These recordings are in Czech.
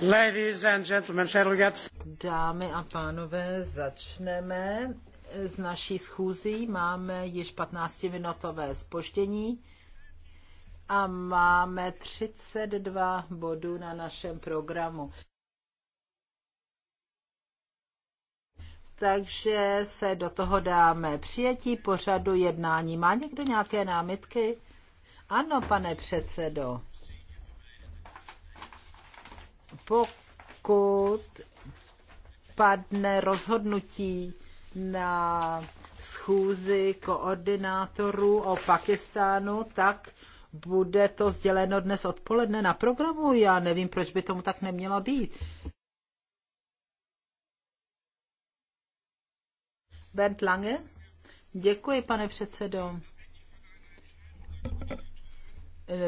Ladies and gentlemen, shall we get... Dámy a pánové, začneme z naší schůzí. Máme již 15-minutové spoždění a máme 32 bodů na našem programu. Takže se do toho dáme přijetí pořadu jednání. Má někdo nějaké námitky? Ano, pane předsedo. Pokud padne rozhodnutí na schůzi koordinátorů o Pakistánu, tak bude to sděleno dnes odpoledne na programu. Já nevím, proč by tomu tak nemělo být. Bernd Lange. Děkuji, pane předsedo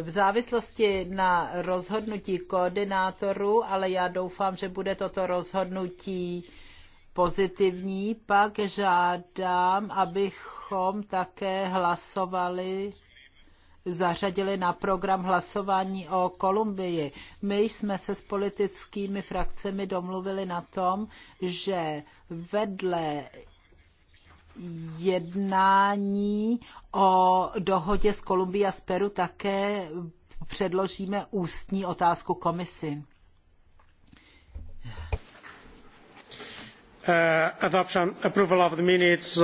v závislosti na rozhodnutí koordinátorů, ale já doufám, že bude toto rozhodnutí pozitivní, pak žádám, abychom také hlasovali, zařadili na program hlasování o Kolumbii. My jsme se s politickými frakcemi domluvili na tom, že vedle jednání o dohodě s Kolumbií a s Peru také předložíme ústní otázku komisi. Eh, adoption, approval of the minutes.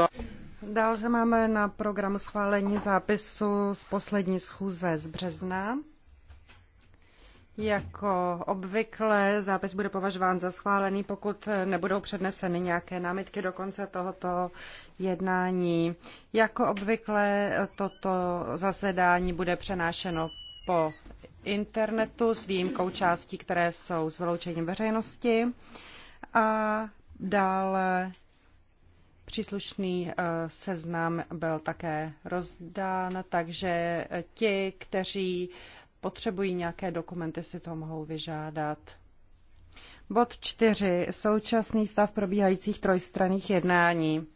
Dále máme na programu schválení zápisu z poslední schůze z března. Jako obvykle zápis bude považován za schválený, pokud nebudou předneseny nějaké námitky do konce tohoto jednání. Jako obvykle toto zasedání bude přenášeno po internetu s výjimkou částí, které jsou s vyloučením veřejnosti. A dále Příslušný eh, seznam byl také rozdán, takže ti, kteří potřebují nějaké dokumenty, si to mohou vyžádat. Bod 4. Současný stav probíhajících trojstranných jednání.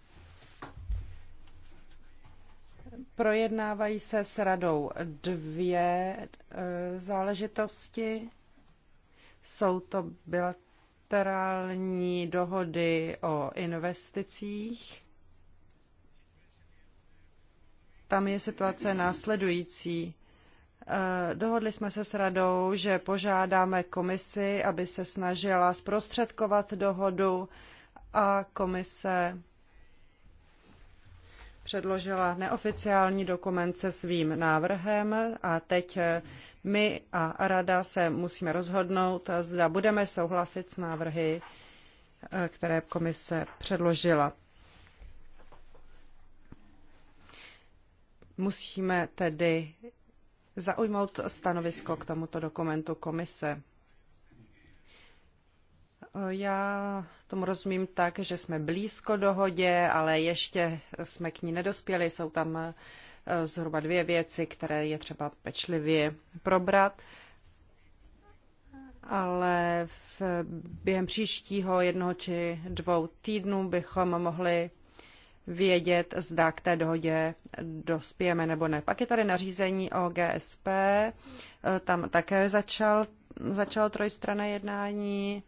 Projednávají se s radou dvě e, záležitosti. Jsou to bilaterální dohody o investicích. Tam je situace následující. Eh, dohodli jsme se s radou, že požádáme komisi, aby se snažila zprostředkovat dohodu a komise předložila neoficiální dokument se svým návrhem a teď eh, my a rada se musíme rozhodnout, zda budeme souhlasit s návrhy, eh, které komise předložila. Musíme tedy zaujmout stanovisko k tomuto dokumentu komise. Já tomu rozumím tak, že jsme blízko dohodě, ale ještě jsme k ní nedospěli. Jsou tam eh, zhruba dvě věci, které je třeba pečlivě probrat. Ale v, během příštího jednoho či dvou týdnů bychom mohli vědět, zda k té dohodě dospějeme nebo ne. Pak je tady nařízení o GSP, eh, tam také začal, začalo trojstrané jednání.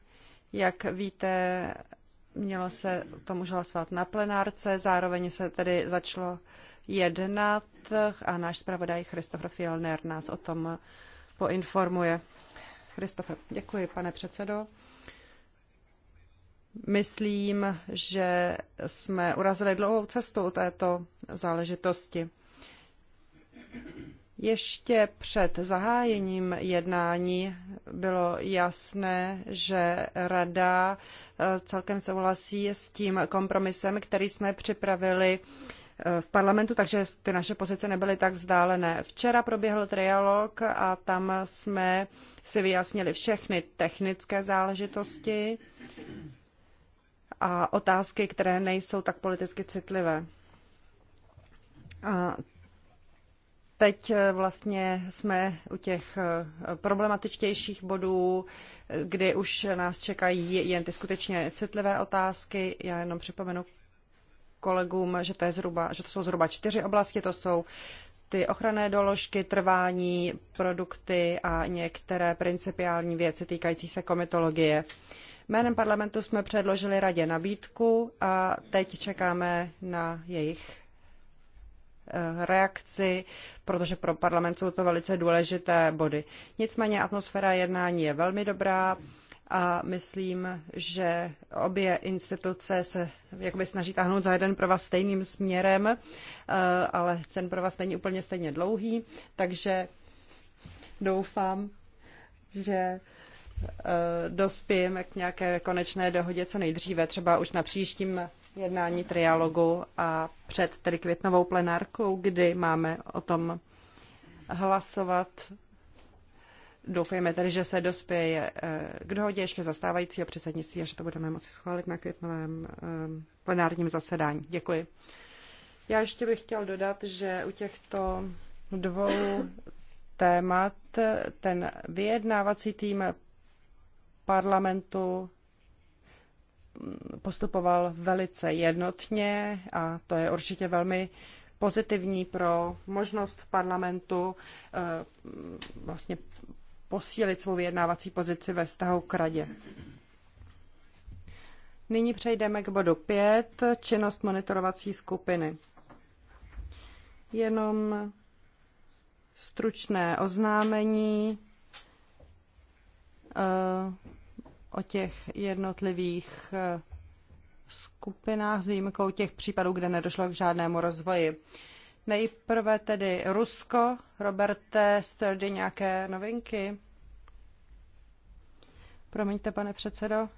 Jak víte, mělo se to už hlasovat na plenárce, zároveň se tedy začalo jednat a náš zpravodaj Christopher Fielner nás o tom poinformuje. Christopher, děkuji, pane předsedo. Myslím, že jsme urazili dlouhou cestu této záležitosti. Ještě před zahájením jednání bylo jasné, že Rada eh, celkem souhlasí s tím kompromisem, který jsme připravili eh, v parlamentu, takže ty naše pozice nebyly tak vzdálené. Včera proběhl trialog a tam jsme si vyjasnili všechny technické záležitosti a otázky, které nejsou tak politicky citlivé. A teď eh, vlastně jsme u těch eh, problematičtějších bodů, kdy už nás čekají jen ty skutečně citlivé otázky. Já jenom připomenu kolegům, že to, je zhruba, že to jsou zhruba čtyři oblasti, to jsou ty ochranné doložky, trvání, produkty a některé principiální věci týkající se komitologie. Uh, Jménem parlamentu jsme předložili radě nabídku a teď čekáme na jejich eh, reakci, protože pro parlament jsou to velice důležité body. Nicméně atmosféra jednání je velmi dobrá a myslím, že obě instituce se jakoby snaží táhnout za jeden pro vás stejným směrem, eh, ale ten pro vás není úplně stejně dlouhý, takže doufám, že Eh, dospějeme k nějaké konečné dohodě co nejdříve, třeba už na příštím jednání trialogu a před tedy květnovou plenárkou, kdy máme o tom hlasovat. Doufejme tedy, že se dospěje eh, k dohodě ještě zastávajícího předsednictví a že to budeme moci schválit na květnovém eh, plenárním zasedání. Děkuji. Já ještě bych chtěl dodat, že u těchto dvou témat ten vyjednávací tým parlamentu postupoval velice jednotně a to je určitě velmi pozitivní pro možnost parlamentu eh, vlastně posílit svou vyjednávací pozici ve vztahu k radě. Nyní přejdeme k bodu 5, činnost monitorovací skupiny. Jenom stručné oznámení. Eh, o těch jednotlivých eh, skupinách s výjimkou těch případů, kde nedošlo k žádnému rozvoji. Nejprve tedy Rusko. Roberte, jste nějaké novinky? Promiňte, pane předsedo.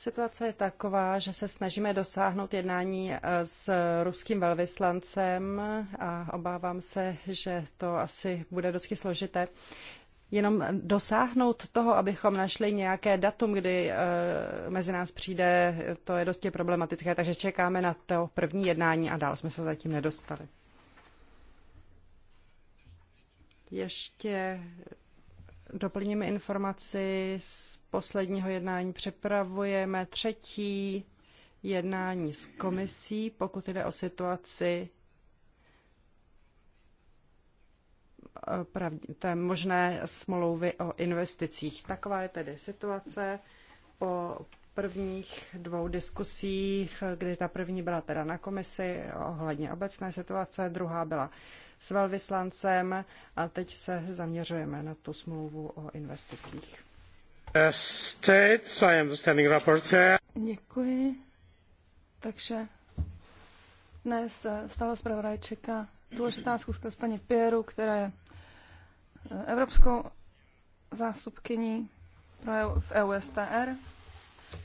Situace je taková, že se snažíme dosáhnout jednání eh, s ruským velvyslancem a obávám se, že to asi bude dosti složité. Jenom dosáhnout toho, abychom našli nějaké datum, kdy eh, mezi nás přijde, to je dosti problematické, takže čekáme na to první jednání a dál jsme se zatím nedostali. Ještě doplníme informaci z posledního jednání připravujeme třetí jednání s komisí, pokud jde o situaci eh, té možné smlouvy o investicích. Taková je tedy situace po prvních dvou diskusích, kdy ta první byla teda na komisi ohledně obecné situace, druhá byla s velvyslancem a teď se zaměřujeme na tu smlouvu o investicích. Eh, States, I am the standing rapporteur. Děkuji. Takže dnes eh, stále zpravodaj čeká důležitá schůzka s paní Pieru, která je eh, evropskou zástupkyní e v EUSTR.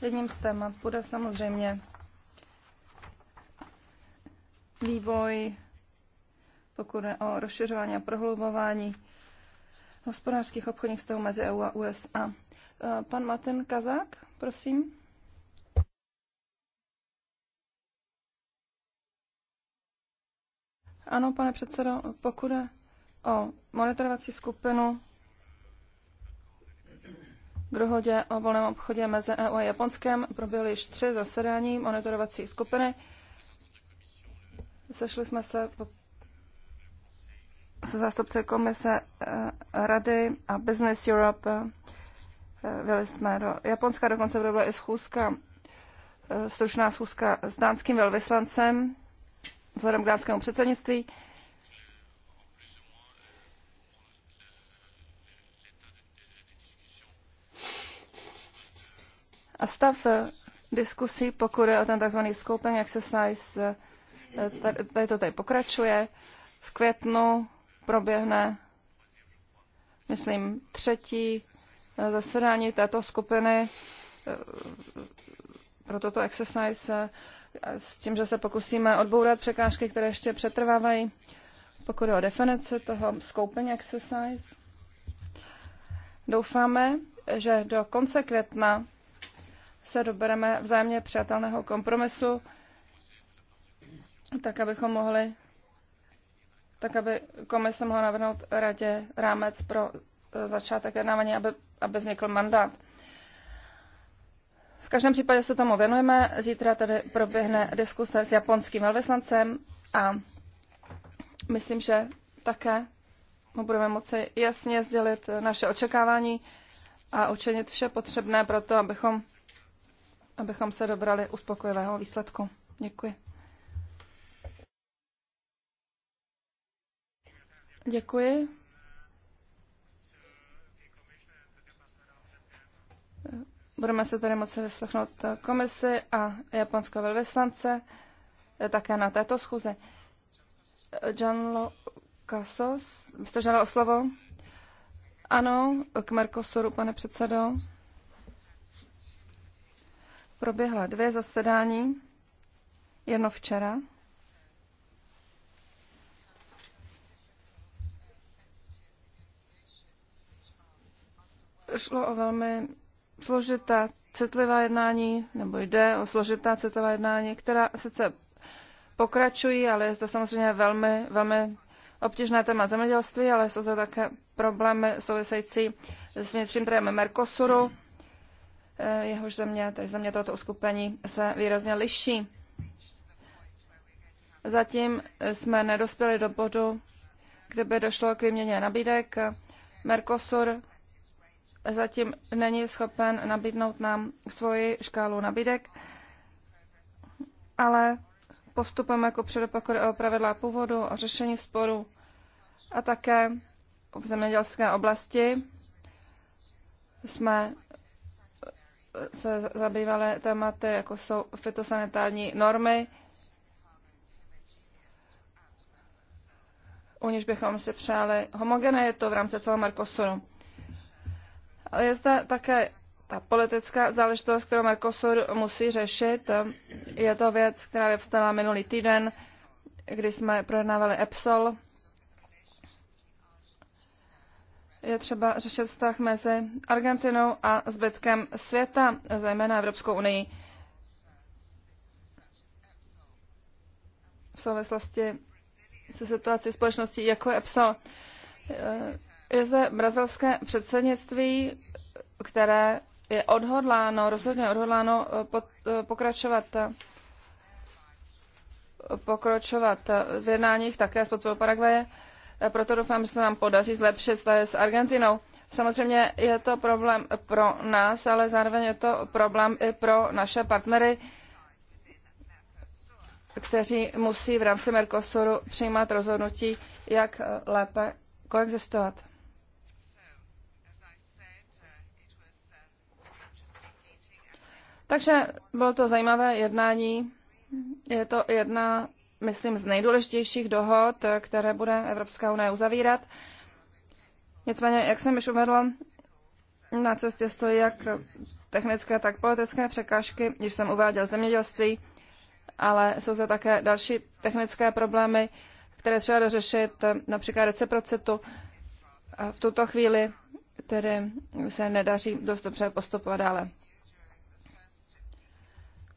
Jedním z témat bude samozřejmě vývoj, pokud je o rozšiřování a prohlubování hospodářských obchodních vztahů mezi EU a USA. Eh, pan Maten Kazák, prosím. Ano, pane předsedo, pokud je o monitorovací skupinu k dohodě o volném obchodě mezi EU a Japonskem proběhly již tři zasedání monitorovací skupiny. Sešli jsme se po se zástupce komise eh, Rady a Business Europe byli jsme do Japonska, dokonce byla i schůzka, e, stručná schůzka s dánským velvyslancem, vzhledem k dánskému předsednictví. A stav e, diskusí, pokud je o ten tzv. scoping exercise, e, tady to tady pokračuje. V květnu proběhne, myslím, třetí zasedání této skupiny eh, pro toto exercise eh, s tím, že se pokusíme odbourat překážky, které ještě přetrvávají, pokud je o definici toho skoupení exercise. Doufáme, že do konce května se dobereme vzájemně přijatelného kompromisu, tak abychom mohli, tak aby komise mohla navrhnout radě rámec pro začátek jednávání, aby, aby vznikl mandát. V každém případě se tomu věnujeme. Zítra tady proběhne diskuse s japonským velvyslancem a myslím, že také mu budeme moci jasně sdělit naše očekávání a učinit vše potřebné pro to, abychom, abychom se dobrali uspokojivého výsledku. Děkuji. Děkuji. Budeme se tedy moci vyslechnout komisi a japonského velvyslance eh, také na této schůzi. John Casos, jste žádal o slovo? Ano, k Mercosuru, pane předsedo. Proběhla dvě zasedání, jedno včera. Šlo o velmi složitá citlivá jednání, nebo jde o složitá citlivá jednání, která sice pokračují, ale je to samozřejmě velmi, velmi obtížné téma zemědělství, ale jsou zde také problémy související s vnitřním trhem Mercosuru, eh, jehož země, tedy země tohoto uskupení, se výrazně liší. Zatím jsme nedospěli do bodu, kde by došlo k výměně nabídek. Mercosur zatím není schopen nabídnout nám svoji škálu nabídek, ale postupujeme jako předu, o pravidla původu, o řešení sporu a také v zemědělské oblasti jsme se zabývali tématy, jako jsou fitosanitární normy, u nich bychom si přáli homogenitu v rámci celého Mercosuru. Je zde také ta politická záležitost, kterou Mercosur musí řešit. Je to věc, která vyvstala minulý týden, kdy jsme projednávali EPSOL. Je třeba řešit vztah mezi Argentinou a zbytkem světa, zejména Evropskou unii. V souvislosti se situací společností, jako EPSOL je zde brazilské předsednictví, které je odhodláno, rozhodně odhodláno eh, pod, eh, pokračovat eh, pokračovat v jednáních také s podporou Paraguaje. Proto doufám, že se nám podaří zlepšit vztahy s Argentinou. Samozřejmě je to problém pro nás, ale zároveň je to problém i pro naše partnery, kteří musí v rámci Mercosuru přijímat rozhodnutí, jak lépe koexistovat. Takže bylo to zajímavé jednání. Je to jedna, myslím, z nejdůležitějších dohod, které bude Evropská unie uzavírat. Nicméně, jak jsem již uvedla, na cestě stojí jak technické, tak politické překážky, když jsem uváděl zemědělství, ale jsou to také další technické problémy, které třeba dořešit, například reciprocitu. V tuto chvíli tedy se nedaří dost dobře postupovat dále.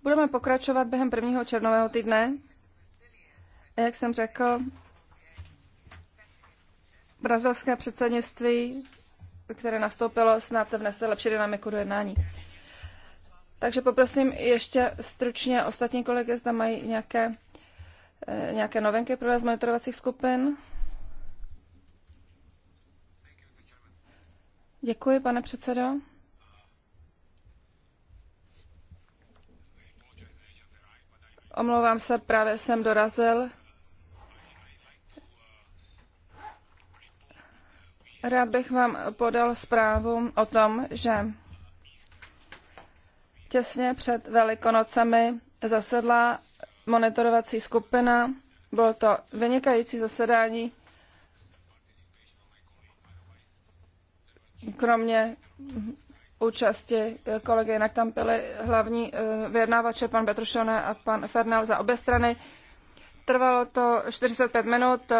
Budeme pokračovat během prvního červnového týdne. Jak jsem řekl, brazilské předsednictví, které nastoupilo, snad vnese lepší dynamiku do jednání. Takže poprosím ještě stručně ostatní kolegy, zda mají nějaké, eh, nějaké novinky pro vás monitorovacích skupin. Děkuji, pane předsedo. Omlouvám se, právě jsem dorazil. Rád bych vám podal zprávu o tom, že těsně před Velikonocemi zasedla monitorovací skupina. Bylo to vynikající zasedání. Kromě účasti eh, kolegy, jinak tam byly hlavní eh, vyjednávače pan Petrušone a pan Fernel za obě strany. Trvalo to 45 minut.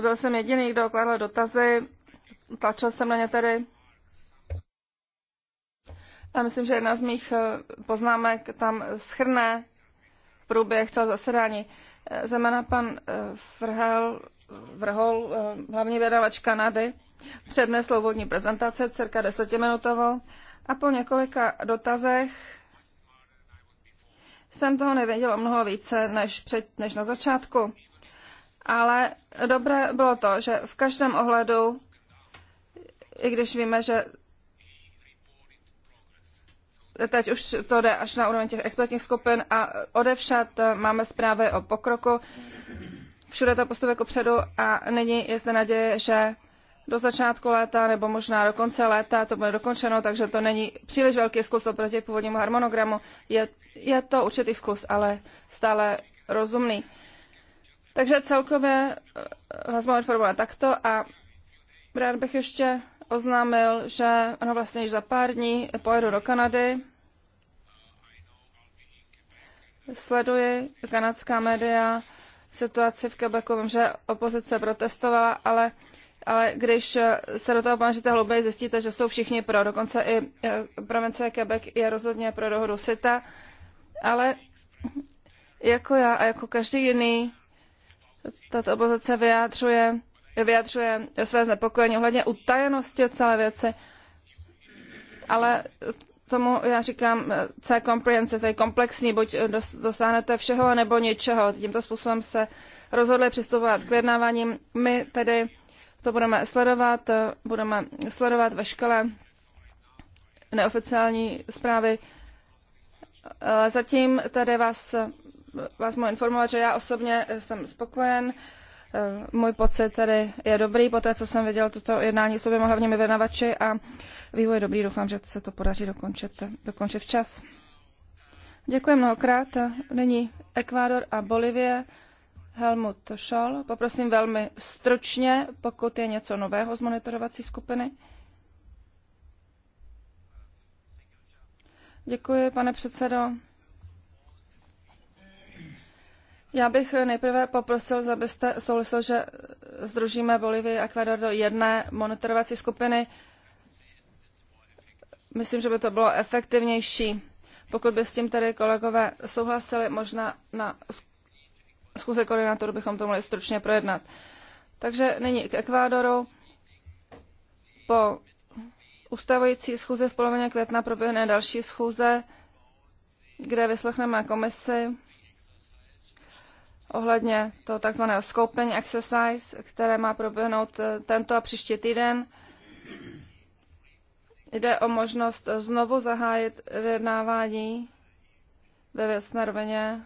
Byl jsem jediný, kdo kladl dotazy. Tlačil jsem na ně tedy. A myslím, že jedna z mých eh, poznámek tam schrne průběh celého zasedání. Eh, Zemana pan Vrhal, eh, Vrhol, eh, hlavní vědavač Kanady, přednesl úvodní prezentace, cirka desetiminutovou, a po několika dotazech jsem toho nevěděl o mnoho více než, před, než na začátku. Ale dobré bylo to, že v každém ohledu, i když víme, že teď už to jde až na úroveň těch expertních skupin a odevšad eh, máme zprávy o pokroku. Všude to postupuje jako předu a nyní je zde naděje, že do začátku léta nebo možná do konce léta to bude dokončeno, takže to není příliš velký zkus oproti původnímu harmonogramu. Je, je to určitý zkus, ale stále rozumný. Takže celkově eh, vás mám informovat takto a rád bych ještě oznámil, že ano, vlastně již za pár dní pojedu do Kanady. Sleduji kanadská média, situaci v Quebecu. Vím, že opozice protestovala, ale, ale když se do toho ponoříte hlouběji, zjistíte, že jsou všichni pro. Dokonce i eh, provincie Quebec je rozhodně pro dohodu SITA. Ale jako já a jako každý jiný, tato opozice vyjádřuje vyjadřuje své znepokojení ohledně utajenosti celé věci, ale tomu já říkám je eh, comprehensive, je komplexní, buď dosáhnete všeho nebo ničeho. Tímto způsobem se rozhodli přistupovat k vyjednávání. My tedy to budeme sledovat, eh, budeme sledovat ve škole neoficiální zprávy. Eh, zatím tady vás, vás mohu informovat, že já osobně jsem spokojen Eh, můj pocit tedy je dobrý, po té, co jsem viděl toto jednání s oběma hlavními vyjednavači a vývoj je dobrý, doufám, že se to podaří dokončit, dokončit včas. Děkuji mnohokrát. Nyní Ekvádor a Bolivie. Helmut Scholl, poprosím velmi stručně, pokud je něco nového z monitorovací skupiny. Děkuji, pane předsedo. Já bych eh, nejprve poprosil, abyste souhlasil, že eh, združíme Bolivii a Ekvador do jedné monitorovací skupiny. Myslím, že by to bylo efektivnější. Pokud by s tím tedy kolegové souhlasili, možná na schůze koordinátorů bychom to mohli stručně projednat. Takže nyní k Ekvádoru. Po ustavující schůze v polovině května proběhne další schůze, kde vyslechneme komisi ohledně toho takzvaného scoping exercise, které má proběhnout eh, tento a příští týden. Jde o možnost znovu zahájit vyjednávání ve věcné rovině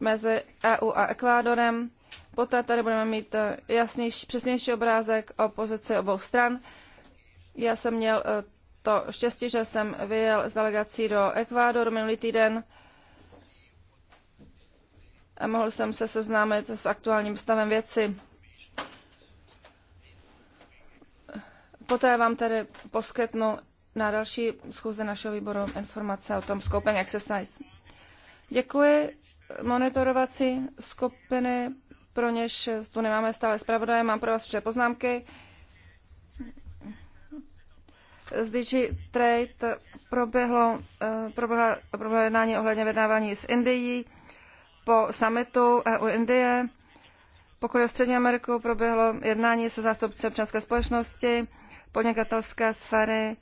mezi EU a Ekvádorem. Poté tady budeme mít eh, jasnější, přesnější obrázek o pozici obou stran. Já jsem měl eh, to štěstí, že jsem vyjel s delegací do Ekvádoru minulý týden a mohl jsem se seznámit s aktuálním stavem věci. Poté vám tedy poskytnu na další schůze našeho výboru informace o tom scoping exercise. Děkuji. Monitorovací skupiny, pro něž tu nemáme stále zpravodaje, mám pro vás vše poznámky. Z DG Trade proběhlo, eh, proběhlo, proběhlo jednání ohledně vydávání z Indií po summitu EU-Indie, pokud o Střední Ameriku, proběhlo jednání se zástupci občanské společnosti, podnikatelské sféry.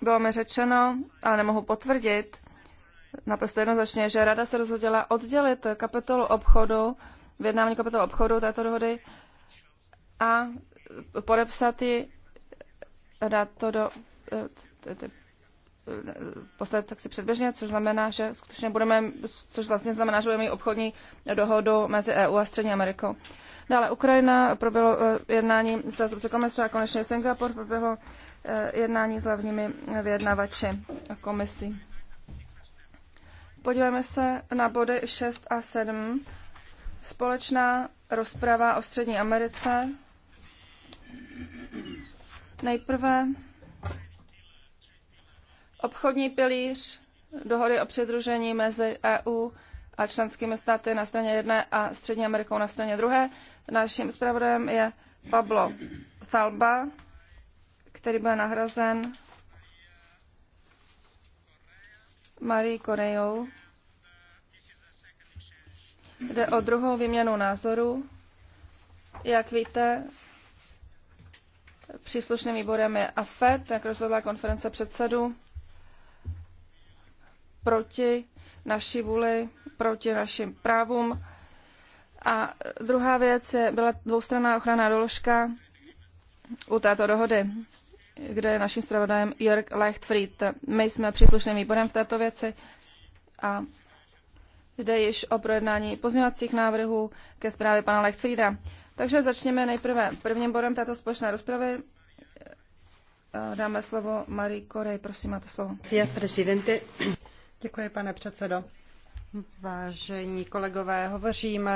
Bylo mi řečeno, ale nemohu potvrdit, naprosto jednoznačně, že Rada se rozhodla oddělit kapitolu obchodu, vyjednávání kapitolu obchodu této dohody a podepsat ji, dát to do eh, posledek si předběžně, což znamená, že skutečně budeme, což vlastně znamená, že budeme mít obchodní dohodu mezi EU a Střední Amerikou. Dále Ukrajina proběhlo eh, jednání s zástupci komise a konečně Singapur proběhlo eh, jednání s hlavními vyjednavači komisí. Podívejme se na body 6 a 7. Společná rozprava o Střední Americe. Nejprve Obchodní pilíř dohody o přidružení mezi EU a členskými státy na straně jedné a Střední Amerikou na straně druhé. Naším zpravodajem je Pablo Salba, který byl nahrazen Marie Korejou. Jde o druhou výměnu názorů. Jak víte, příslušným výborem je AFET, jak rozhodla konference předsedů proti naší vůli, proti našim právům. A druhá věc je, byla dvoustranná ochranná doložka u této dohody, kde je naším zpravodajem Jörg Leichtfried. My jsme příslušným výborem v této věci a jde již o projednání pozměňovacích návrhů ke zprávě pana Leichtfrieda. Takže začněme nejprve prvním bodem této společné rozpravy. Dáme slovo Marie Korej, prosím, máte slovo. Já, Děkuji, pane předsedo. Vážení kolegové, hovořím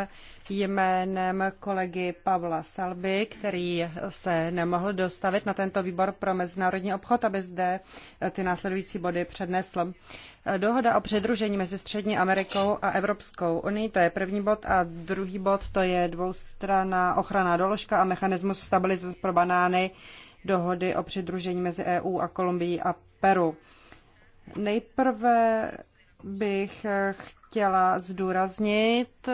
jménem kolegy Pavla Salby, který se nemohl dostavit na tento výbor pro mezinárodní obchod, aby zde ty následující body přednesl. Dohoda o předružení mezi Střední Amerikou a Evropskou unii, to je první bod, a druhý bod, to je dvoustranná ochranná doložka a mechanismus stabilizace pro banány dohody o přidružení mezi EU a Kolumbií a Peru. Nejprve bych chtěla zdůraznit,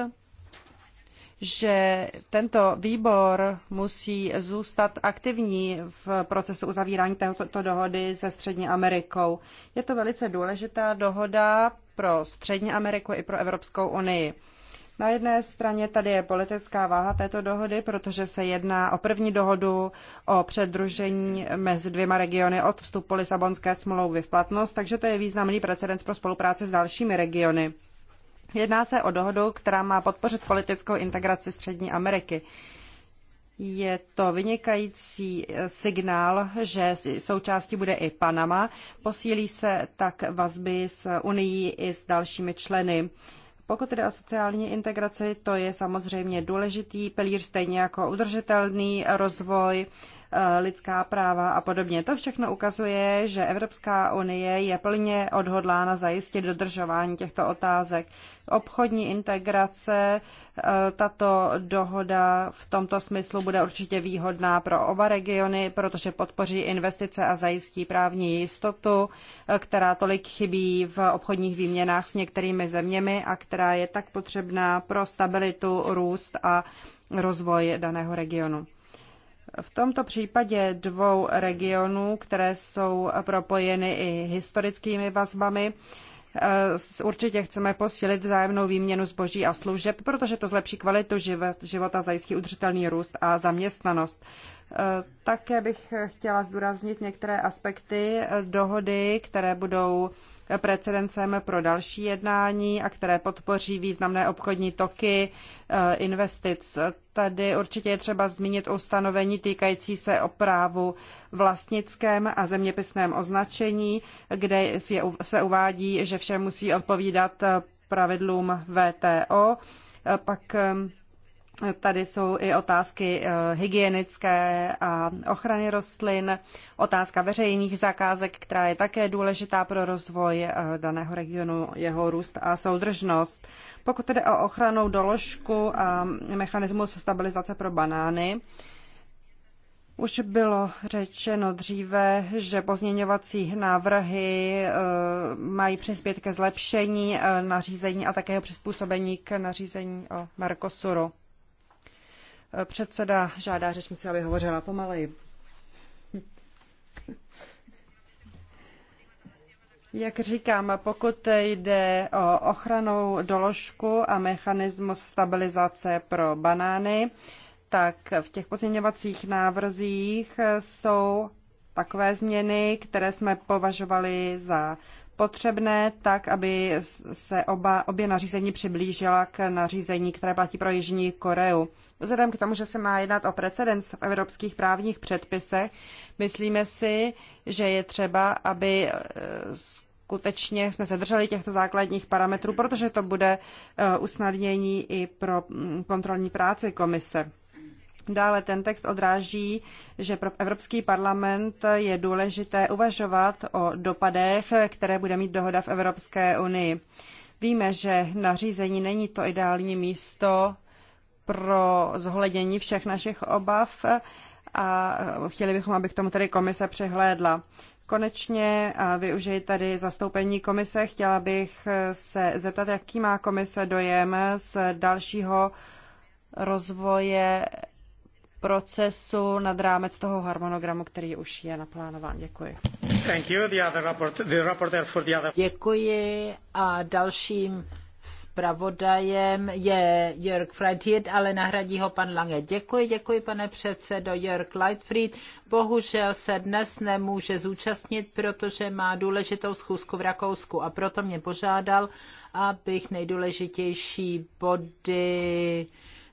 že tento výbor musí zůstat aktivní v procesu uzavírání této dohody se Střední Amerikou. Je to velice důležitá dohoda pro Střední Ameriku i pro Evropskou unii. Na jedné straně tady je politická váha této dohody, protože se jedná o první dohodu o předružení mezi dvěma regiony od vstupu Lisabonské smlouvy v platnost, takže to je významný precedens pro spolupráci s dalšími regiony. Jedná se o dohodu, která má podpořit politickou integraci Střední Ameriky. Je to vynikající signál, že součástí bude i Panama. Posílí se tak vazby s Unií i s dalšími členy pokud jde o sociální integraci, to je samozřejmě důležitý pilíř, stejně jako udržitelný rozvoj Eh, lidská práva a podobně. To všechno ukazuje, že Evropská unie je plně odhodlána zajistit dodržování těchto otázek. Obchodní integrace, eh, tato dohoda v tomto smyslu bude určitě výhodná pro oba regiony, protože podpoří investice a zajistí právní jistotu, eh, která tolik chybí v obchodních výměnách s některými zeměmi a která je tak potřebná pro stabilitu, růst a rozvoj daného regionu. V tomto případě dvou regionů, které jsou propojeny i historickými vazbami, Určitě chceme posílit vzájemnou výměnu zboží a služeb, protože to zlepší kvalitu života, zajistí udržitelný růst a zaměstnanost. Eh, také bych chtěla zdůraznit některé aspekty eh, dohody, které budou eh, precedencem pro další jednání a které podpoří významné obchodní toky investic. Tady určitě je třeba zmínit ustanovení týkající se o právu vlastnickém a zeměpisném označení, kde se uvádí, že vše musí odpovídat pravidlům VTO. Pak Tady jsou i otázky eh, hygienické a ochrany rostlin, otázka veřejných zakázek, která je také důležitá pro rozvoj eh, daného regionu, jeho růst a soudržnost. Pokud tedy o ochranou doložku a mechanismus stabilizace pro banány, už bylo řečeno dříve, že pozměňovací návrhy eh, mají přispět ke zlepšení nařízení a také přizpůsobení k nařízení o Mercosuru. Předseda žádá řečnici, aby hovořila pomaleji. Jak říkám, pokud jde o ochranou doložku a mechanismus stabilizace pro banány, tak v těch pozměňovacích návrzích jsou takové změny, které jsme považovali za potřebné tak, aby se oba, obě nařízení přiblížila k nařízení, které platí pro Jižní Koreu. Vzhledem k tomu, že se má jednat o precedens v evropských právních předpisech, myslíme si, že je třeba, aby e, skutečně jsme se drželi těchto základních parametrů, protože to bude e, usnadnění i pro kontrolní práci komise. Dále ten text odráží, že pro Evropský parlament je důležité uvažovat o dopadech, které bude mít dohoda v Evropské unii. Víme, že nařízení není to ideální místo pro zohlednění všech našich obav a chtěli bychom, aby k tomu tedy komise přihlédla. Konečně a tady zastoupení komise. Chtěla bych se zeptat, jaký má komise dojem z dalšího rozvoje procesu nad rámec toho harmonogramu, který už je naplánován. Děkuji. Thank you. The other rapport, the reporter for the other... Děkuji a dalším zpravodajem je Jörg Freithirt, ale nahradí ho pan Lange. Děkuji, děkuji pane předsedo Jörg Leitfried. Bohužel se dnes nemůže zúčastnit, protože má důležitou schůzku v Rakousku a proto mě požádal, abych nejdůležitější body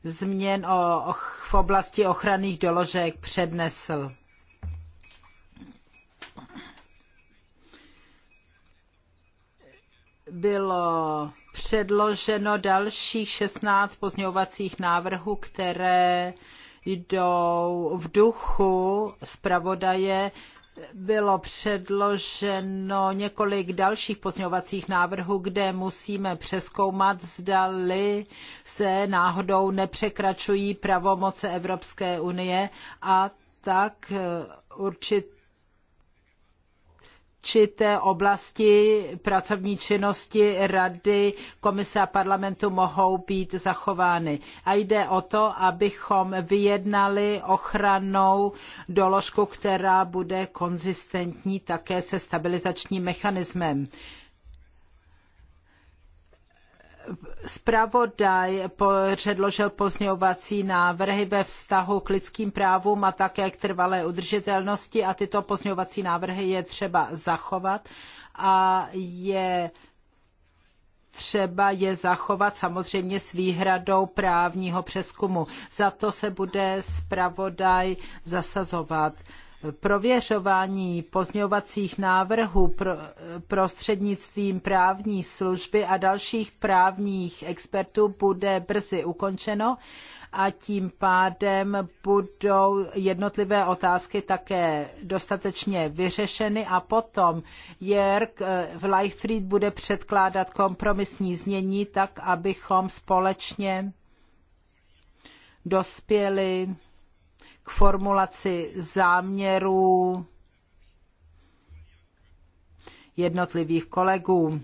změn o, v oblasti ochranných doložek přednesl. Bylo předloženo dalších 16 pozměňovacích návrhů, které jdou v duchu zpravodaje bylo předloženo několik dalších pozměňovacích návrhů, kde musíme přeskoumat, zdali se náhodou nepřekračují pravomoce Evropské unie a tak určitě určité oblasti pracovní činnosti Rady, Komise a parlamentu mohou být zachovány. A jde o to, abychom vyjednali ochranou doložku, která bude konzistentní také se stabilizačním mechanismem. Spravodaj předložil pozměňovací návrhy ve vztahu k lidským právům a také k trvalé udržitelnosti a tyto pozměňovací návrhy je třeba zachovat a je třeba je zachovat samozřejmě s výhradou právního přeskumu. Za to se bude zpravodaj zasazovat prověřování pozměňovacích návrhů prostřednictvím právní služby a dalších právních expertů bude brzy ukončeno a tím pádem budou jednotlivé otázky také dostatečně vyřešeny a potom Jirk eh, v Lightstreet bude předkládat kompromisní znění tak, abychom společně dospěli k formulaci záměrů jednotlivých kolegů.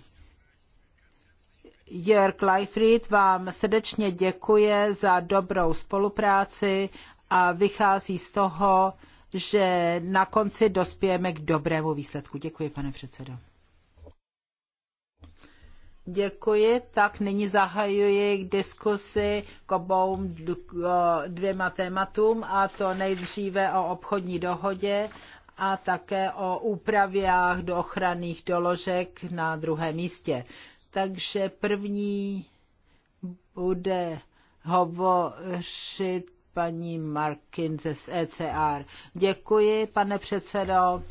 Jörg Leifried vám srdečně děkuje za dobrou spolupráci a vychází z toho, že na konci dospějeme k dobrému výsledku. Děkuji, pane předsedo. Děkuji, tak nyní zahajuji diskusi k obou dvěma tématům a to nejdříve o obchodní dohodě a také o úpravách do ochranných doložek na druhém místě. Takže první bude hovořit paní Markin z ECR. Děkuji, pane předsedo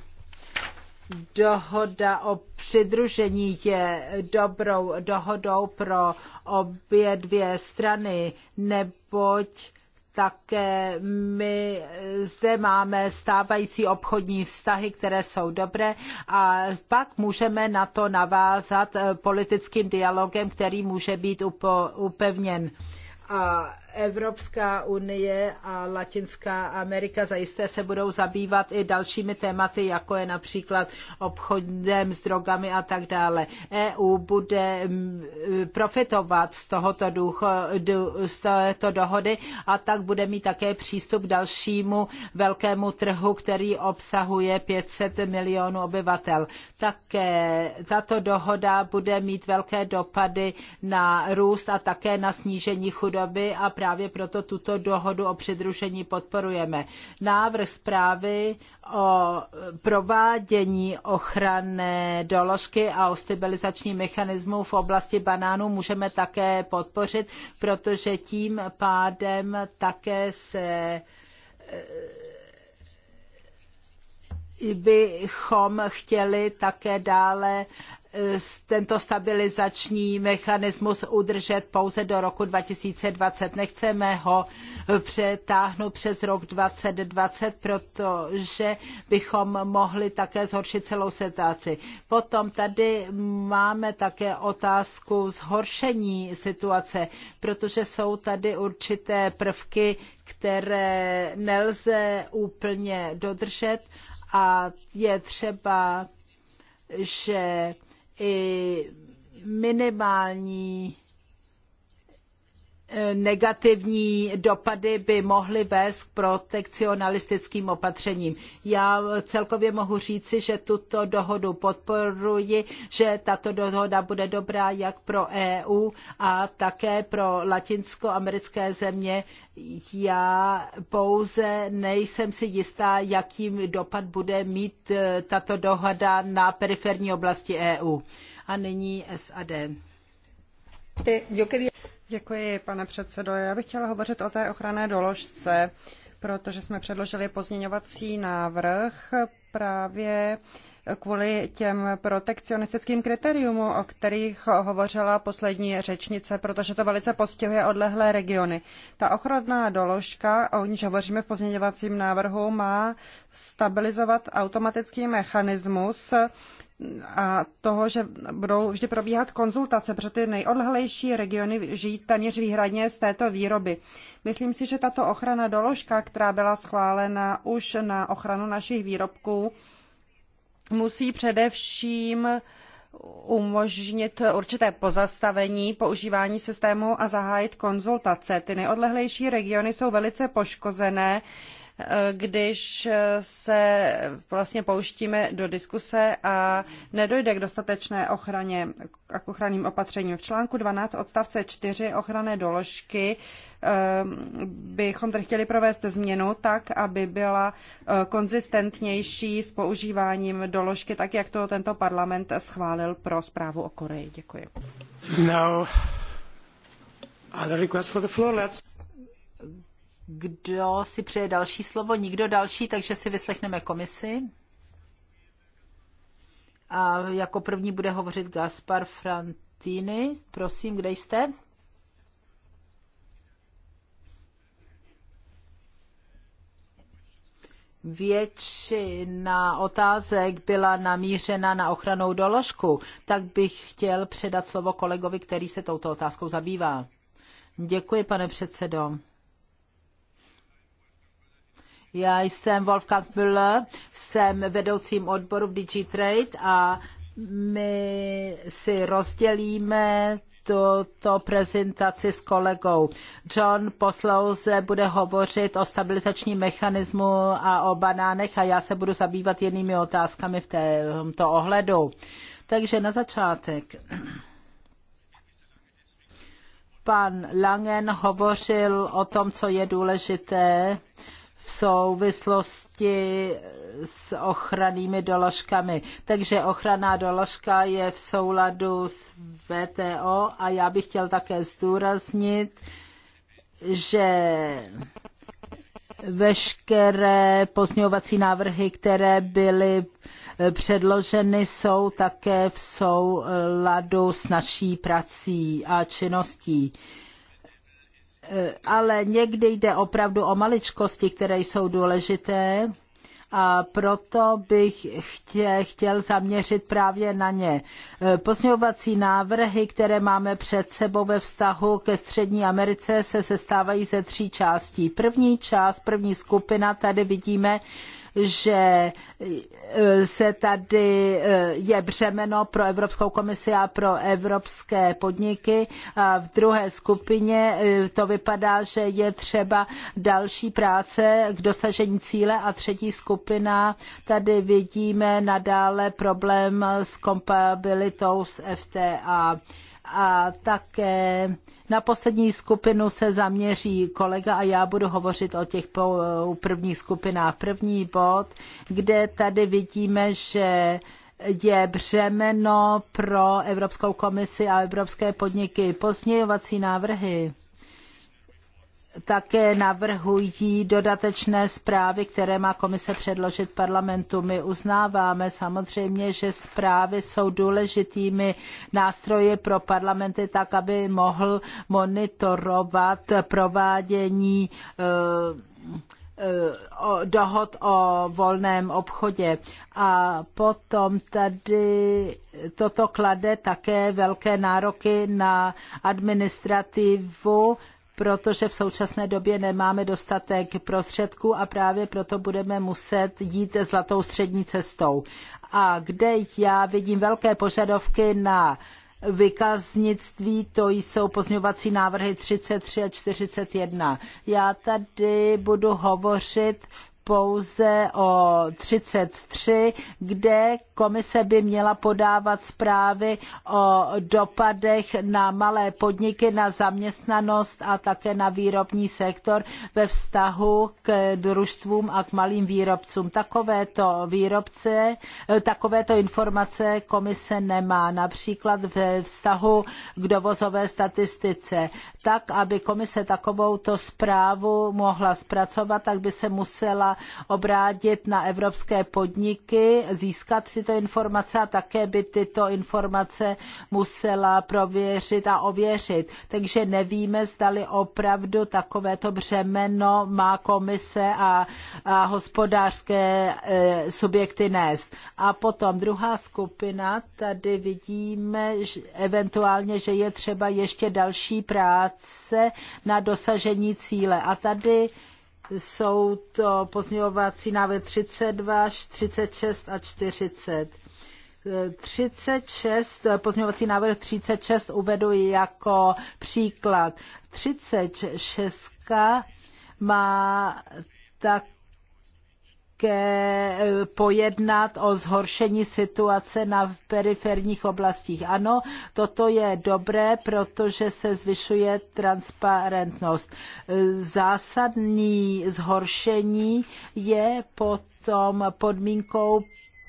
dohoda o přidružení je dobrou dohodou pro obě dvě strany, neboť také my zde máme stávající obchodní vztahy, které jsou dobré a pak můžeme na to navázat politickým dialogem, který může být upevněn. A Evropská unie a Latinská Amerika zajisté se budou zabývat i dalšími tématy, jako je například obchodem s drogami a tak dále. EU bude mm, profitovat z, tohoto duch, z této dohody a tak bude mít také přístup k dalšímu velkému trhu, který obsahuje 500 milionů obyvatel. Také tato dohoda bude mít velké dopady na růst a také na snížení chudoby a právě proto tuto dohodu o přidružení podporujeme. Návrh zprávy o provádění ochranné doložky a o stabilizační mechanismu v oblasti banánů můžeme také podpořit, protože tím pádem také se eh, bychom chtěli také dále tento stabilizační mechanismus udržet pouze do roku 2020. Nechceme ho přetáhnout přes rok 2020, protože bychom mohli také zhoršit celou situaci. Potom tady máme také otázku zhoršení situace, protože jsou tady určité prvky, které nelze úplně dodržet a je třeba, že i minimální negativní dopady by mohly vést k protekcionalistickým opatřením. Já celkově mohu říci, že tuto dohodu podporuji, že tato dohoda bude dobrá jak pro EU a také pro latinskoamerické země. Já pouze nejsem si jistá, jaký dopad bude mít e, tato dohoda na periferní oblasti EU. A nyní SAD. Děkuji, pane předsedo. Já bych chtěla hovořit o té ochranné doložce, protože jsme předložili pozměňovací návrh právě kvůli těm protekcionistickým kritériům, o kterých hovořila poslední řečnice, protože to velice postihuje odlehlé regiony. Ta ochranná doložka, o níž hovoříme v pozměňovacím návrhu, má stabilizovat automatický mechanismus, a toho, že budou vždy probíhat konzultace, protože ty nejodlehlejší regiony žijí téměř výhradně z této výroby. Myslím si, že tato ochrana doložka, která byla schválena už na ochranu našich výrobků, musí především umožnit určité pozastavení používání systému a zahájit konzultace. Ty nejodlehlejší regiony jsou velice poškozené Eh, když se vlastně pouštíme do diskuse a nedojde k dostatečné ochraně a k ochranným opatřením. V článku 12 odstavce 4 ochranné doložky eh, bychom tedy chtěli provést změnu tak, aby byla eh, konzistentnější s používáním doložky, tak jak to tento parlament schválil pro zprávu o Koreji. Děkuji. No. Other requests for the floor, let's... Kdo si přeje další slovo? Nikdo další, takže si vyslechneme komisi. A jako první bude hovořit Gaspar Frantini. Prosím, kde jste? Většina otázek byla namířena na ochranou doložku, tak bych chtěl předat slovo kolegovi, který se touto otázkou zabývá. Děkuji, pane předsedo. Já jsem Wolfgang Müller, jsem vedoucím odboru v DigiTrade a my si rozdělíme tuto prezentaci s kolegou. John poslouze bude hovořit o stabilizačním mechanismu a o banánech a já se budu zabývat jinými otázkami v tomto ohledu. Takže na začátek. Pan Langen hovořil o tom, co je důležité v souvislosti s ochrannými doložkami. Takže ochranná doložka je v souladu s VTO a já bych chtěl také zdůraznit, že veškeré pozměňovací návrhy, které byly eh, předloženy, jsou také v souladu s naší prací a činností. Eh, ale někdy jde opravdu o maličkosti, které jsou důležité a proto bych chtě, chtěl zaměřit právě na ně. Eh, pozměňovací návrhy, které máme před sebou ve vztahu ke Střední Americe, se sestávají ze tří částí. První část, první skupina, tady vidíme, že eh, se tady eh, je břemeno pro Evropskou komisi a pro evropské podniky. A v druhé skupině eh, to vypadá, že je třeba další práce k dosažení cíle a třetí skupina tady vidíme nadále problém s kompatibilitou s FTA a také na poslední skupinu se zaměří kolega a já budu hovořit o těch prvních skupinách. První bod, kde tady vidíme, že je břemeno pro Evropskou komisi a evropské podniky. Pozměňovací návrhy také navrhují dodatečné zprávy, které má komise předložit parlamentu. My uznáváme samozřejmě, že zprávy jsou důležitými nástroji pro parlamenty, tak aby mohl monitorovat provádění eh, eh, dohod o volném obchodě. A potom tady toto klade také velké nároky na administrativu, protože v současné době nemáme dostatek prostředků a právě proto budeme muset jít zlatou střední cestou. A kde já vidím velké požadovky na vykaznictví, to jsou pozňovací návrhy 33 a 41. Já tady budu hovořit pouze o 33, kde komise by měla podávat zprávy o dopadech na malé podniky, na zaměstnanost a také na výrobní sektor ve vztahu k družstvům a k malým výrobcům. Takovéto výrobce, eh, takovéto informace komise nemá, například ve vztahu k dovozové statistice. Tak, aby komise takovouto zprávu mohla zpracovat, tak by se musela obrátit na evropské podniky, získat tyto informace a také by tyto informace musela prověřit a ověřit. Takže nevíme, zdali opravdu takovéto břemeno má komise a, a hospodářské e, subjekty nést. A potom druhá skupina, tady vidíme že eventuálně, že je třeba ještě další práce na dosažení cíle. A tady jsou to pozměňovací návrhy 32, 36 a 40. 36, pozměňovací návrh 36 uvedu jako příklad. 36 má tak také eh, pojednat o zhoršení situace na periferních oblastích. Ano, toto je dobré, protože se zvyšuje transparentnost. Eh, zásadní zhoršení je potom podmínkou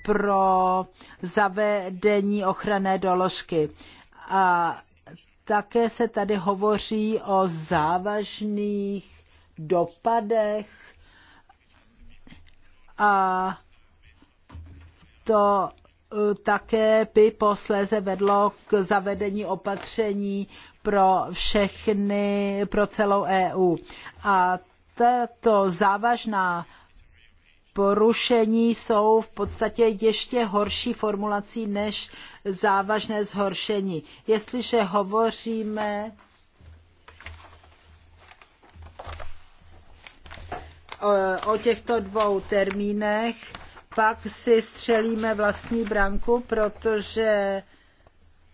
pro zavedení ochranné doložky. A také se tady hovoří o závažných dopadech a to e, také by posléze vedlo k zavedení opatření pro všechny, pro celou EU. A tato závažná porušení jsou v podstatě ještě horší formulací než závažné zhoršení. Jestliže hovoříme o těchto dvou termínech, pak si střelíme vlastní branku, protože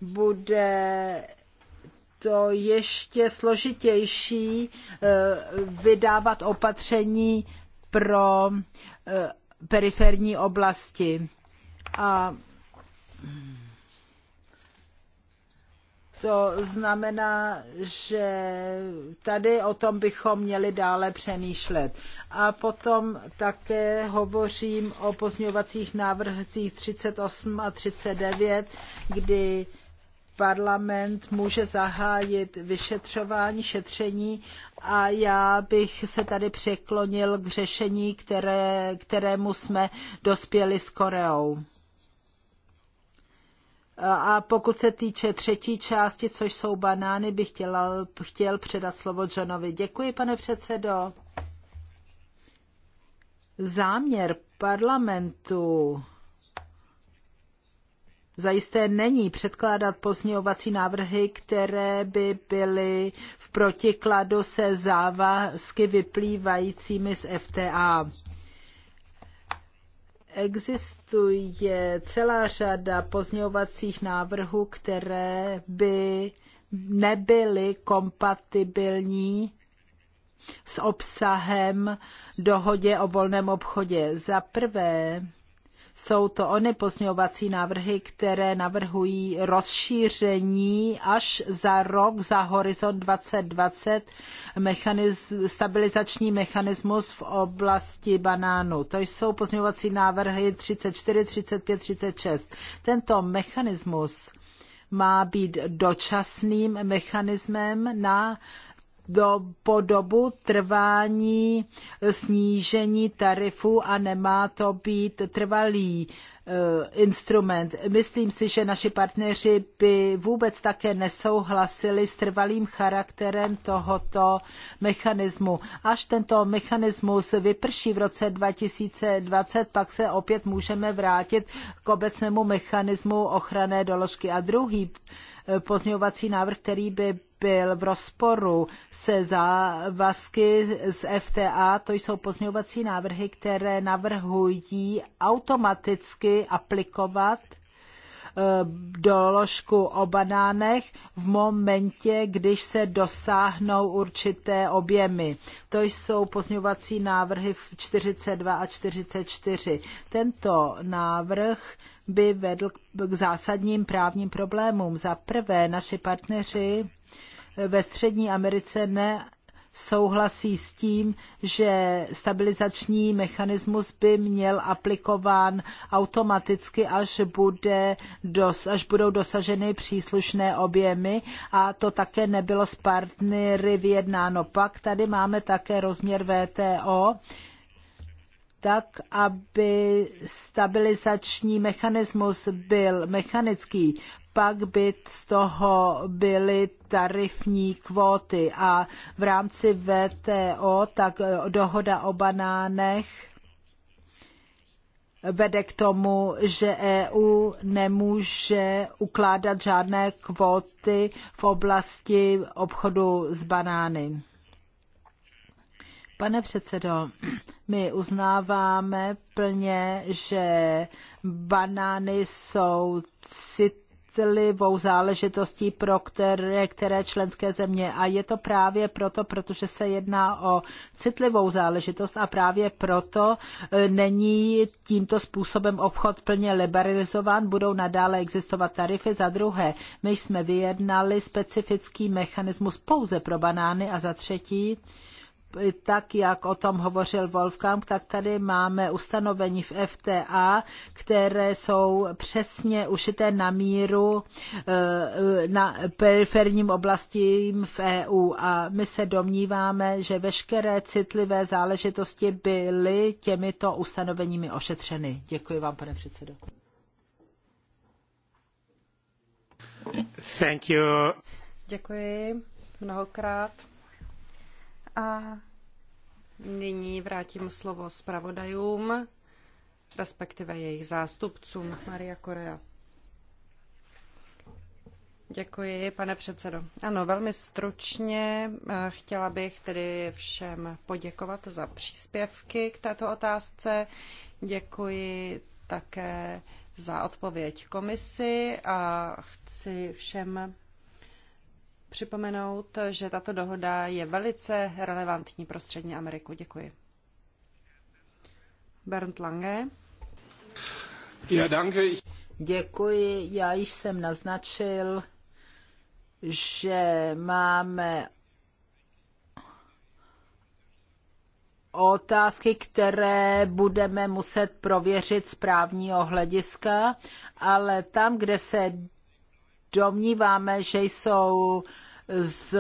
bude to ještě složitější e, vydávat opatření pro e, periferní oblasti. A to znamená, že tady o tom bychom měli dále přemýšlet. A potom také hovořím o pozměňovacích návrzích 38 a 39, kdy parlament může zahájit vyšetřování, šetření a já bych se tady překlonil k řešení, které, kterému jsme dospěli s Koreou. A pokud se týče třetí části, což jsou banány, bych chtěla, chtěl předat slovo Johnovi. Děkuji, pane předsedo. Záměr parlamentu zajisté není předkládat pozměňovací návrhy, které by byly v protikladu se závazky vyplývajícími z FTA existuje celá řada pozměňovacích návrhů, které by nebyly kompatibilní s obsahem dohody o volném obchodě. Za prvé, jsou to ony pozměňovací návrhy, které navrhují rozšíření až za rok, za horizont 2020, mechaniz, stabilizační mechanismus v oblasti banánu. To jsou pozměňovací návrhy 34, 35, 36. Tento mechanismus má být dočasným mechanismem na do, po dobu trvání snížení tarifů a nemá to být trvalý eh, instrument. Myslím si, že naši partneři by vůbec také nesouhlasili s trvalým charakterem tohoto mechanismu. Až tento mechanismus vyprší v roce 2020, pak se opět můžeme vrátit k obecnému mechanismu ochranné doložky. A druhý eh, pozměňovací návrh, který by byl v rozporu se závazky z FTA, to jsou pozměňovací návrhy, které navrhují automaticky aplikovat eh, doložku o banánech v momentě, když se dosáhnou určité objemy. To jsou pozňovací návrhy 42 a 44. Tento návrh by vedl k zásadním právním problémům. Za prvé, naši partneři ve Střední Americe ne souhlasí s tím, že stabilizační mechanismus by měl aplikován automaticky, až, bude dos, až budou dosaženy příslušné objemy a to také nebylo s partnery vyjednáno. Pak tady máme také rozměr VTO, tak, aby stabilizační mechanismus byl mechanický, pak by z toho byly tarifní kvóty a v rámci VTO tak e, dohoda o banánech vede k tomu, že EU nemůže ukládat žádné kvóty v oblasti obchodu s banány. Pane předsedo, my uznáváme plně, že banány jsou citlivou záležitostí pro které, které členské země. A je to právě proto, protože se jedná o citlivou záležitost a právě proto e, není tímto způsobem obchod plně liberalizován, budou nadále existovat tarify. Za druhé, my jsme vyjednali specifický mechanismus pouze pro banány a za třetí, tak jak o tom hovořil Wolfgang, tak tady máme ustanovení v FTA, které jsou přesně ušité na míru eh, na periferním oblastím v EU a my se domníváme, že veškeré citlivé záležitosti byly těmito ustanoveními ošetřeny. Děkuji vám, pane předsedo. Thank you. Děkuji mnohokrát. A nyní vrátím slovo zpravodajům, respektive jejich zástupcům. Maria Korea. Děkuji, pane předsedo. Ano, velmi stručně eh, chtěla bych tedy všem poděkovat za příspěvky k této otázce. Děkuji také za odpověď komisi a chci všem připomenout, že tato dohoda je velice relevantní pro Střední Ameriku. Děkuji. Bernd Lange. Ja, danke. Děkuji. Já již jsem naznačil, že máme otázky, které budeme muset prověřit z právního hlediska, ale tam, kde se domníváme, že jsou z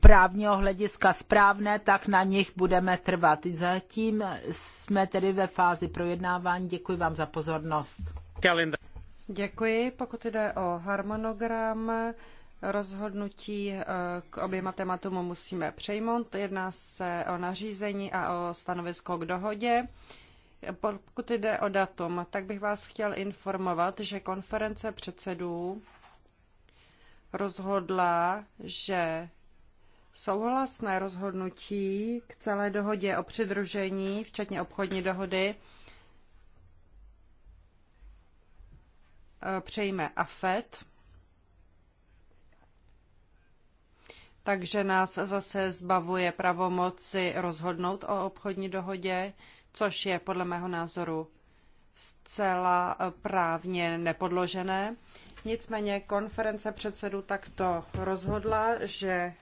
právního hlediska správné, tak na nich budeme trvat. Zatím jsme tedy ve fázi projednávání. Děkuji vám za pozornost. Děkuji. Pokud jde o harmonogram, rozhodnutí eh, k oběma tématům musíme přejmout. Jedná se o nařízení a o stanovisko k dohodě. Pokud jde o datum, tak bych vás chtěl informovat, že konference předsedů rozhodla, že souhlasné rozhodnutí k celé dohodě o přidružení, včetně obchodní dohody, eh, přejme AFET. Takže nás zase zbavuje pravomoci rozhodnout o obchodní dohodě což je podle mého názoru zcela eh, právně nepodložené. Nicméně konference předsedů takto rozhodla, že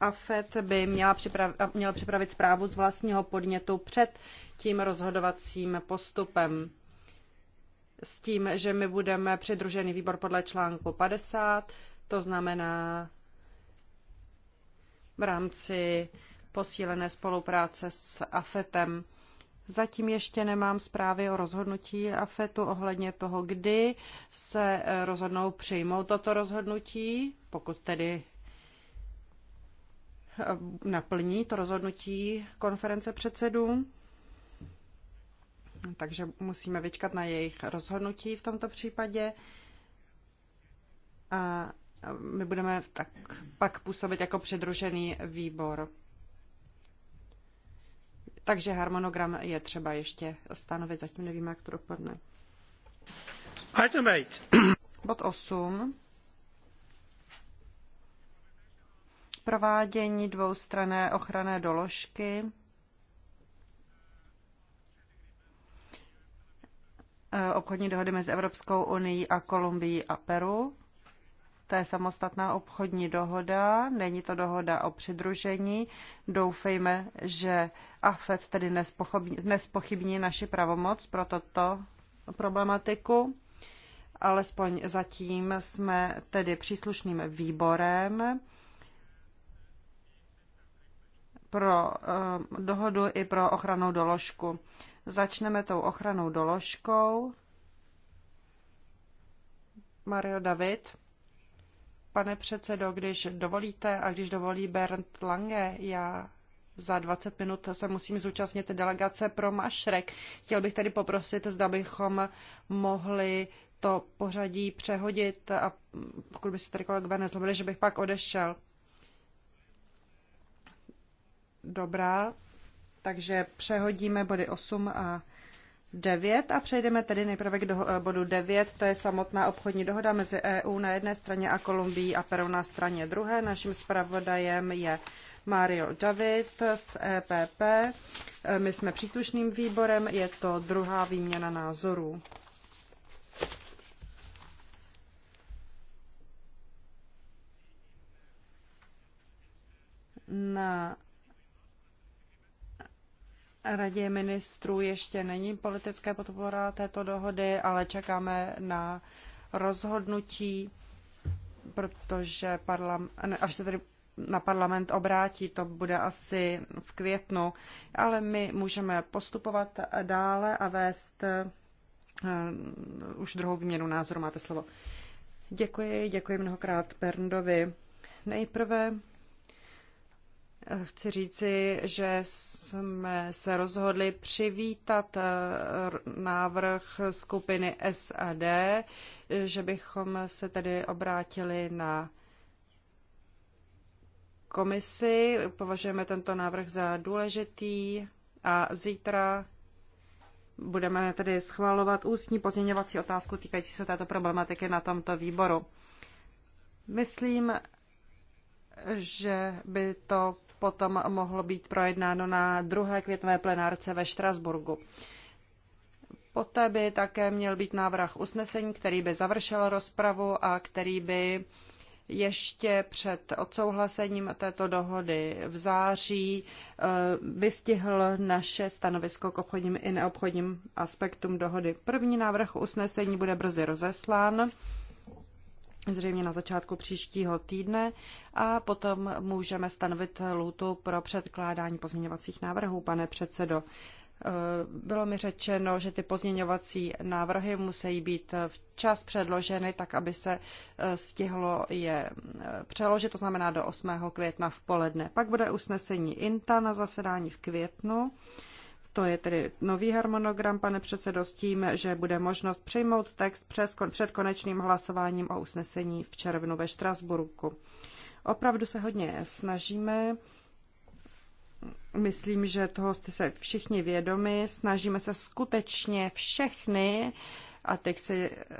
AFET by měla připravi, měl připravit zprávu z vlastního podnětu před tím rozhodovacím postupem s tím, že my budeme přidružený výbor podle článku 50, to znamená v rámci posílené spolupráce s AFETem. Zatím ještě nemám zprávy o rozhodnutí AFETu ohledně toho, kdy se eh, rozhodnou přijmout toto rozhodnutí, pokud tedy eh, naplní to rozhodnutí konference předsedů. Takže musíme vyčkat na jejich rozhodnutí v tomto případě. A eh, my budeme tak pak působit jako předružený výbor. Takže harmonogram je třeba ještě stanovit, zatím nevím, jak to dopadne. Item 8. Bod 8. Provádění dvoustrané ochranné doložky. E, obchodní dohody mezi Evropskou unii a Kolumbií a Peru to je samostatná obchodní dohoda, není to dohoda o přidružení. Doufejme, že AFED tedy nespochybní naši pravomoc pro toto problematiku. Alespoň zatím jsme tedy příslušným výborem pro eh, dohodu i pro ochranou doložku. Začneme tou ochranou doložkou. Mario David. Pane předsedo, když dovolíte a když dovolí Bernd Lange, já za 20 minut se musím zúčastnit delegace pro Mašrek. Chtěl bych tedy poprosit, zda bychom mohli to pořadí přehodit a pokud by se tady kolegové nezlobili, že bych pak odešel. Dobrá, takže přehodíme body 8 a 9 a přejdeme tedy nejprve k doho- bodu 9, to je samotná obchodní dohoda mezi EU na jedné straně a Kolumbií a Peru na straně druhé. Naším zpravodajem je Mario David z EPP. E, my jsme příslušným výborem, je to druhá výměna názorů. Na radě ministrů ještě není politické podpora této dohody, ale čekáme na rozhodnutí, protože parlament, až se tedy na parlament obrátí, to bude asi v květnu, ale my můžeme postupovat dále a vést eh, už druhou výměnu názoru. Máte slovo. Děkuji, děkuji mnohokrát Berndovi. Nejprve Chci říci, že jsme se rozhodli přivítat eh, návrh skupiny SAD, že bychom se tedy obrátili na komisi. Považujeme tento návrh za důležitý a zítra budeme tedy schvalovat ústní pozměňovací otázku týkající se této problematiky na tomto výboru. Myslím, že by to potom mohlo být projednáno na druhé květnové plenárce ve Štrasburgu. Poté by také měl být návrh usnesení, který by završil rozpravu a který by ještě před odsouhlasením této dohody v září eh, vystihl naše stanovisko k obchodním i neobchodním aspektům dohody. První návrh usnesení bude brzy rozeslán zřejmě na začátku příštího týdne a potom můžeme stanovit lůtu pro předkládání pozměňovacích návrhů, pane předsedo. E, bylo mi řečeno, že ty pozměňovací návrhy musí být včas předloženy, tak aby se e, stihlo je e, přeložit, to znamená do 8. května v poledne. Pak bude usnesení INTA na zasedání v květnu to je tedy nový harmonogram, pane předsedo, s tím, že bude možnost přijmout text přes, před konečným hlasováním o usnesení v červnu ve Štrasburku. Opravdu se hodně snažíme. Myslím, že toho jste se všichni vědomi. Snažíme se skutečně všechny uh, a teď si eh,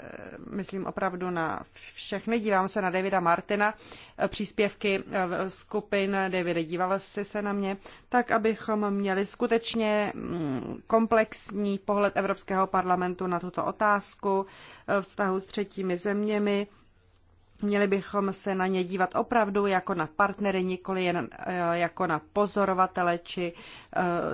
myslím opravdu na všechny. Dívám se na Davida Martina, eh, příspěvky eh, skupin Davide, dívala jsi se na mě, tak abychom měli skutečně mm, komplexní pohled Evropského parlamentu na tuto otázku vztahu s třetími zeměmi. Měli bychom se na ně dívat opravdu jako na partnery, nikoli jen jako na pozorovatele či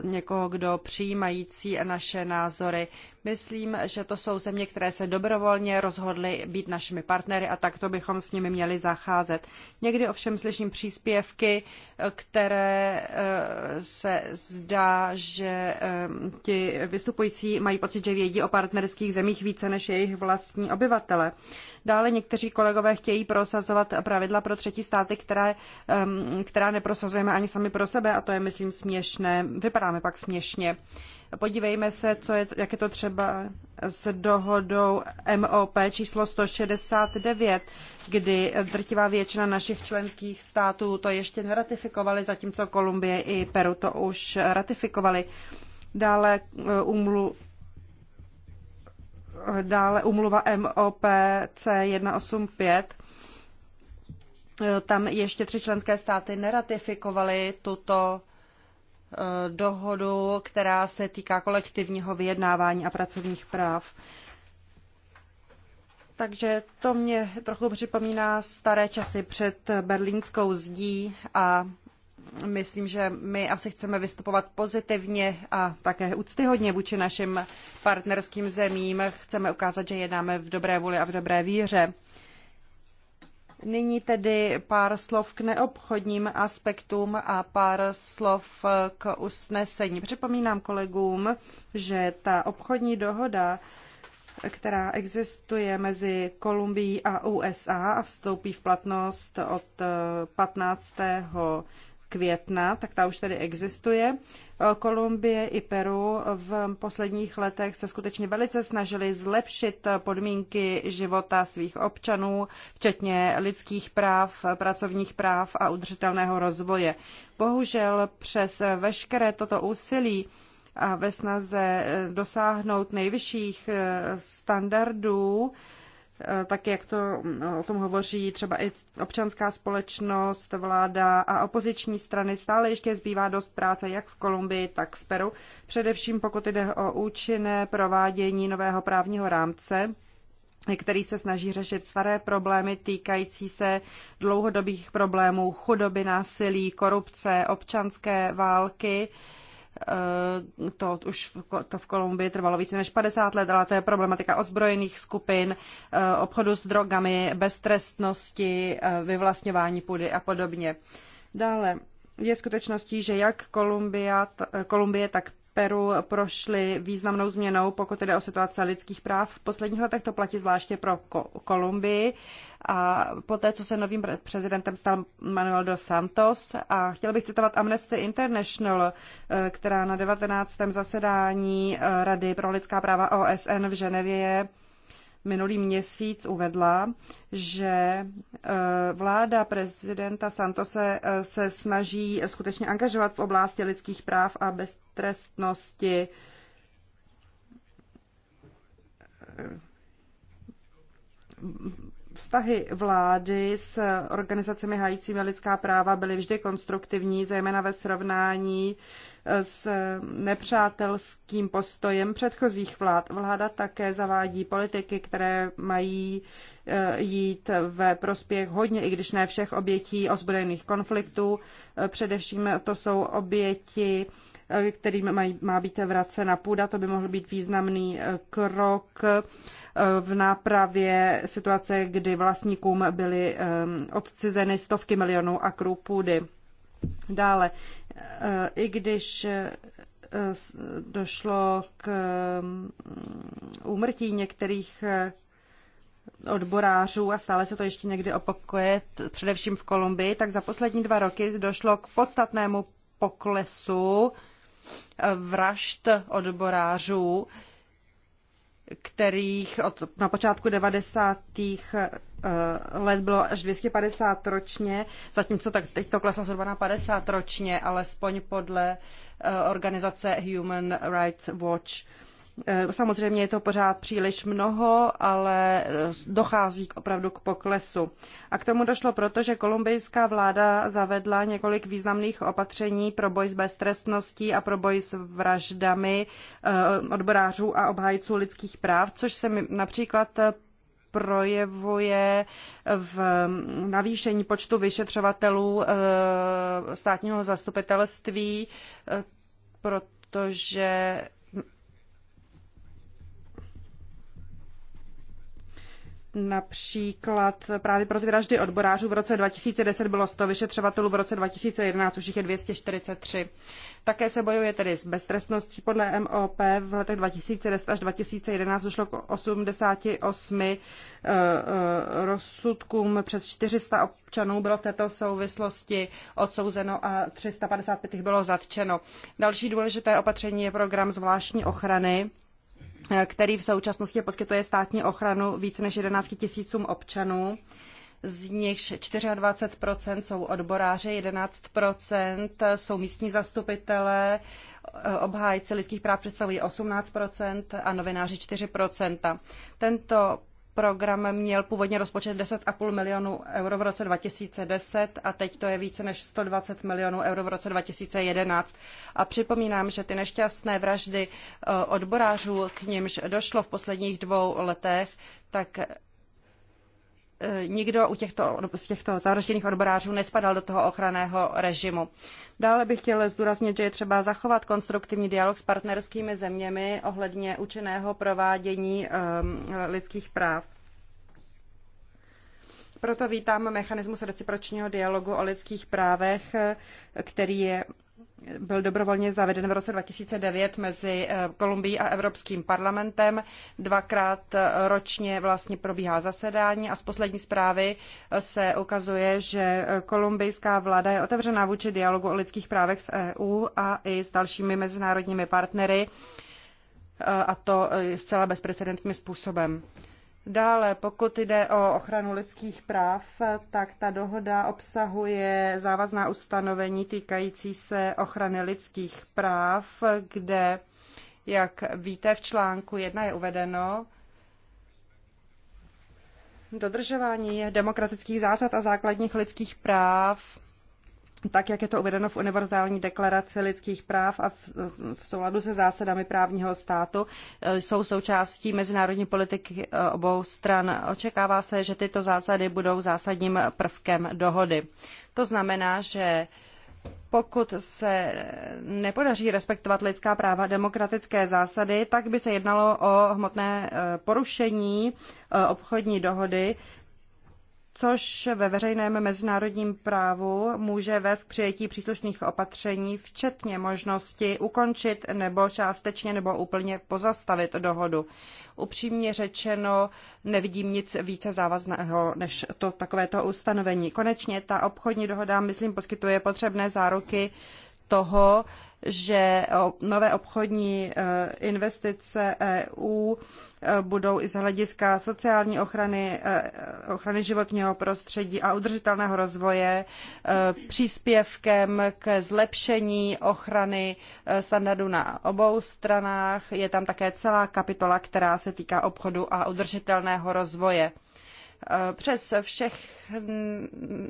někoho, kdo přijímající naše názory Myslím, že to jsou země, které se dobrovolně rozhodly být našimi partnery a takto bychom s nimi měli zacházet. Někdy ovšem slyším příspěvky, které eh, se zdá, že eh, ti vystupující mají pocit, že vědí o partnerských zemích více než jejich vlastní obyvatele. Dále někteří kolegové chtějí prosazovat pravidla pro třetí státy, která, eh, která neprosazujeme ani sami pro sebe a to je, myslím, směšné. Vypadáme pak směšně. Podívejme se, co je, jak je to třeba s dohodou MOP číslo 169, kdy drtivá většina našich členských států to ještě neratifikovali, zatímco Kolumbie i Peru to už ratifikovali. Dále uh, umlu, dále umluva MOP C185. Tam ještě tři členské státy neratifikovaly tuto Eh, dohodu, která se týká kolektivního vyjednávání a pracovních práv. Takže to mě trochu připomíná staré časy před berlínskou zdí a myslím, že my asi chceme vystupovat pozitivně a také úctyhodně vůči našim partnerským zemím. Chceme ukázat, že jednáme v dobré vůli a v dobré víře. Nyní tedy pár slov k neobchodním aspektům a pár slov k usnesení. Připomínám kolegům, že ta obchodní dohoda, která existuje mezi Kolumbií a USA a vstoupí v platnost od 15 května, tak ta už tady existuje. Eh, Kolumbie i Peru v posledních letech se skutečně velice snažili zlepšit eh, podmínky života svých občanů, včetně lidských práv, pracovních práv a udržitelného rozvoje. Bohužel přes eh, veškeré toto úsilí a ve snaze dosáhnout nejvyšších standardů, Eh, tak jak to, eh, o tom hovoří třeba i občanská společnost, vláda a opoziční strany, stále ještě zbývá dost práce jak v Kolumbii, tak v Peru, především pokud jde o účinné provádění nového právního rámce který se snaží řešit staré problémy týkající se dlouhodobých problémů chudoby, násilí, korupce, občanské války, Eh, to už to v Kolumbii trvalo více než 50 let, ale to je problematika ozbrojených skupin, eh, obchodu s drogami, beztrestnosti, eh, vyvlastňování půdy a podobně. Dále je skutečností, že jak Kolumbia, Kolumbie, tak Peru prošly významnou změnou, pokud jde o situace lidských práv. V posledních letech to platí zvláště pro Kolumbii. A poté, co se novým prezidentem stal Manuel dos Santos, a chtěl bych citovat Amnesty International, eh, která na 19. zasedání eh, Rady pro lidská práva OSN v Ženevě minulý měsíc uvedla, že eh, vláda prezidenta Santose eh, se snaží skutečně angažovat v oblasti lidských práv a beztrestnosti eh, Vztahy vlády s organizacemi hájícími lidská práva byly vždy konstruktivní, zejména ve srovnání eh, s nepřátelským postojem předchozích vlád. Vláda také zavádí politiky, které mají eh, jít ve prospěch hodně, i když ne všech obětí ozbrojených konfliktů. Eh, především to jsou oběti Eh, kterým mají, má být vracena půda. To by mohl být významný eh, krok eh, v nápravě situace, kdy vlastníkům byly odcizeny stovky milionů akrů půdy. Dále, i když došlo k mm, úmrtí některých odborářů a stále se to ještě někdy opakuje, především v Kolumbii, tak za poslední dva roky došlo k podstatnému poklesu vražd odborářů, kterých od, na počátku 90. Eh, let bylo až 250 ročně, zatímco tak teď to klesá zhruba na 50 ročně, alespoň podle eh, organizace Human Rights Watch. Eh, samozřejmě je to pořád příliš mnoho, ale eh, dochází k opravdu k poklesu. A k tomu došlo proto, že kolumbijská vláda zavedla několik významných opatření pro boj s beztrestností a pro boj s vraždami eh, odborářů a obhájců lidských práv, což se například projevuje v mm, navýšení počtu vyšetřovatelů státního zastupitelství, protože Například právě pro ty vraždy odborářů v roce 2010 bylo 100 vyšetřovatelů, v roce 2011 už jich je 243. Také se bojuje tedy s beztrestností. Podle MOP v letech 2010 až 2011 došlo k 88 eh, eh, rozsudkům. Přes 400 občanů bylo v této souvislosti odsouzeno a 355 bylo zatčeno. Další důležité opatření je program zvláštní ochrany který v současnosti poskytuje státní ochranu více než 11 tisícům občanů. Z nichž 24 jsou odboráři, 11 jsou místní zastupitelé, obhájci lidských práv představují 18 a novináři 4 Tento program měl původně rozpočet 10,5 milionů euro v roce 2010 a teď to je více než 120 milionů euro v roce 2011. A připomínám, že ty nešťastné vraždy eh, odborářů, k nimž došlo v posledních dvou letech, tak E, nikdo u těchto, z těchto zavražděných odborářů nespadal do toho ochranného režimu. Dále bych chtěl zdůraznit, že je třeba zachovat konstruktivní dialog s partnerskými zeměmi ohledně účinného provádění um, lidských práv. Proto vítám mechanismus recipročního dialogu o lidských právech, e, který je byl dobrovolně zaveden v roce 2009 mezi eh, Kolumbií a Evropským parlamentem. Dvakrát eh, ročně vlastně probíhá zasedání a z poslední zprávy eh, se ukazuje, že kolumbijská vláda je otevřená vůči dialogu o lidských právech s EU a i s dalšími mezinárodními partnery a to zcela bezprecedentním způsobem. Dále, pokud jde o ochranu lidských práv, tak ta dohoda obsahuje závazná ustanovení týkající se ochrany lidských práv, kde, jak víte, v článku 1 je uvedeno, dodržování demokratických zásad a základních lidských práv tak, jak je to uvedeno v Univerzální deklaraci lidských práv a v, v souladu se zásadami právního státu, e, jsou součástí mezinárodní politiky e, obou stran. Očekává se, že tyto zásady budou zásadním prvkem dohody. To znamená, že pokud se nepodaří respektovat lidská práva a demokratické zásady, tak by se jednalo o hmotné e, porušení obchodní dohody, což ve veřejném mezinárodním právu může vést k přijetí příslušných opatření, včetně možnosti ukončit nebo částečně nebo úplně pozastavit dohodu. Upřímně řečeno, nevidím nic více závazného než to takovéto ustanovení. Konečně ta obchodní dohoda, myslím, poskytuje potřebné záruky toho, že nové obchodní eh, investice EU eh, budou i z hlediska sociální ochrany, eh, ochrany životního prostředí a udržitelného rozvoje příspěvkem k zlepšení ochrany standardů na obou stranách. Je tam také celá kapitola, která se týká obchodu a udržitelného rozvoje. Přes všech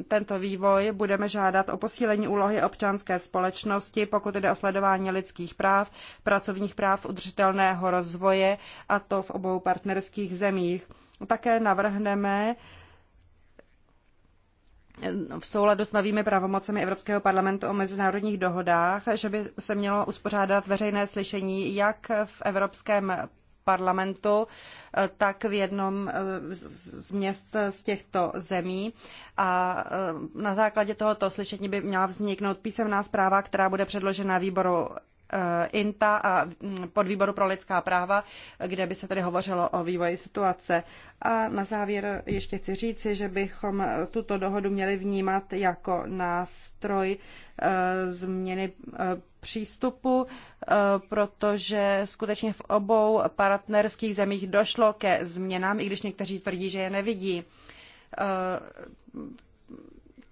tento vývoj budeme žádat o posílení úlohy občanské společnosti, pokud jde o sledování lidských práv, pracovních práv udržitelného rozvoje, a to v obou partnerských zemích. Také navrhneme v souladu s novými pravomocemi Evropského parlamentu o mezinárodních dohodách, že by se mělo uspořádat veřejné slyšení jak v Evropském parlamentu, eh, tak v jednom eh, z měst eh, z těchto zemí. A na základě tohoto slyšení by měla vzniknout písemná zpráva, která bude předložena výboru Eh, INTA a mm, podvýboru pro lidská práva, kde by se tedy hovořilo o vývoji situace. A na závěr ještě chci říci, že bychom eh, tuto dohodu měli vnímat jako nástroj eh, změny přístupu, protože skutečně v obou partnerských zemích došlo ke změnám, i když někteří tvrdí, že je nevidí.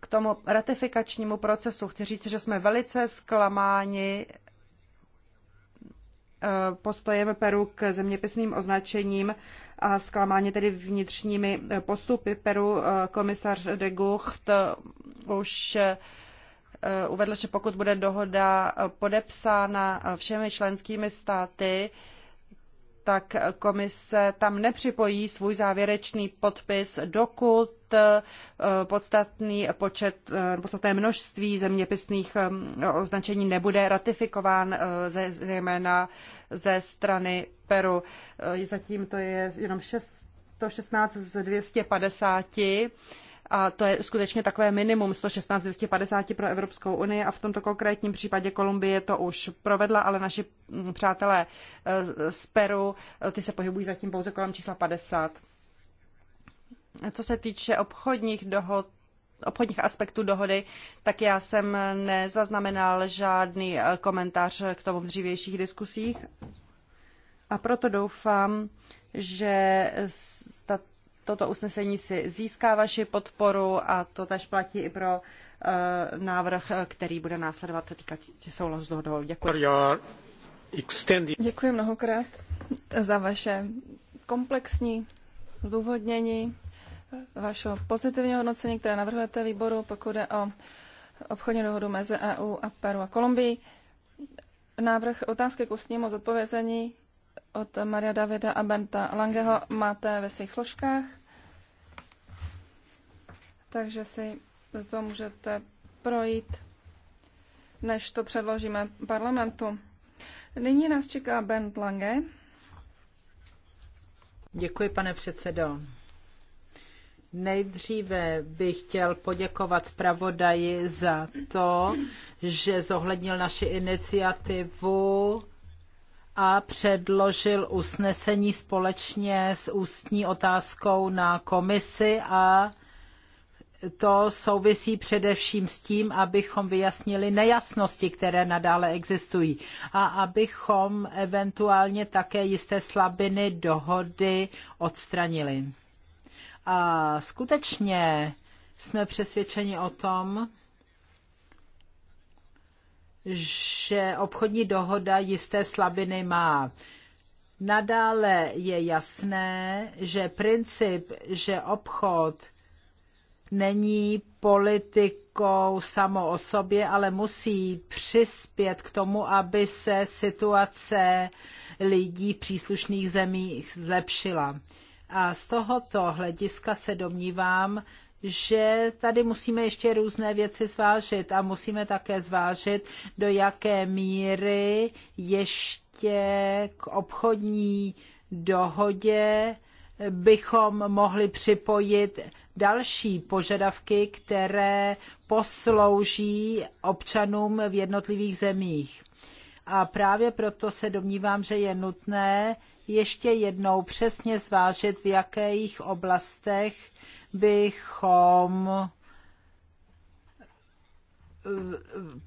K tomu ratifikačnímu procesu chci říct, že jsme velice zklamáni Eh, postojem Peru k zeměpisným označením a zklamání tedy vnitřními eh, postupy Peru. Eh, komisař de Gucht už uvedl, že pokud bude dohoda podepsána všemi členskými státy, tak komise tam nepřipojí svůj závěrečný podpis, dokud Eh, podstatný počet, eh, podstatné množství zeměpisných eh, označení nebude ratifikován ze, zejména ze strany Peru. Zatím to je jenom 116 z 250 a to je skutečně takové minimum 116-250 pro Evropskou unii a v tomto konkrétním případě Kolumbie to už provedla, ale naši mm, přátelé z Peru, ty se pohybují zatím pouze kolem čísla 50. Co se týče obchodních dohod, obchodních aspektů dohody, tak já jsem nezaznamenal žádný eh, komentář k tomu v dřívějších diskusích. A proto doufám, že ta, toto usnesení si získá vaši podporu a to tež platí i pro uh, návrh, který bude následovat se souhlasu s dohodou. Děkuji. Děkuji mnohokrát za vaše komplexní zdůvodnění vašeho pozitivního hodnocení, které navrhujete výboru, pokud je o obchodní dohodu mezi EU a Peru a Kolumbii. Návrh otázky k ústnímu zodpovězení od Maria Davida a Benta Langeho máte ve svých složkách, takže si to můžete projít, než to předložíme parlamentu. Nyní nás čeká Bent Lange. Děkuji, pane předsedo. Nejdříve bych chtěl poděkovat zpravodaji za to, že zohlednil naši iniciativu a předložil usnesení společně s ústní otázkou na komisi a to souvisí především s tím, abychom vyjasnili nejasnosti, které nadále existují a abychom eventuálně také jisté slabiny dohody odstranili. A skutečně jsme přesvědčeni o tom, že obchodní dohoda jisté slabiny má. Nadále je jasné, že princip, že obchod není politikou samo o sobě, ale musí přispět k tomu, aby se situace lidí v příslušných zemích zlepšila. A z tohoto hlediska se domnívám, že tady musíme ještě různé věci zvážit a musíme také zvážit, do jaké míry ještě k obchodní dohodě bychom mohli připojit další požadavky, které poslouží občanům v jednotlivých zemích. A právě proto se domnívám, že je nutné ještě jednou přesně zvážit, v jakých oblastech bychom eh,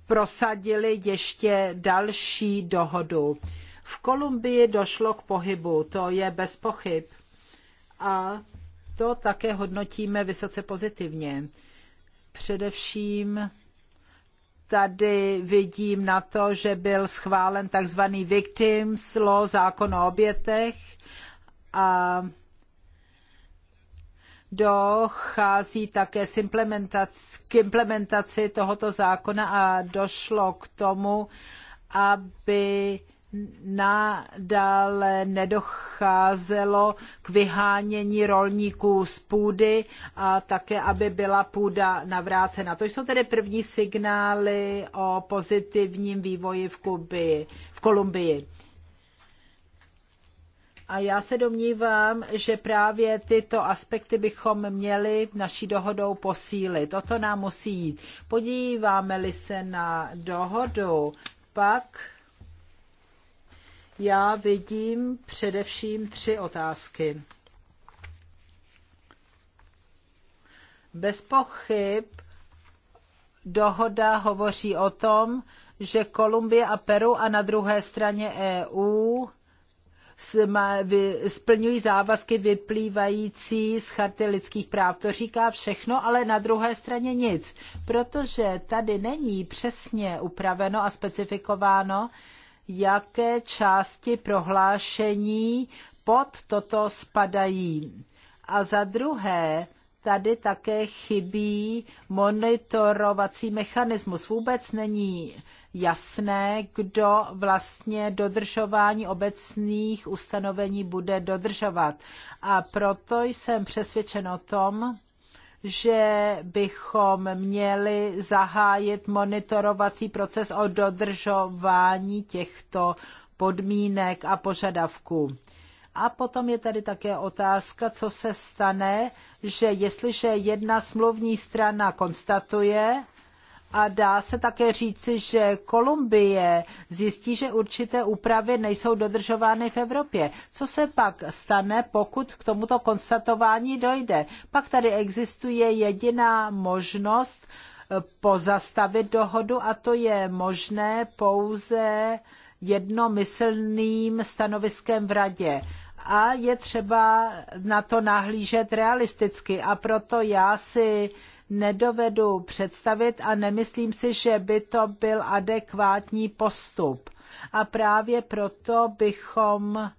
prosadili ještě další dohodu. V Kolumbii došlo k pohybu, to je bez pochyb. A to také hodnotíme vysoce pozitivně. Především tady vidím na to, že byl schválen takzvaný victims law, zákon o obětech a dochází také k implementaci tohoto zákona a došlo k tomu, aby nadále nedocházelo k vyhánění rolníků z půdy a také, aby byla půda navrácena. To jsou tedy první signály o pozitivním vývoji v, Kuby, v Kolumbii. A já se domnívám, že právě tyto aspekty bychom měli naší dohodou posílit. Toto nám musí jít. Podíváme-li se na dohodu, pak já vidím především tři otázky. Bez pochyb dohoda hovoří o tom, že Kolumbie a Peru a na druhé straně EU splňují závazky vyplývající z charty lidských práv. To říká všechno, ale na druhé straně nic, protože tady není přesně upraveno a specifikováno, jaké části prohlášení pod toto spadají. A za druhé, tady také chybí monitorovací mechanismus. Vůbec není jasné, kdo vlastně dodržování obecných ustanovení bude dodržovat. A proto jsem přesvědčen o tom, že bychom měli zahájit monitorovací proces o dodržování těchto podmínek a požadavků. A potom je tady také otázka, co se stane, že jestliže jedna smluvní strana konstatuje, a dá se také říci, že Kolumbie zjistí, že určité úpravy nejsou dodržovány v Evropě. Co se pak stane, pokud k tomuto konstatování dojde? Pak tady existuje jediná možnost eh, pozastavit dohodu a to je možné pouze jednomyslným stanoviskem v radě a je třeba na to nahlížet realisticky. A proto já si nedovedu představit a nemyslím si, že by to byl adekvátní postup. A právě proto bychom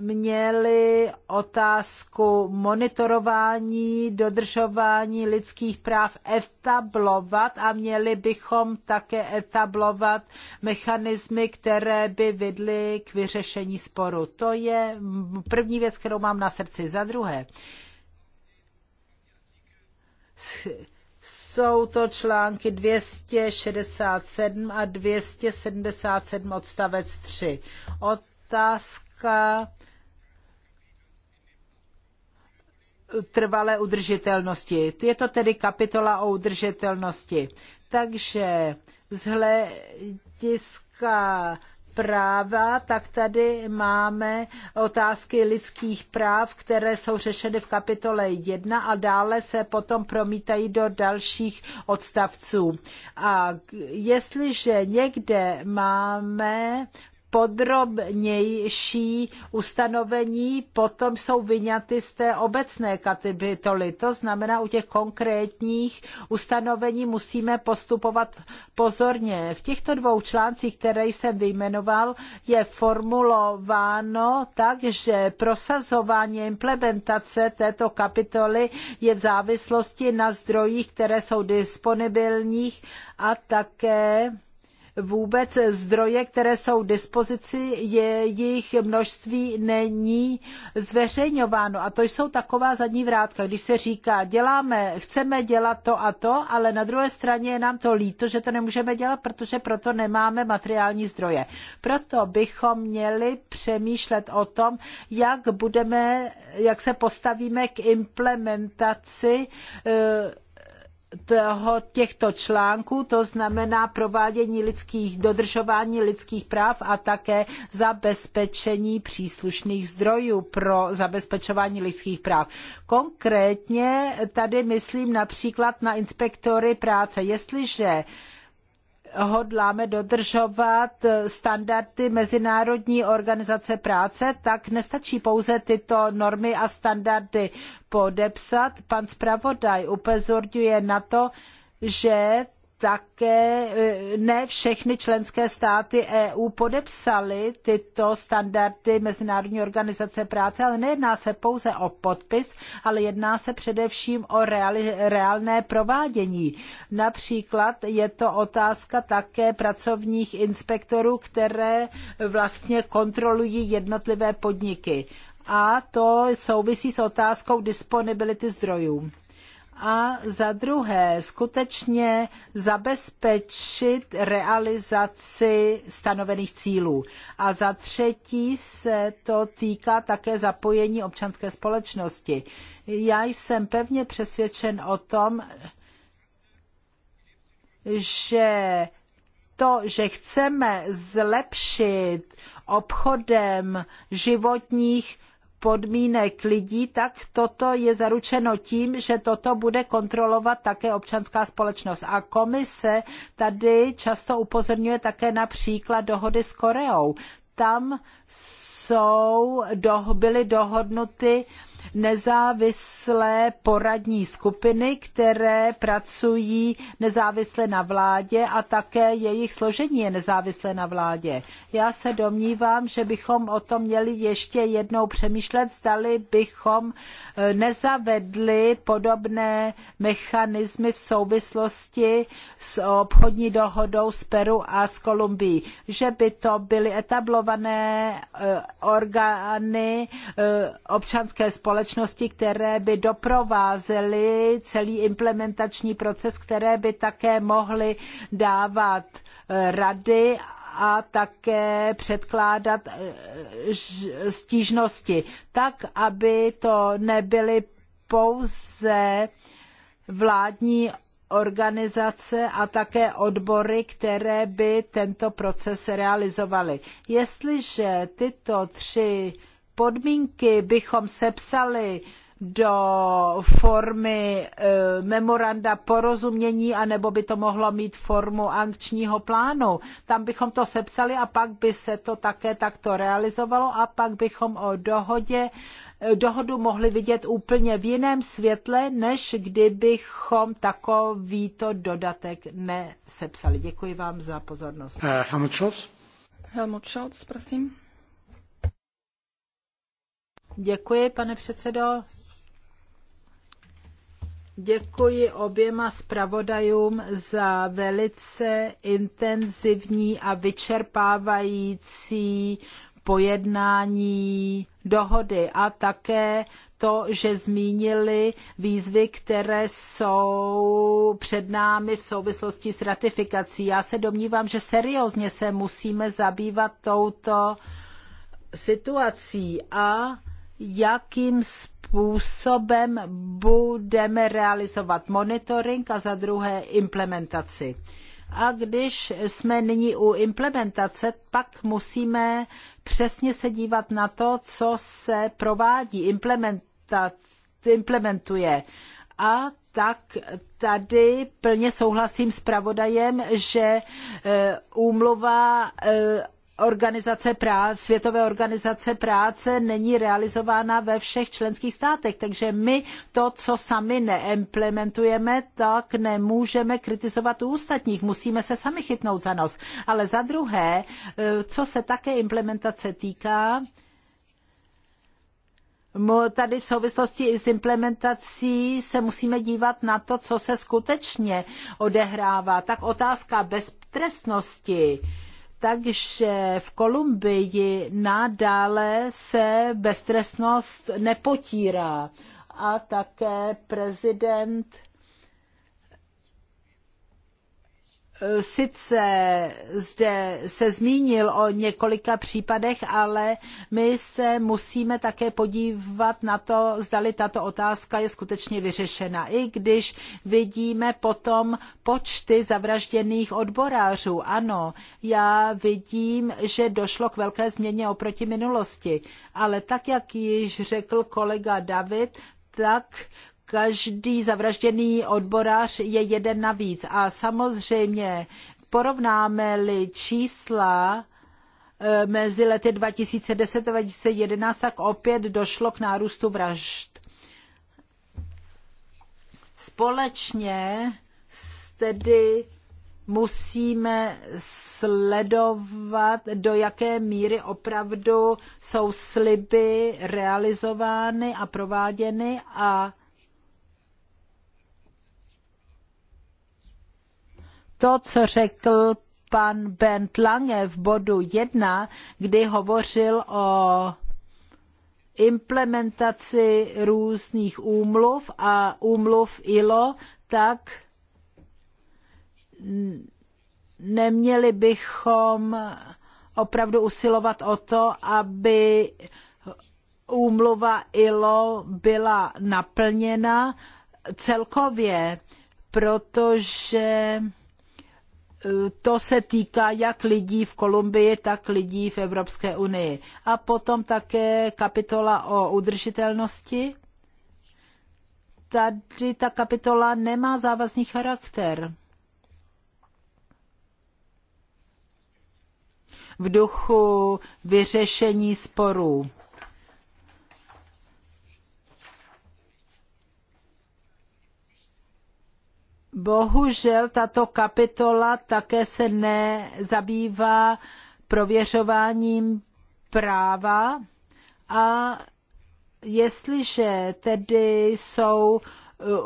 měli otázku monitorování, dodržování lidských práv etablovat a měli bychom také etablovat mechanismy, které by vedly k vyřešení sporu. To je první věc, kterou mám na srdci. Za druhé, jsou to články 267 a 277 odstavec 3. Otázka trvalé udržitelnosti. Je to tedy kapitola o udržitelnosti. Takže z hlediska práva, tak tady máme otázky lidských práv, které jsou řešeny v kapitole 1 a dále se potom promítají do dalších odstavců. A jestliže někde máme podrobnější ustanovení potom jsou vyňaty z té obecné kapitoly. To znamená, u těch konkrétních ustanovení musíme postupovat pozorně. V těchto dvou článcích, které jsem vyjmenoval, je formulováno tak, že prosazování implementace této kapitoly je v závislosti na zdrojích, které jsou disponibilních a také vůbec zdroje, které jsou dispozici, jejich množství není zveřejňováno. A to jsou taková zadní vrátka, když se říká, děláme, chceme dělat to a to, ale na druhé straně je nám to líto, že to nemůžeme dělat, protože proto nemáme materiální zdroje. Proto bychom měli přemýšlet o tom, jak budeme, jak se postavíme k implementaci uh, toho, těchto článků, to znamená provádění lidských, dodržování lidských práv a také zabezpečení příslušných zdrojů pro zabezpečování lidských práv. Konkrétně tady myslím například na inspektory práce. Jestliže uh, hodláme dodržovat standardy Mezinárodní organizace práce, tak nestačí pouze tyto normy a standardy podepsat. Pan zpravodaj upozorňuje na to, že také e, ne všechny členské státy EU podepsaly tyto standardy Mezinárodní organizace práce, ale nejedná se pouze o podpis, ale jedná se především o reali, reálné provádění. Například je to otázka také pracovních inspektorů, které vlastně kontrolují jednotlivé podniky. A to souvisí s otázkou disponibility zdrojů a za druhé skutečně zabezpečit realizaci stanovených cílů. A za třetí se to týká také zapojení občanské společnosti. Já jsem pevně přesvědčen o tom, že to, že chceme zlepšit obchodem životních podmínek lidí, tak toto je zaručeno tím, že toto bude kontrolovat také občanská společnost. A komise tady často upozorňuje také na příklad dohody s Koreou. Tam jsou, byly dohodnuty nezávislé poradní skupiny, které pracují nezávisle na vládě a také jejich složení je nezávislé na vládě. Já se domnívám, že bychom o tom měli ještě jednou přemýšlet, zdali bychom eh, nezavedli podobné mechanismy v souvislosti s obchodní dohodou s Peru a s Kolumbií, že by to byly etablované eh, orgány eh, občanské společnosti, společnosti, které by doprovázely celý implementační proces, které by také mohly dávat eh, rady a také předkládat eh, stížnosti, tak, aby to nebyly pouze vládní organizace a také odbory, které by tento proces realizovaly. Jestliže tyto tři podmínky bychom sepsali do formy e, memoranda porozumění, anebo by to mohlo mít formu akčního plánu. Tam bychom to sepsali a pak by se to také takto realizovalo a pak bychom o dohodě e, dohodu mohli vidět úplně v jiném světle, než kdybychom takovýto dodatek nesepsali. Děkuji vám za pozornost. Eh, Helmut Scholz. Helmut Scholz, prosím. Děkuji, pane předsedo. Děkuji oběma zpravodajům za velice intenzivní a vyčerpávající pojednání dohody a také to, že zmínili výzvy, které jsou před námi v souvislosti s ratifikací. Já se domnívám, že seriózně se musíme zabývat touto situací a jakým způsobem budeme realizovat monitoring a za druhé implementaci. A když jsme nyní u implementace, pak musíme přesně se dívat na to, co se provádí, implementuje. A tak tady plně souhlasím s pravodajem, že eh, úmluva eh, organizace práce, Světové organizace práce není realizována ve všech členských státech, takže my to, co sami neimplementujeme, tak nemůžeme kritizovat u ostatních. Musíme se sami chytnout za nos. Ale za druhé, e, co se také implementace týká, tady v souvislosti i s implementací se musíme dívat na to, co se skutečně odehrává. Tak otázka beztrestnosti takže v Kolumbii nadále se beztrestnost nepotírá a také prezident Eh, sice zde se zmínil o několika případech, ale my se musíme také podívat na to, zdali tato otázka je skutečně vyřešena. I když vidíme potom počty zavražděných odborářů, ano, já vidím, že došlo k velké změně oproti minulosti, ale tak, jak již řekl kolega David, tak každý zavražděný odborář je jeden navíc. A samozřejmě porovnáme-li čísla eh, mezi lety 2010 a 2011, tak opět došlo k nárůstu vražd. Společně tedy musíme sledovat, do jaké míry opravdu jsou sliby realizovány a prováděny a to, co řekl pan Bernd Lange v bodu 1, kdy hovořil o implementaci různých úmluv a úmluv ILO, tak neměli bychom opravdu usilovat o to, aby úmluva ILO byla naplněna celkově, protože Eh, to se týká jak lidí v Kolumbii, tak lidí v Evropské unii. A potom také kapitola o udržitelnosti. Tady ta kapitola nemá závazný charakter. V duchu vyřešení sporů Bohužel tato kapitola také se nezabývá prověřováním práva a jestliže tedy jsou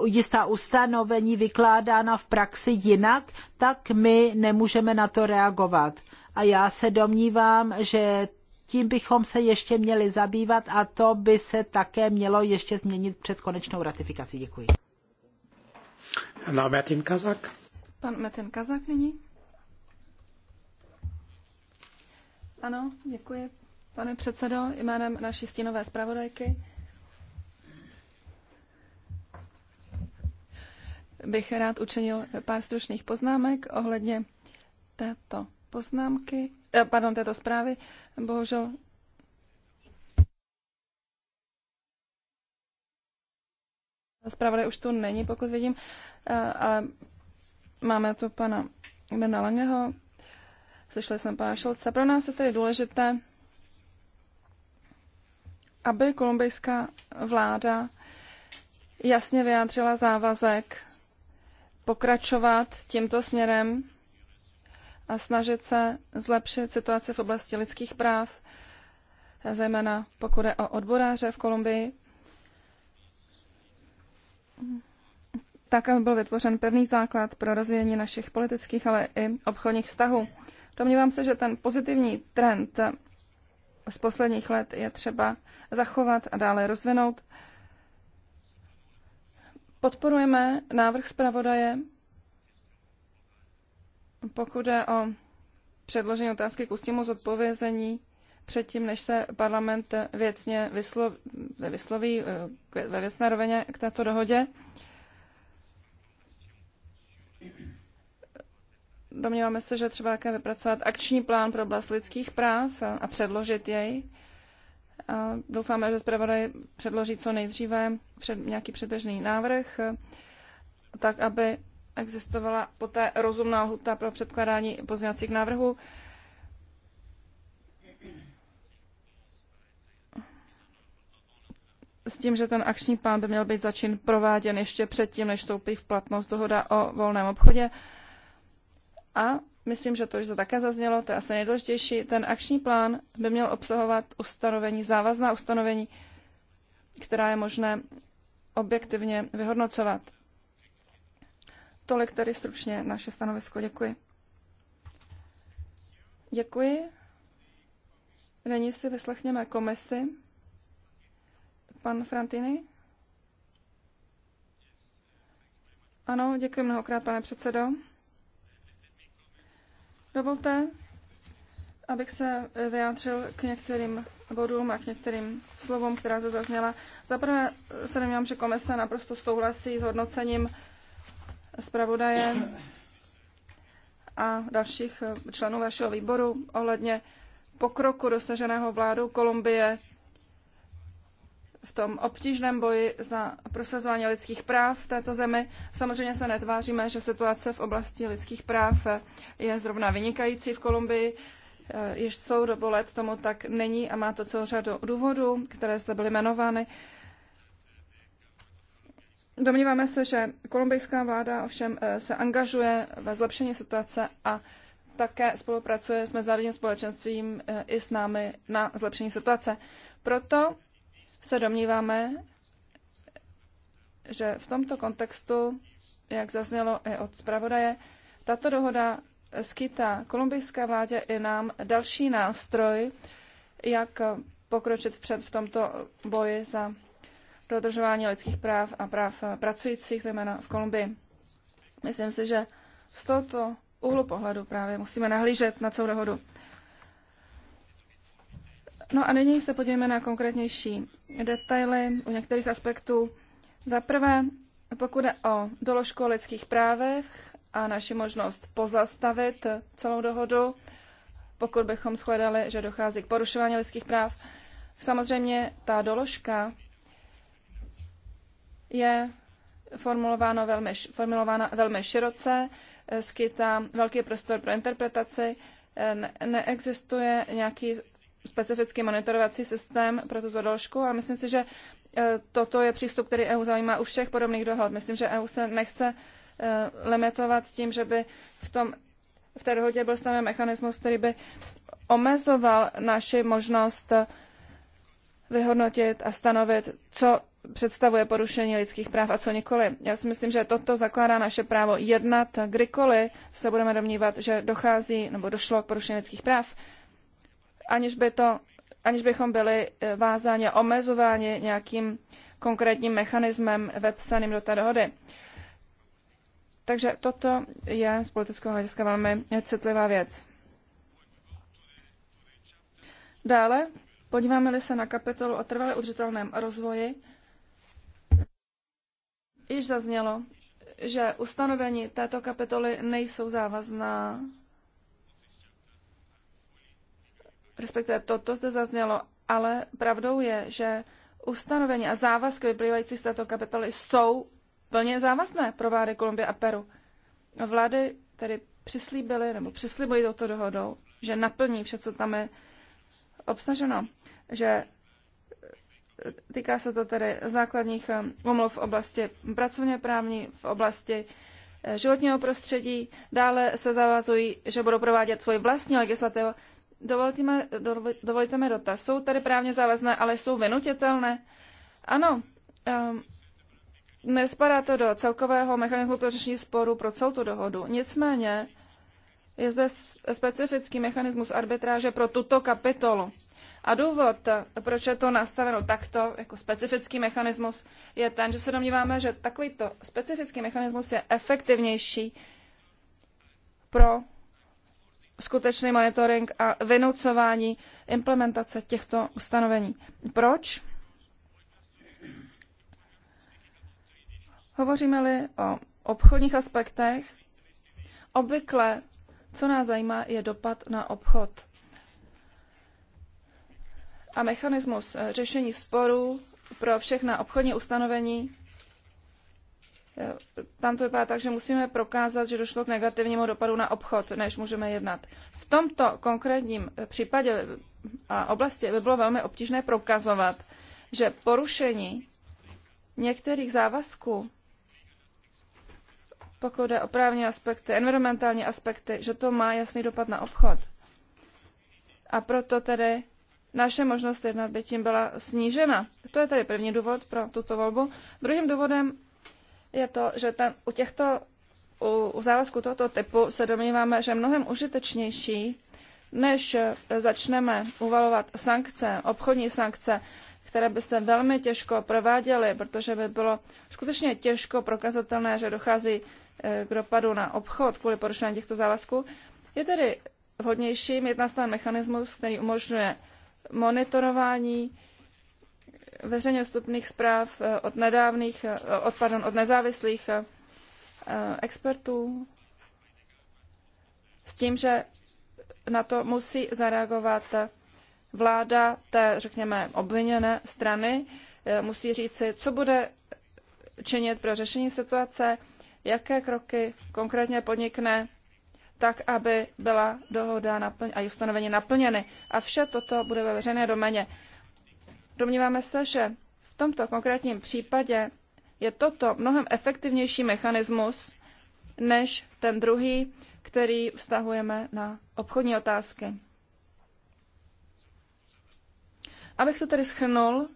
uh, jistá ustanovení vykládána v praxi jinak, tak my nemůžeme na to reagovat. A já se domnívám, že tím bychom se ještě měli zabývat a to by se také mělo ještě změnit před konečnou ratifikací. Děkuji. Na Metin Kazak. Pan Metin Kazak nyní. Ano, děkuji, pane předsedo, jménem naší stínové zpravodajky. Bych rád učinil pár stručných poznámek ohledně této poznámky, eh, pardon, této zprávy. Bohužel Zpravodaj už tu není, pokud vidím, eh, ale máme tu pana Bena Langeho, slyšeli jsme pana Šolce. Pro nás je tedy důležité, aby kolumbijská vláda jasně vyjádřila závazek pokračovat tímto směrem a snažit se zlepšit situaci v oblasti lidských práv, zejména pokud je o odboráře v Kolumbii tak, aby byl vytvořen pevný základ pro rozvíjení našich politických, ale i obchodních vztahů. Domnívám se, že ten pozitivní trend z posledních let je třeba zachovat a dále rozvinout. Podporujeme návrh zpravodaje, pokud je o předložení otázky k ústnímu zodpovězení předtím, než se parlament věcně vysloví, vysloví eh, ve věcné rovině k této dohodě. Domníváme se, že třeba také vypracovat akční plán pro oblast lidských práv a předložit jej. A doufáme, že zpravodaj předloží co nejdříve před, nějaký předběžný návrh, eh, tak aby existovala poté rozumná lhuta pro předkládání pozměňovacích návrhů. s tím, že ten akční plán by měl být začín prováděn ještě předtím, než vstoupí v platnost dohoda o volném obchodě. A myslím, že to už také zaznělo, to je asi nejdůležitější, ten akční plán by měl obsahovat ustanovení, závazná ustanovení, která je možné objektivně vyhodnocovat. Tolik tedy stručně naše stanovisko. Děkuji. Děkuji. Nyní si vyslechněme komisi. Pan Frantini? Ano, děkuji mnohokrát, pane předsedo. Dovolte, abych se vyjádřil k některým bodům a k některým slovům, která se zazněla. Za prvé se domnívám, že komise naprosto souhlasí s hodnocením zpravodaje a dalších členů vašeho výboru ohledně pokroku dosaženého vládou Kolumbie v tom obtížném boji za prosazování lidských práv v této zemi. Samozřejmě se netváříme, že situace v oblasti lidských práv je zrovna vynikající v Kolumbii. Eh, Již celou dobu let tomu tak není a má to celou řadu důvodů, které zde byly jmenovány. Domníváme se, že kolumbijská vláda ovšem eh, se angažuje ve zlepšení situace a také spolupracuje s mezinárodním společenstvím eh, i s námi na zlepšení situace. Proto se domníváme, že v tomto kontextu, jak zaznělo i od zpravodaje, tato dohoda skýtá kolumbijské vládě i nám další nástroj, jak pokročit před v tomto boji za dodržování lidských práv a práv pracujících, zejména v Kolumbii. Myslím si, že z tohoto úhlu pohledu právě musíme nahlížet na celou dohodu. No a nyní se podívejme na konkrétnější detaily u některých aspektů. Za prvé, pokud je o doložku o lidských právech a naši možnost pozastavit celou dohodu, pokud bychom shledali, že dochází k porušování lidských práv, samozřejmě ta doložka je formulována velmi, formulována velmi široce, eh, skytá velký prostor pro interpretaci, eh, ne- neexistuje nějaký specifický monitorovací systém pro tuto doložku, a myslím si, že e, toto je přístup, který EU zajímá u všech podobných dohod. Myslím, že EU se nechce e, limitovat s tím, že by v, tom, v té dohodě byl stavěn mechanismus, který by omezoval naši možnost e, vyhodnotit a stanovit, co představuje porušení lidských práv a co nikoli. Já si myslím, že toto zakládá naše právo jednat, kdykoliv se budeme domnívat, že dochází nebo došlo k porušení lidských práv aniž, by to, aniž bychom byli eh, vázáni a omezováni nějakým konkrétním mechanismem vepsaným do té dohody. Takže toto je z politického hlediska velmi citlivá věc. Dále, podíváme-li se na kapitolu o trvalé udržitelném rozvoji, již zaznělo, že ustanovení této kapitoly nejsou závazná respektive toto zde zaznělo, ale pravdou je, že ustanovení a závazky vyplývající z této kapitoly jsou plně závazné pro vlády Kolumbie a Peru. Vlády tedy přislíbily nebo přislibují touto dohodou, že naplní vše, co tam je obsaženo, že eh, týká se to tedy základních umluv eh, v oblasti pracovně právní, v oblasti eh, životního prostředí. Dále se zavazují, že budou provádět svoji vlastní legislativu Dovolte mi, dovolte mi dotaz. Jsou tady právně závazné, ale jsou vynutitelné? Ano, um, nespadá to do celkového mechanismu pro řešení sporu pro celou tu dohodu. Nicméně je zde specifický mechanismus arbitráže pro tuto kapitolu. A důvod, proč je to nastaveno takto, jako specifický mechanismus, je ten, že se domníváme, že takovýto specifický mechanismus je efektivnější pro skutečný monitoring a vynucování implementace těchto ustanovení. Proč? Hovoříme-li o obchodních aspektech, obvykle, co nás zajímá, je dopad na obchod. A mechanismus eh, řešení sporů pro všechna obchodní ustanovení tam to vypadá tak, že musíme prokázat, že došlo k negativnímu dopadu na obchod, než můžeme jednat. V tomto konkrétním případě a oblasti by bylo velmi obtížné prokazovat, že porušení některých závazků, pokud jde o právní aspekty, environmentální aspekty, že to má jasný dopad na obchod. A proto tedy naše možnost jednat by tím byla snížena. To je tedy první důvod pro tuto volbu. Druhým důvodem je to, že ten, u těchto u, u závazku tohoto typu se domníváme, že mnohem užitečnější, než začneme uvalovat sankce, obchodní sankce, které by se velmi těžko prováděly, protože by bylo skutečně těžko prokazatelné, že dochází eh, k dopadu na obchod kvůli porušení těchto závazků, je tedy vhodnější mít nastaven mechanismus, který umožňuje monitorování veřejně dostupných zpráv eh, od nedávných, eh, od, pardon, od nezávislých eh, expertů s tím, že na to musí zareagovat vláda té, řekněme, obviněné strany, musí říci, co bude činit pro řešení situace, jaké kroky konkrétně podnikne, tak, aby byla dohoda naplň- a ustanovení naplněny. A vše toto bude ve veřejné doméně. Domníváme se, že v tomto konkrétním případě je toto mnohem efektivnější mechanismus než ten druhý, který vztahujeme na obchodní otázky. Abych to tedy schrnul,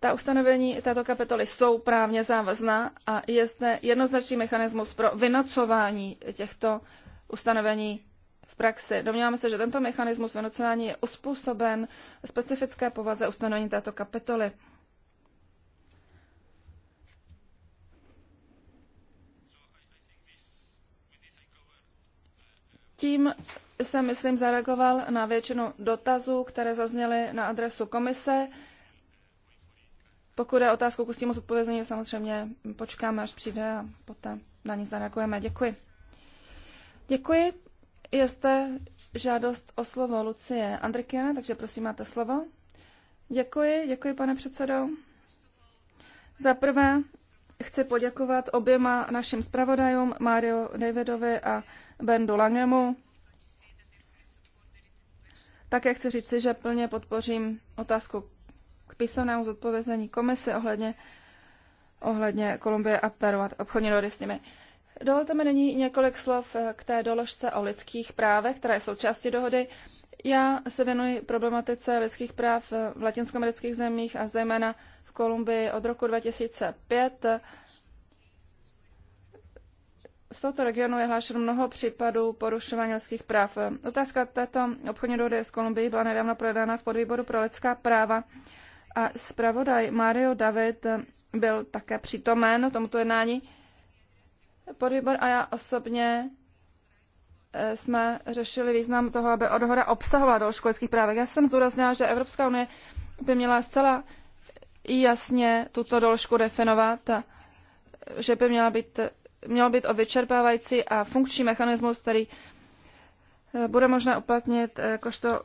ta ustanovení této kapitoly jsou právně závazná a je zde jednoznačný mechanismus pro vynocování těchto ustanovení v praxi. Domníváme se, že tento mechanismus vynucování je uspůsoben specifické povaze ustanovení této kapitoly. Tím jsem, myslím, zareagoval na většinu dotazů, které zazněly na adresu komise. Pokud je otázku k ústnímu zodpovězení, samozřejmě počkáme, až přijde a poté na ní zareagujeme. Děkuji. Děkuji. Je žádost o slovo Lucie Andrikiana, takže prosím, máte slovo. Děkuji, děkuji, pane předsedo. Za prvé chci poděkovat oběma našim zpravodajům, Mario Davidovi a Bendu Langemu. Také chci říci, že plně podpořím otázku k písemnému zodpovězení komise ohledně, ohledně Kolumbie a Peru a obchodní dohody s nimi. Uh, Dovolte mi nyní několik slov eh, k té doložce o lidských právech, která je součástí dohody. Já se věnuji problematice lidských práv v latinskoamerických zemích a zejména v Kolumbii od roku 2005. V tomto regionu je hlášeno mnoho případů porušování lidských práv. Otázka této obchodní dohody s Kolumbií byla nedávno projednána v podvýboru pro lidská práva a zpravodaj Mario David byl také přítomen tomuto jednání podvýbor a já osobně eh, jsme řešili význam toho, aby odhora obsahovala do školských právek. Já jsem zdůraznila, že Evropská unie by měla zcela jasně tuto doložku definovat, a že by měla být, mělo být o vyčerpávající a funkční mechanismus, který eh, bude možné uplatnit eh, jakožto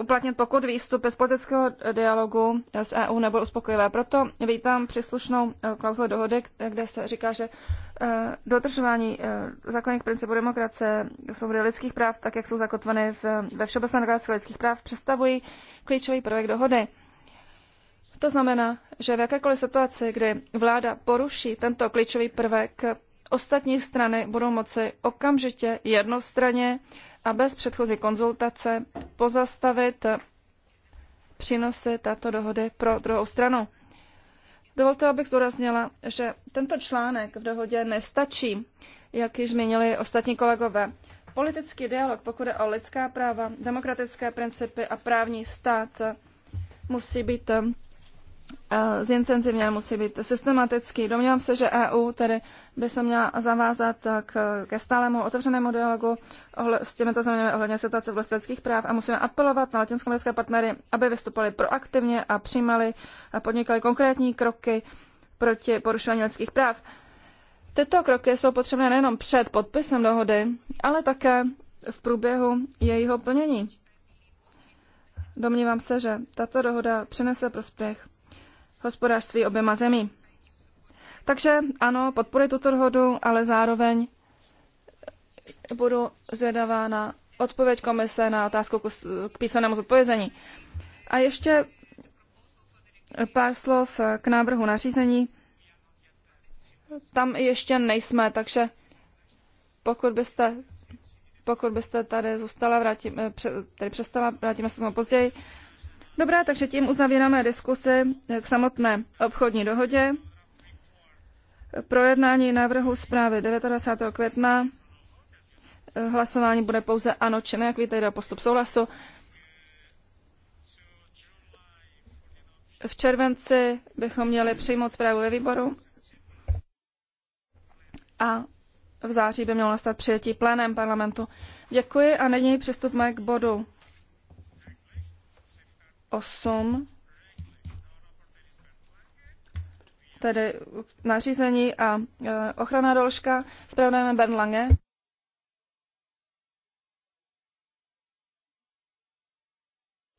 uplatnit, pokud výstup bez politického dialogu s EU nebyl uspokojivé. Proto vítám příslušnou eh, klauzuli dohody, kde se říká, že eh, dodržování eh, základních principů demokracie, svobody lidských práv, tak jak jsou zakotveny ve Všeobecné deklaraci lidských práv, představují klíčový prvek dohody. To znamená, že v jakékoliv situaci, kdy vláda poruší tento klíčový prvek, ostatní strany budou moci okamžitě jednostranně a bez předchozí konzultace pozastavit přínosy této dohody pro druhou stranu. Dovolte, abych zdůraznila, že tento článek v dohodě nestačí, jak již zmínili ostatní kolegové. Politický dialog, pokud je o lidská práva, demokratické principy a právní stát, musí být zintenzivně, musí být systematický. Domnívám se, že EU tedy by se měla zavázat k, ke stálemu otevřenému dialogu ohle, s těmito zeměmi ohledně situace v lidských práv a musíme apelovat na latinskoamerické partnery, aby vystupovali proaktivně a přijímali a podnikali konkrétní kroky proti porušování lidských práv. Tyto kroky jsou potřebné nejenom před podpisem dohody, ale také v průběhu jejího plnění. Domnívám se, že tato dohoda přinese prospěch hospodářství oběma zemí. Takže ano, podporuji tuto dohodu, ale zároveň budu zvědavá na odpověď komise na otázku k písanému zodpovězení. A ještě pár slov k návrhu nařízení. Tam ještě nejsme, takže pokud byste, pokud byste tady zůstala, vrátím, eh, tady přestala, vrátíme se tomu později. Dobrá, takže tím uzavíráme diskusy k samotné obchodní dohodě. Projednání návrhu zprávy 29. května. Hlasování bude pouze ano či ne, jak víte, jde o postup souhlasu. V červenci bychom měli přijmout zprávu ve výboru a v září by mělo nastat přijetí plénem parlamentu. Děkuji a nyní přistupme k bodu 8, tedy nařízení a e, ochrana doložka, zpravodajeme Ben Lange.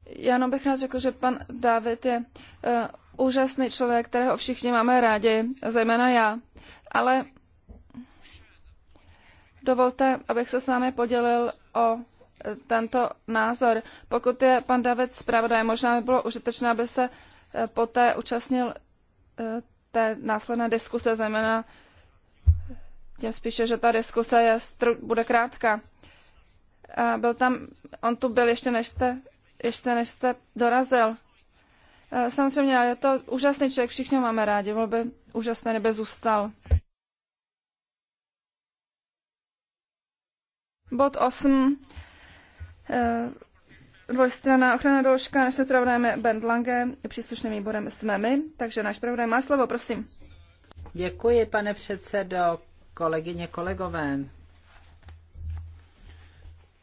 Já jenom bych rád řekl, že pan David je uh, úžasný člověk, kterého všichni máme rádi, zejména já. Ale dovolte, abych se s vámi podělil o tento názor. Pokud je pan David zpravodaj, možná by bylo užitečné, aby se eh, poté účastnil eh, té následné diskuse, zejména eh, tím spíše, že ta diskuse je, bude krátká. A byl tam, on tu byl ještě než jste, ještě než jste dorazil. Samozřejmě, je to úžasný člověk, všichni máme rádi, byl by úžasné, kdyby zůstal. Bod 8. Eh, dvojstranná ochrana doložka. Naším zpravodajeme je Ben Lange, příslušným výborem jsme my, takže náš zpravodaj má slovo, prosím. Děkuji, pane předsedo, kolegyně, kolegové.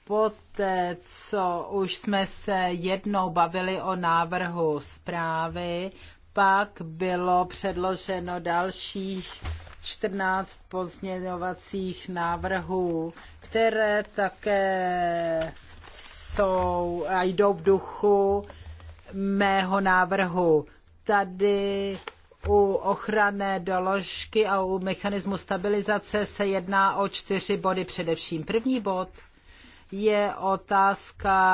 Poté, co už jsme se jednou bavili o návrhu zprávy, pak bylo předloženo dalších 14 pozměňovacích návrhů, které také jsou a jdou v duchu mého návrhu. Tady u ochranné doložky a u mechanismu stabilizace se jedná o čtyři body především. První bod je otázka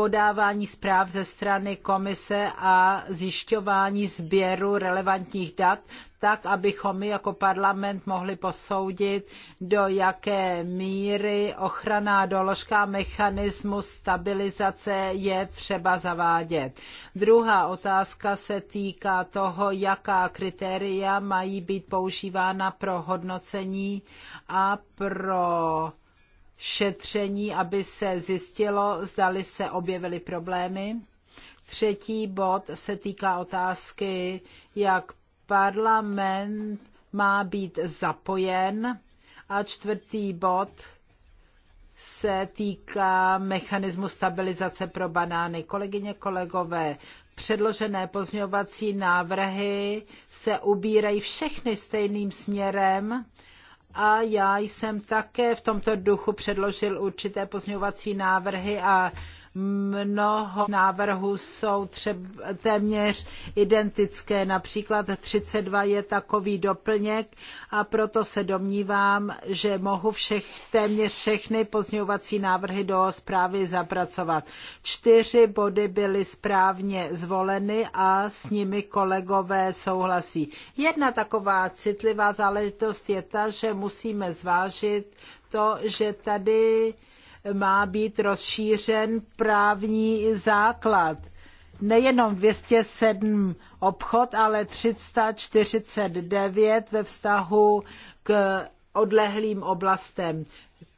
podávání zpráv ze strany komise a zjišťování sběru relevantních dat, tak abychom my jako parlament mohli posoudit, do jaké míry ochranná doložka mechanismu stabilizace je třeba zavádět. Druhá otázka se týká toho, jaká kritéria mají být používána pro hodnocení a pro šetření, aby se zjistilo, zdali se objevily problémy. Třetí bod se týká otázky, jak parlament má být zapojen. A čtvrtý bod se týká mechanismu stabilizace pro banány. Kolegyně, kolegové, předložené pozňovací návrhy se ubírají všechny stejným směrem a já jsem také v tomto duchu předložil určité pozměňovací návrhy a Mnoho návrhů jsou třeba téměř identické, například 32 je takový doplněk a proto se domnívám, že mohu všech, téměř všechny pozňovací návrhy do zprávy zapracovat. Čtyři body byly správně zvoleny a s nimi kolegové souhlasí. Jedna taková citlivá záležitost je ta, že musíme zvážit to, že tady má být rozšířen právní základ. Nejenom 207 obchod, ale 349 ve vztahu k odlehlým oblastem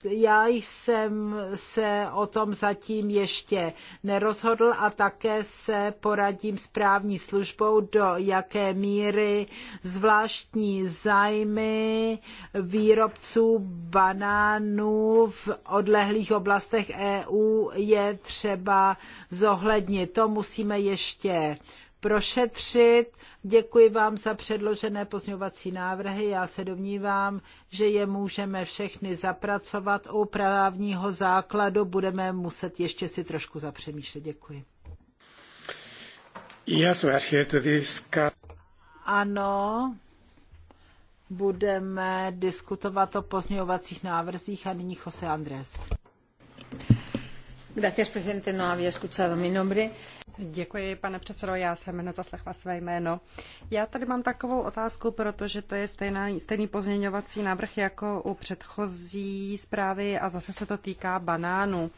já jsem se o tom zatím ještě nerozhodl a také se poradím s právní službou, do jaké míry zvláštní zájmy výrobců banánů v odlehlých oblastech EU je třeba zohlednit. To musíme ještě prošetřit. Děkuji vám za předložené pozňovací návrhy. Já se domnívám, že je můžeme všechny zapracovat. U právního základu budeme muset ještě si trošku zapřemýšlet. Děkuji. Yes, we're here to discuss. Ano, budeme diskutovat o pozměňovacích návrzích a nyní Jose Andres. No Děkuji, pane předsedo, já jsem nezaslechla své jméno. Já tady mám takovou otázku, protože to je stejná, stejný pozměňovací návrh jako u předchozí zprávy a zase se to týká banánů.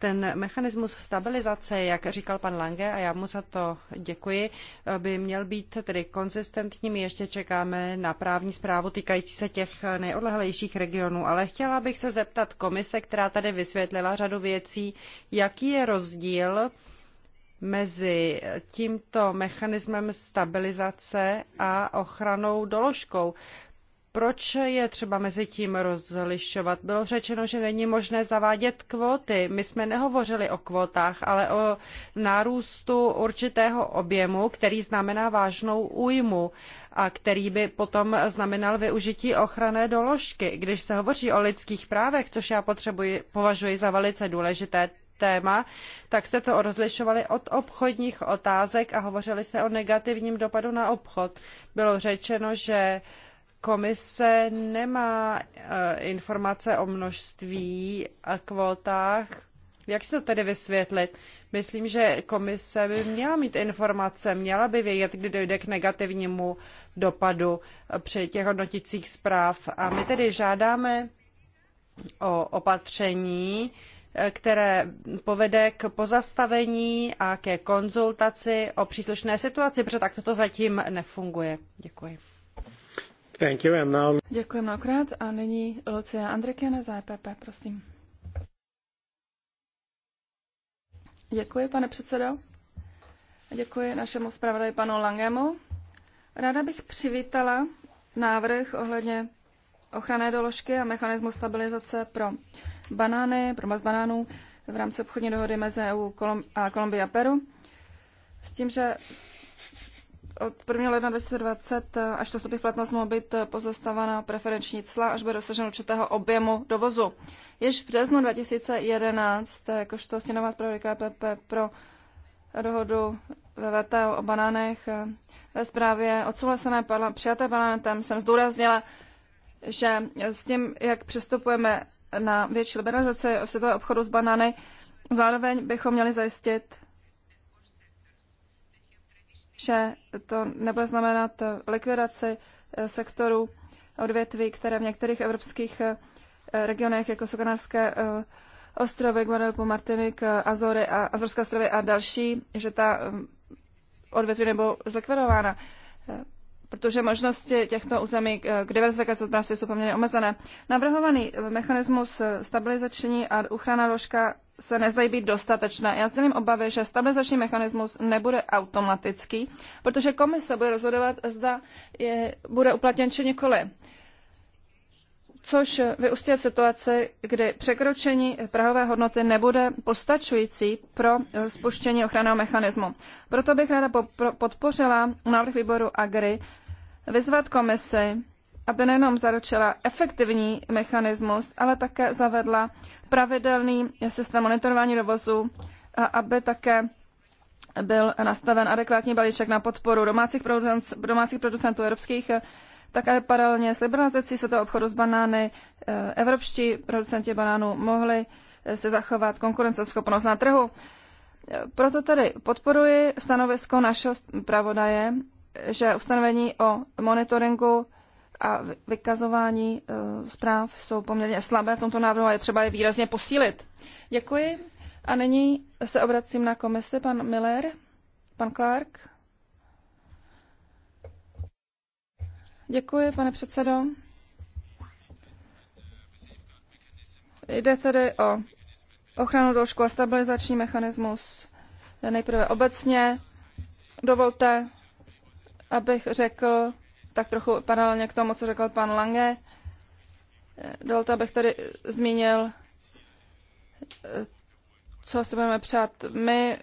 Ten mechanismus stabilizace, jak říkal pan Lange, a já mu za to děkuji, by měl být tedy konzistentní. My ještě čekáme na právní zprávu týkající se těch nejodlehlejších regionů, ale chtěla bych se zeptat komise, která tady vysvětlila řadu věcí, jaký je rozdíl mezi tímto mechanismem stabilizace a ochranou doložkou, proč je třeba mezi tím rozlišovat? Bylo řečeno, že není možné zavádět kvóty. My jsme nehovořili o kvótách, ale o nárůstu určitého objemu, který znamená vážnou újmu a který by potom znamenal využití ochranné doložky. Když se hovoří o lidských právech, což já potřebuji, považuji za velice důležité téma, tak jste to rozlišovali od obchodních otázek a hovořili jste o negativním dopadu na obchod. Bylo řečeno, že Komise nemá eh, informace o množství a kvótách. Jak si to tedy vysvětlit? Myslím, že komise by měla mít informace, měla by vědět, kdy dojde k negativnímu dopadu eh, při těch hodnoticích zpráv. A my tedy žádáme o opatření, eh, které povede k pozastavení a ke konzultaci o příslušné situaci, protože takto to zatím nefunguje. Děkuji. Thank you and now... Děkuji mnohokrát a nyní Lucia Andrikiana za EPP, prosím. Děkuji, pane předsedo. Děkuji našemu zpravodaji panu Langemu. Ráda bych přivítala návrh ohledně ochranné doložky a mechanismu stabilizace pro banány, pro maz banánů v rámci obchodní dohody mezi EU a Kolumbia a Peru. S tím, že od 1. ledna 2020, eh, až to vstoupí v platnost, mohou být eh, pozastavena preferenční cla, až bude dosaženo určitého objemu dovozu. Již v březnu 2011, eh, jakožto stěnová zpravodajka KPP pro dohodu VVT o banánech ve zprávě odsouhlasené parla- přijaté parlamentem jsem zdůraznila, že s tím, jak přistupujeme na větší liberalizaci světového obchodu s banány, zároveň bychom měli zajistit že to nebude znamenat eh, likvidaci eh, sektoru eh, odvětví, které v některých evropských regionech, jako Sokanárské ostrovy, Guadeloupe, Martinik, Azory a Azorské ostrovy a další, že ta odvětví nebudou zlikvidována. Protože možnosti těchto území k diverzifikaci hospodářství jsou poměrně omezené. Navrhovaný mechanismus stabilizační a uchrana ložka se nezdají být dostatečné. Já sdělím obavy, že stabilizační mechanismus nebude automatický, protože komise bude rozhodovat, zda je, bude uplatněn či nikoli. Což vyústí v situaci, kdy překročení prahové hodnoty nebude postačující pro spuštění ochranného mechanismu. Proto bych ráda podpořila návrh výboru AGRI vyzvat komisi, aby nejenom zaručila efektivní mechanismus, ale také zavedla pravidelný systém monitorování dovozu, a aby také byl nastaven adekvátní balíček na podporu domácích, producent, domácích producentů evropských, také paralelně s liberalizací se toho obchodu s banány eh, evropští producenti banánů mohli eh, se zachovat konkurenceschopnost na trhu. Eh, proto tedy podporuji stanovisko našeho pravodaje, že ustanovení o monitoringu a vykazování eh, zpráv jsou poměrně slabé v tomto návrhu a je třeba je výrazně posílit. Děkuji. A nyní se obracím na komisi. Pan Miller, pan Clark. Děkuji, pane předsedo. Jde tedy o ochranu doložku a stabilizační mechanismus. Nejprve obecně dovolte, abych řekl, tak trochu paralelně k tomu, co řekl pan Lange. Dovolte, abych tady zmínil, co si budeme přát my.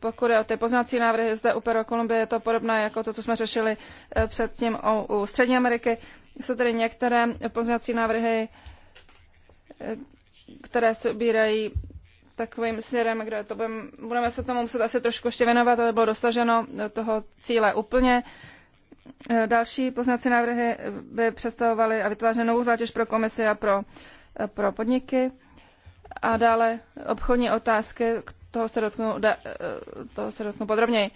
Pokud je o ty poznací návrhy zde u Peru Kolumbie, je to podobné jako to, co jsme řešili eh, předtím u, u Střední Ameriky. Jsou tady některé poznací návrhy, eh, které se ubírají takovým směrem, kde to budeme, budeme se tomu muset asi trošku ještě věnovat, aby bylo dosaženo toho cíle úplně. Eh, další poznací návrhy by představovaly a vytvářely novou zátěž pro komisi a pro, eh, pro podniky. A dále obchodní otázky, toho se dotknu, eh, toho se dotknu podrobněji.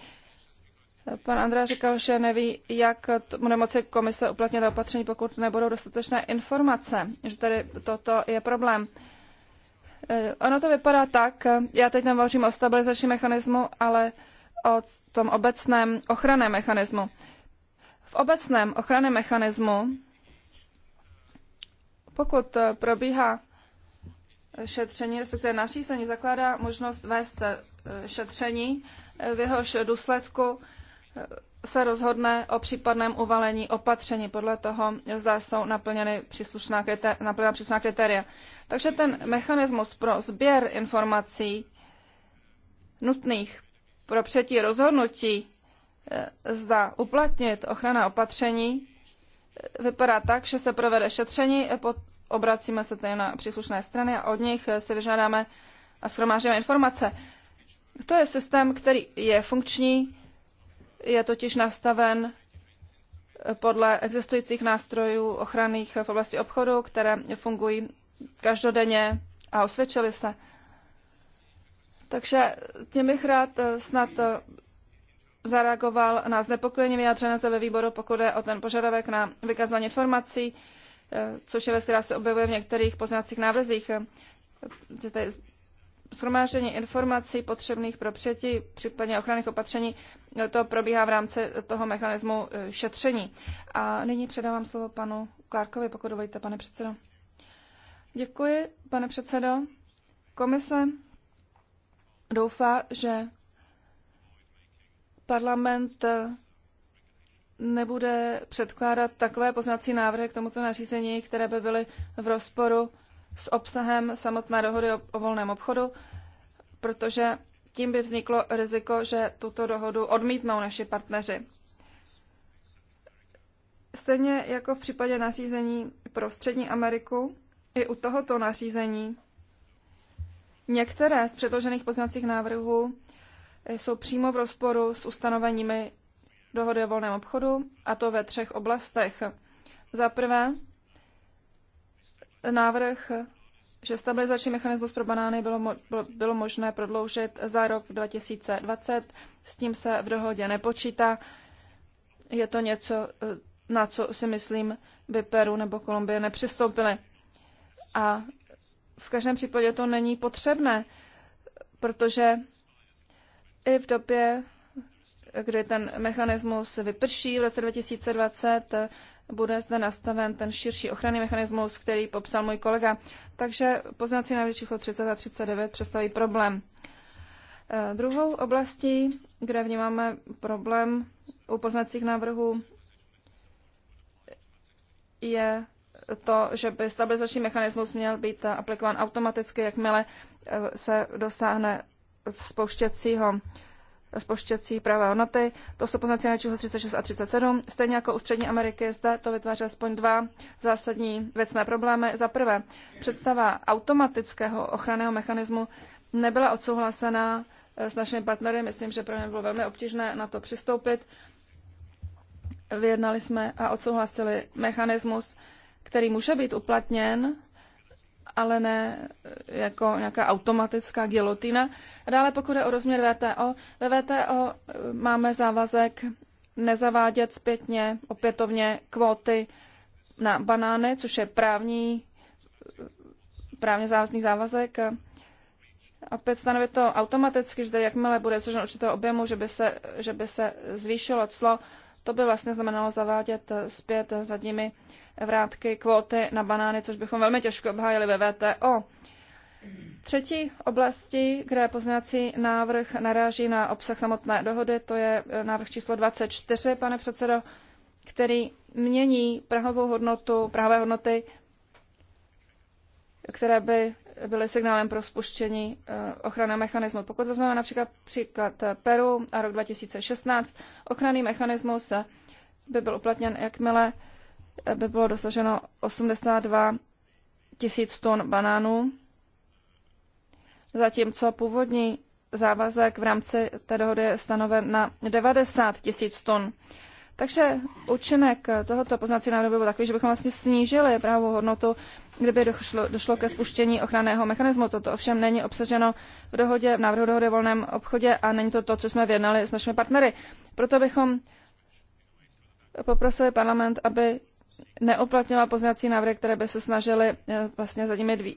Pan Andrá říkal, že neví, jak bude moci komise uplatnit opatření, pokud nebudou dostatečné informace, že tady toto je problém. Ono to vypadá tak, já teď nehovořím o stabilizačním mechanismu, ale o tom obecném ochranném mechanismu. V obecném ochranném mechanismu, pokud probíhá šetření, respektive nařízení zakládá možnost vést eh, šetření, eh, v jehož důsledku eh, se rozhodne o případném uvalení opatření podle toho, zda jsou naplněny příslušná, kritéria, naplněna příslušná kritéria. Takže ten mechanismus pro sběr informací nutných pro přijetí rozhodnutí Eh, zda uplatnit ochranná opatření, eh, vypadá tak, že se provede šetření, eh, obracíme se tedy na příslušné strany a od nich si vyžádáme a shromážíme informace. To je systém, který je funkční, je totiž nastaven podle existujících nástrojů ochranných v oblasti obchodu, které fungují každodenně a osvědčily se. Takže tím bych rád snad zareagoval na znepokojení vyjádřené se ve výboru, pokud je o ten požadavek na vykazování informací, eh, což je věc, která se objevuje v některých poznacích návrzích. Eh, shromáždění informací potřebných pro přijetí, případně ochranných opatření, eh, to probíhá v rámci toho mechanismu šetření. A nyní předávám slovo panu Klárkovi, pokud dovolíte, pane předsedo. Děkuji, pane předsedo. Komise doufá, že parlament eh, nebude předkládat takové poznací návrhy k tomuto nařízení, které by byly v rozporu s obsahem samotné dohody o, volném obchodu, protože tím by vzniklo riziko, že tuto dohodu odmítnou naši partneři. Stejně jako v případě nařízení pro Střední Ameriku, i u tohoto nařízení některé z předložených poznacích návrhů jsou přímo v rozporu s ustanoveními dohody o volném obchodu, a to ve třech oblastech. Za prvé, návrh, že stabilizační mechanismus pro banány bylo, mo- bylo možné prodloužit za rok 2020, s tím se v dohodě nepočítá. Je to něco, na co si myslím, by Peru nebo Kolumbie nepřistoupily. A v každém případě to není potřebné, protože i v době, kdy ten mechanismus vyprší v roce 2020, bude zde nastaven ten širší ochranný mechanismus, který popsal můj kolega. Takže poznací návrhy číslo 30 a 39 představují problém. Eh, druhou oblastí, kde vnímáme problém u poznacích návrhů, je to, že by stabilizační mechanismus měl být aplikován automaticky, jakmile eh, se dosáhne spouštěcího spouštěcí pravé hodnoty. To jsou poznací na číslo 36 a 37. Stejně jako u Střední Ameriky, zde to vytváří aspoň dva zásadní věcné problémy. Za prvé, představa automatického ochranného mechanismu nebyla odsouhlasena eh, s našimi partnery. Myslím, že pro mě bylo velmi obtížné na to přistoupit. Vyjednali jsme a odsouhlasili mechanismus, který může být uplatněn ale ne eh, jako nějaká automatická gilotina. A dále pokud je o rozměr VTO, ve VTO eh, máme závazek nezavádět zpětně, opětovně kvóty na banány, což je právní, eh, právně závazný závazek. A opět stanovit to automaticky, že jakmile bude složen určitého objemu, že by, se, že by se zvýšilo clo, to by vlastně znamenalo zavádět zpět zadními vrátky kvóty na banány, což bychom velmi těžko obhájili ve VTO. Třetí oblasti, kde poznací návrh naráží na obsah samotné dohody, to je e, návrh číslo 24, pane předsedo, který mění prahovou hodnotu, prahové hodnoty, které by byly signálem pro spuštění e, ochrany mechanismu. Pokud vezmeme například příklad Peru a rok 2016, ochranný mechanismus by byl uplatněn, jakmile by bylo dosaženo 82 tisíc tun banánů, zatímco původní závazek v rámci té dohody je stanoven na 90 tisíc tun. Takže účinek tohoto poznacího návrhu byl takový, že bychom vlastně snížili právou hodnotu, kdyby došlo, došlo ke spuštění ochranného mechanismu. Toto ovšem není obsaženo v dohodě, v návrhu dohody o volném obchodě a není to to, co jsme vyjednali s našimi partnery. Proto bychom poprosili parlament, aby neoplatnila pozměňovací návrhy, které by se snažily eh, vlastně za nimi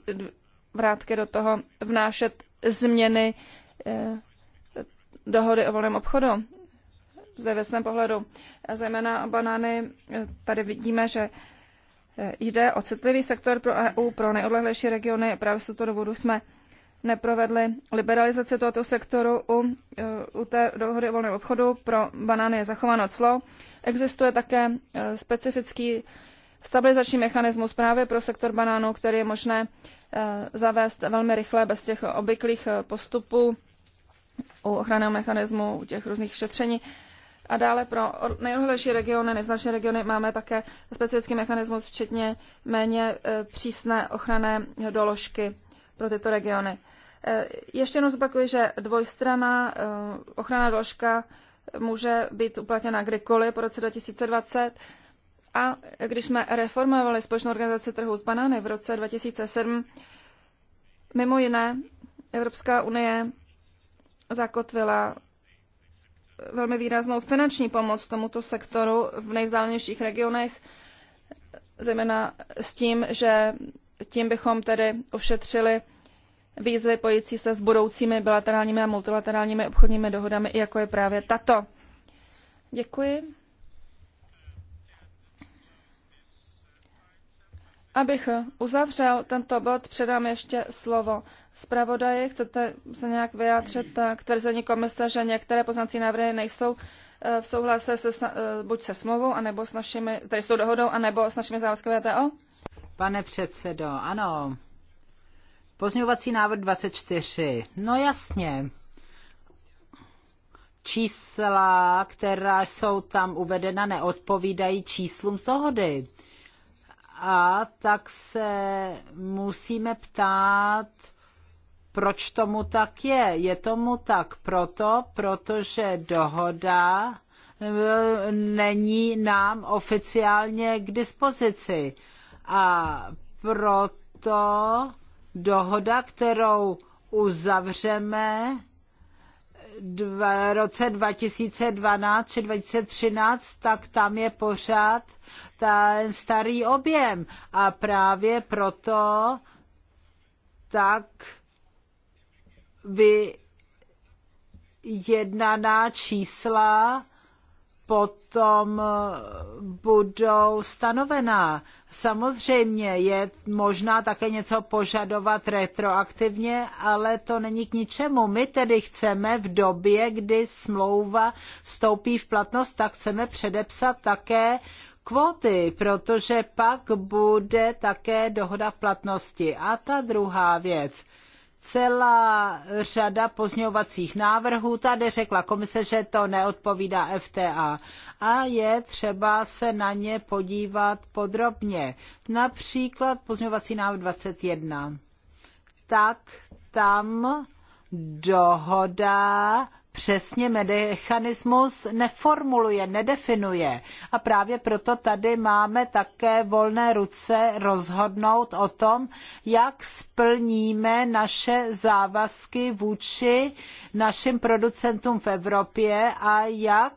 vrátky do toho vnášet změny eh, dohody o volném obchodu ve věcném pohledu. Zejména o banány eh, tady vidíme, že jde o citlivý sektor pro EU, pro nejodlehlejší regiony. Právě z toho důvodu jsme neprovedli liberalizaci tohoto sektoru u, eh, u té dohody o volném obchodu. Pro banány je zachováno clo. Existuje také eh, specifický stabilizační mechanismus právě pro sektor banánů, který je možné eh, zavést velmi rychle bez těch obvyklých postupů u ochranného mechanismu, u těch různých šetření. A dále pro nejodlehlejší regiony, nejznačné regiony máme také specifický mechanismus, včetně méně přísné ochranné doložky pro tyto regiony. Eh, ještě jednou zopakuju, že dvojstrana eh, ochrana doložka může být uplatněna kdykoliv po roce 2020. A když jsme reformovali společnou organizaci trhu z banány v roce 2007, mimo jiné Evropská unie zakotvila velmi výraznou finanční pomoc tomuto sektoru v nejvzdálenějších regionech, zejména s tím, že tím bychom tedy ošetřili výzvy pojící se s budoucími bilaterálními a multilaterálními obchodními dohodami, jako je právě tato. Děkuji. Abych uzavřel tento bod, předám ještě slovo zpravodaji. Chcete se nějak vyjádřit eh, k tvrzení komise, že některé poznací návrhy nejsou eh, v souhlase se, eh, buď se smlouvou, anebo s našimi, tedy s tou dohodou, anebo s našimi závazky VTO? Pane předsedo, ano, Pozměňovací návrh 24. No jasně. Čísla, která jsou tam uvedena, neodpovídají číslům z dohody. A tak se musíme ptát, proč tomu tak je. Je tomu tak proto, protože dohoda e, není nám oficiálně k dispozici. A proto dohoda, kterou uzavřeme v roce 2012 či 2013, tak tam je pořád ten starý objem. A právě proto tak vy jednaná čísla potom eh, budou stanovená. Samozřejmě je možná také něco požadovat retroaktivně, ale to není k ničemu. My tedy chceme v době, kdy smlouva vstoupí v platnost, tak chceme předepsat také kvóty, protože pak bude také dohoda v platnosti. A ta druhá věc celá řada pozňovacích návrhů. Tady řekla komise, že to neodpovídá FTA a je třeba se na ně podívat podrobně. Například pozňovací návrh 21. Tak tam dohoda přesně mechanismus neformuluje, nedefinuje. A právě proto tady máme také volné ruce rozhodnout o tom, jak splníme naše závazky vůči našim producentům v Evropě a jak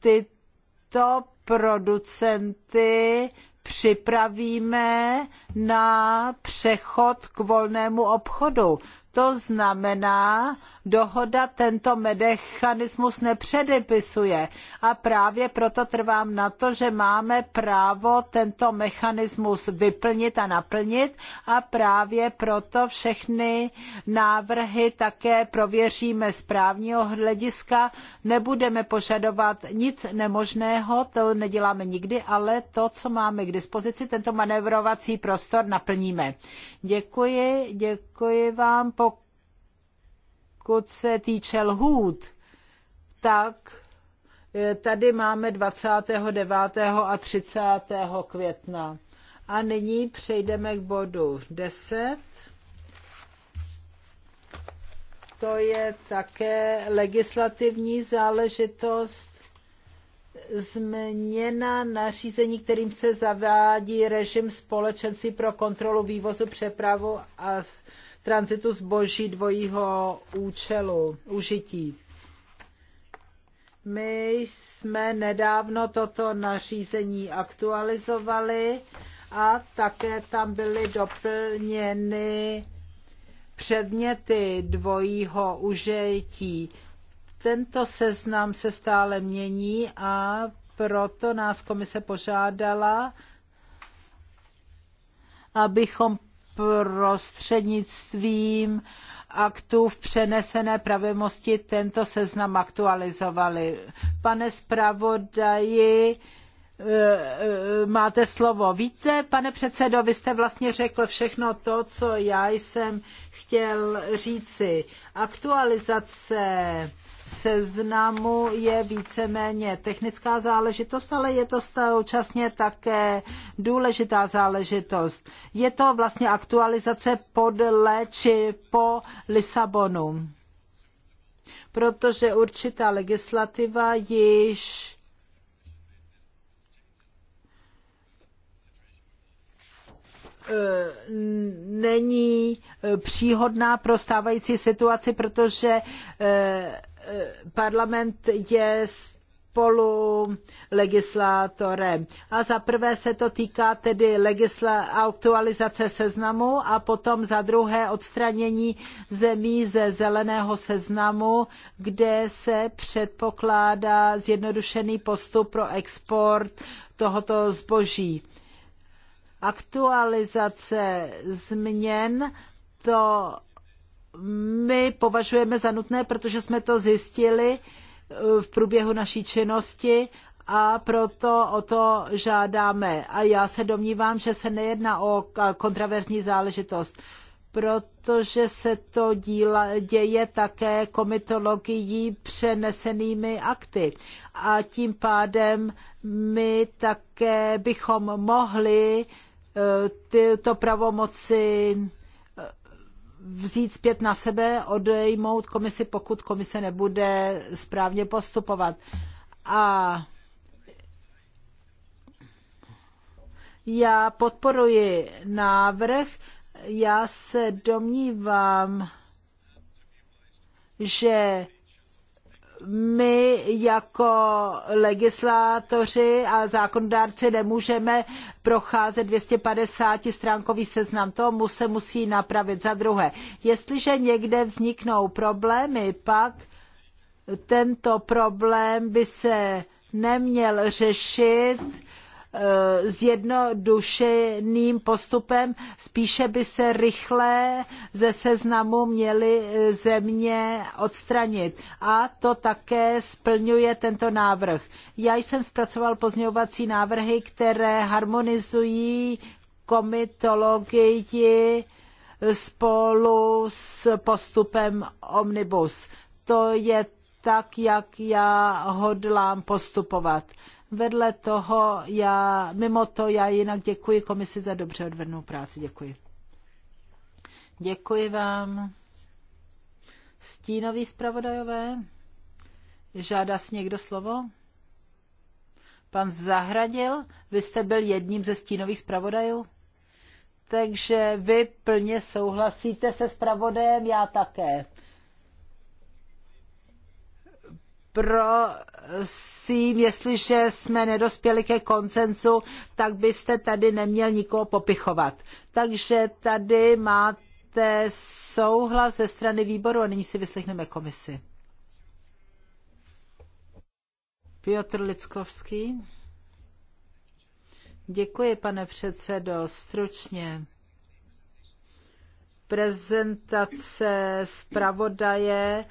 tyto producenty připravíme na přechod k volnému obchodu, to znamená, dohoda tento mechanismus nepředepisuje. A právě proto trvám na to, že máme právo tento mechanismus vyplnit a naplnit a právě proto všechny návrhy také prověříme z právního hlediska. Nebudeme požadovat nic nemožného, to neděláme nikdy, ale to, co máme k dispozici, tento manévrovací prostor naplníme. Děkuji, děkuji vám pokud se týče lhůt, tak eh, tady máme 29. a 30. května. A nyní přejdeme k bodu 10. To je také legislativní záležitost změna nařízení, kterým se zavádí režim společenství pro kontrolu vývozu, přepravu a tranzitu zboží dvojího účelu, užití. My jsme nedávno toto nařízení aktualizovali a také tam byly doplněny předměty dvojího užití. Tento seznam se stále mění a proto nás komise požádala, abychom prostřednictvím aktů v přenesené pravomosti tento seznam aktualizovali. Pane zpravodaji, e, e, máte slovo. Víte, pane předsedo, vy jste vlastně řekl všechno to, co já jsem chtěl říci. Aktualizace seznamu je víceméně technická záležitost, ale je to současně také důležitá záležitost. Je to vlastně aktualizace podle či po Lisabonu, protože určitá legislativa již není příhodná pro stávající situaci, protože eh, parlament je spolu legislátorem. A za prvé se to týká tedy legisla- aktualizace seznamu a potom za druhé odstranění zemí ze zeleného seznamu, kde se předpokládá zjednodušený postup pro export tohoto zboží. Aktualizace změn to my považujeme za nutné, protože jsme to zjistili eh, v průběhu naší činnosti a proto o to žádáme. A já se domnívám, že se nejedná o kontraverzní záležitost, protože se to díla, děje také komitologií přenesenými akty. A tím pádem my také bychom mohli eh, tyto pravomoci vzít zpět na sebe, odejmout komisi, pokud komise nebude správně postupovat. A já podporuji návrh, já se domnívám, že my jako legislátoři a zákonodárci nemůžeme procházet 250 stránkový seznam. Tomu se musí napravit. Za druhé, jestliže někde vzniknou problémy, pak tento problém by se neměl řešit Eh, zjednodušeným postupem, spíše by se rychle ze seznamu měly eh, země odstranit. A to také splňuje tento návrh. Já jsem zpracoval pozměňovací návrhy, které harmonizují komitologii spolu s postupem omnibus. To je tak, jak já hodlám postupovat vedle toho, já, mimo to, já jinak děkuji komisi za dobře odvednou práci. Děkuji. Děkuji vám. Stínový zpravodajové. Žádá si někdo slovo? Pan Zahradil, vy jste byl jedním ze stínových zpravodajů? Takže vy plně souhlasíte se zpravodajem, já také. prosím, jestliže jsme nedospěli ke koncensu, tak byste tady neměl nikoho popichovat. Takže tady máte souhlas ze strany výboru a nyní si vyslechneme komisi. Piotr Lickovský. Děkuji, pane předsedo, stručně prezentace zpravodaje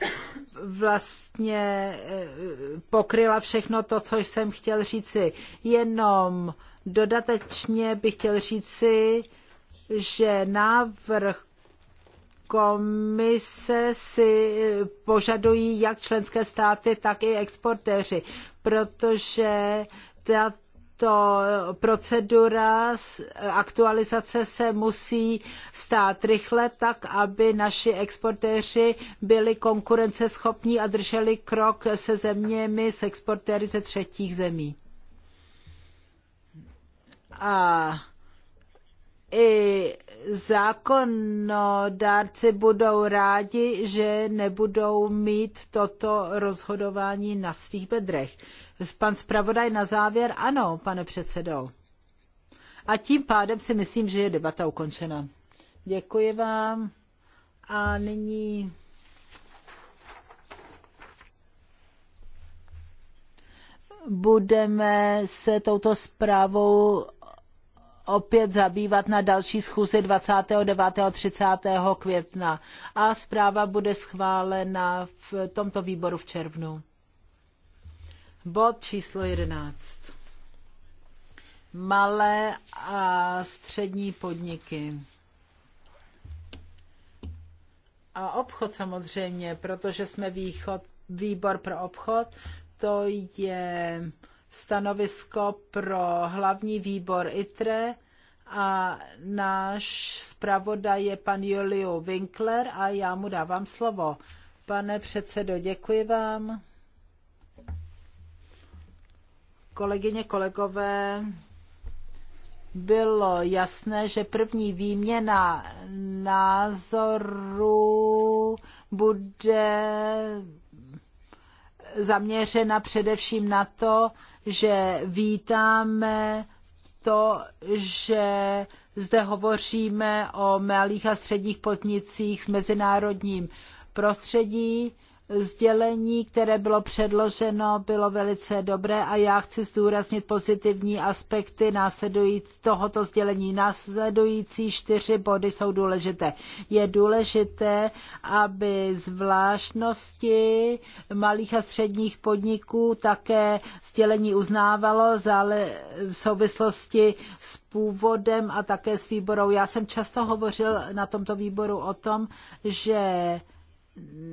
vlastně eh, pokryla všechno to, co jsem chtěl říci. Jenom dodatečně bych chtěl říci, že návrh komise si eh, požadují jak členské státy, tak i exportéři, protože tato procedura aktualizace se musí stát rychle, tak aby naši exportéři byli konkurenceschopní a drželi krok se zeměmi s exportéry ze třetích zemí. A i zákonodárci budou rádi, že nebudou mít toto rozhodování na svých bedrech. Pan zpravodaj na závěr, ano, pane předsedo. A tím pádem si myslím, že je debata ukončena. Děkuji vám. A nyní budeme se touto zprávou opět zabývat na další schůzi 29. a 30. května. A zpráva bude schválena v tomto výboru v červnu. Bod číslo 11. Malé a střední podniky. A obchod samozřejmě, protože jsme východ, výbor pro obchod, to je stanovisko pro hlavní výbor ITRE a náš zpravodaj je pan Juliu Winkler a já mu dávám slovo. Pane předsedo, děkuji vám. Kolegyně, kolegové, bylo jasné, že první výměna názorů bude zaměřena především na to, že vítáme to, že zde hovoříme o malých a středních podnicích v mezinárodním prostředí sdělení, které bylo předloženo, bylo velice dobré a já chci zdůraznit pozitivní aspekty následující, tohoto sdělení. Následující čtyři body jsou důležité. Je důležité, aby zvláštnosti malých a středních podniků také sdělení uznávalo v souvislosti s původem a také s výborou. Já jsem často hovořil na tomto výboru o tom, že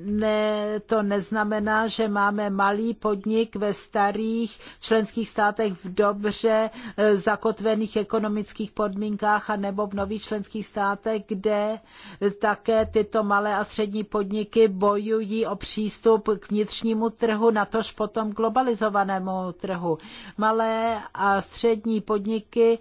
ne, to neznamená, že máme malý podnik ve starých členských státech v dobře eh, zakotvených ekonomických podmínkách a nebo v nových členských státech, kde eh, také tyto malé a střední podniky bojují o přístup k vnitřnímu trhu, natož potom globalizovanému trhu. Malé a střední podniky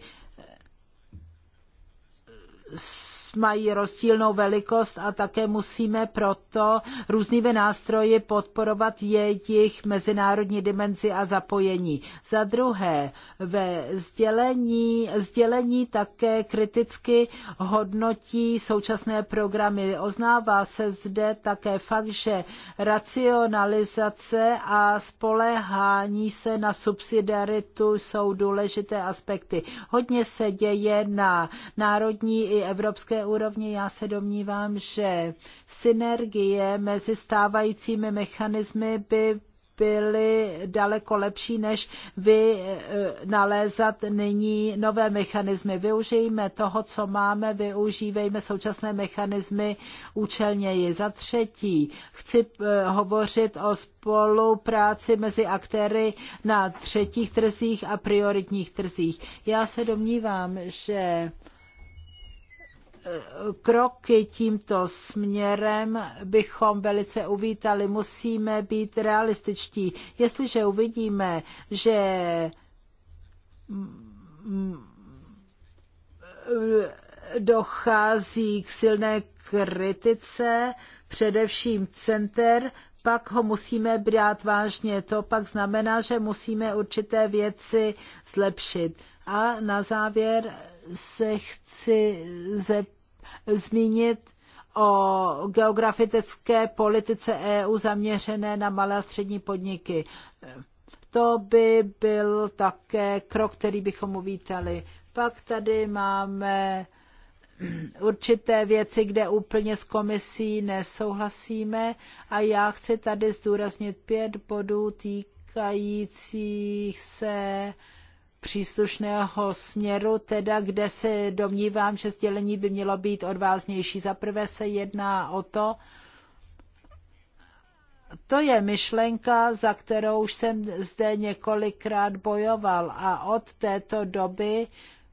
mají rozdílnou velikost a také musíme proto různými nástroji podporovat jejich mezinárodní dimenzi a zapojení. Za druhé, ve sdělení, sdělení také kriticky hodnotí současné programy. Oznává se zde také fakt, že racionalizace a spoléhání se na subsidiaritu jsou důležité aspekty. Hodně se děje na národní i evropské úrovni já se domnívám, že synergie mezi stávajícími mechanismy by byly daleko lepší, než vy eh, nalézat nyní nové mechanismy. Využijme toho, co máme, využívejme současné mechanismy účelněji. Za třetí, chci eh, hovořit o spolupráci mezi aktéry na třetích trzích a prioritních trzích. Já se domnívám, že kroky tímto směrem bychom velice uvítali. Musíme být realističtí. Jestliže uvidíme, že dochází k silné kritice, především center, pak ho musíme brát vážně. To pak znamená, že musíme určité věci zlepšit. A na závěr se chci zeptat, zmínit o geografické politice EU zaměřené na malé a střední podniky. To by byl také krok, který bychom uvítali. Pak tady máme určité věci, kde úplně s komisí nesouhlasíme a já chci tady zdůraznit pět bodů týkajících se uh, příslušného směru, teda kde se domnívám, že sdělení by mělo být odváznější. Zaprvé se jedná o to, to je myšlenka, za kterou už jsem zde několikrát bojoval a od této doby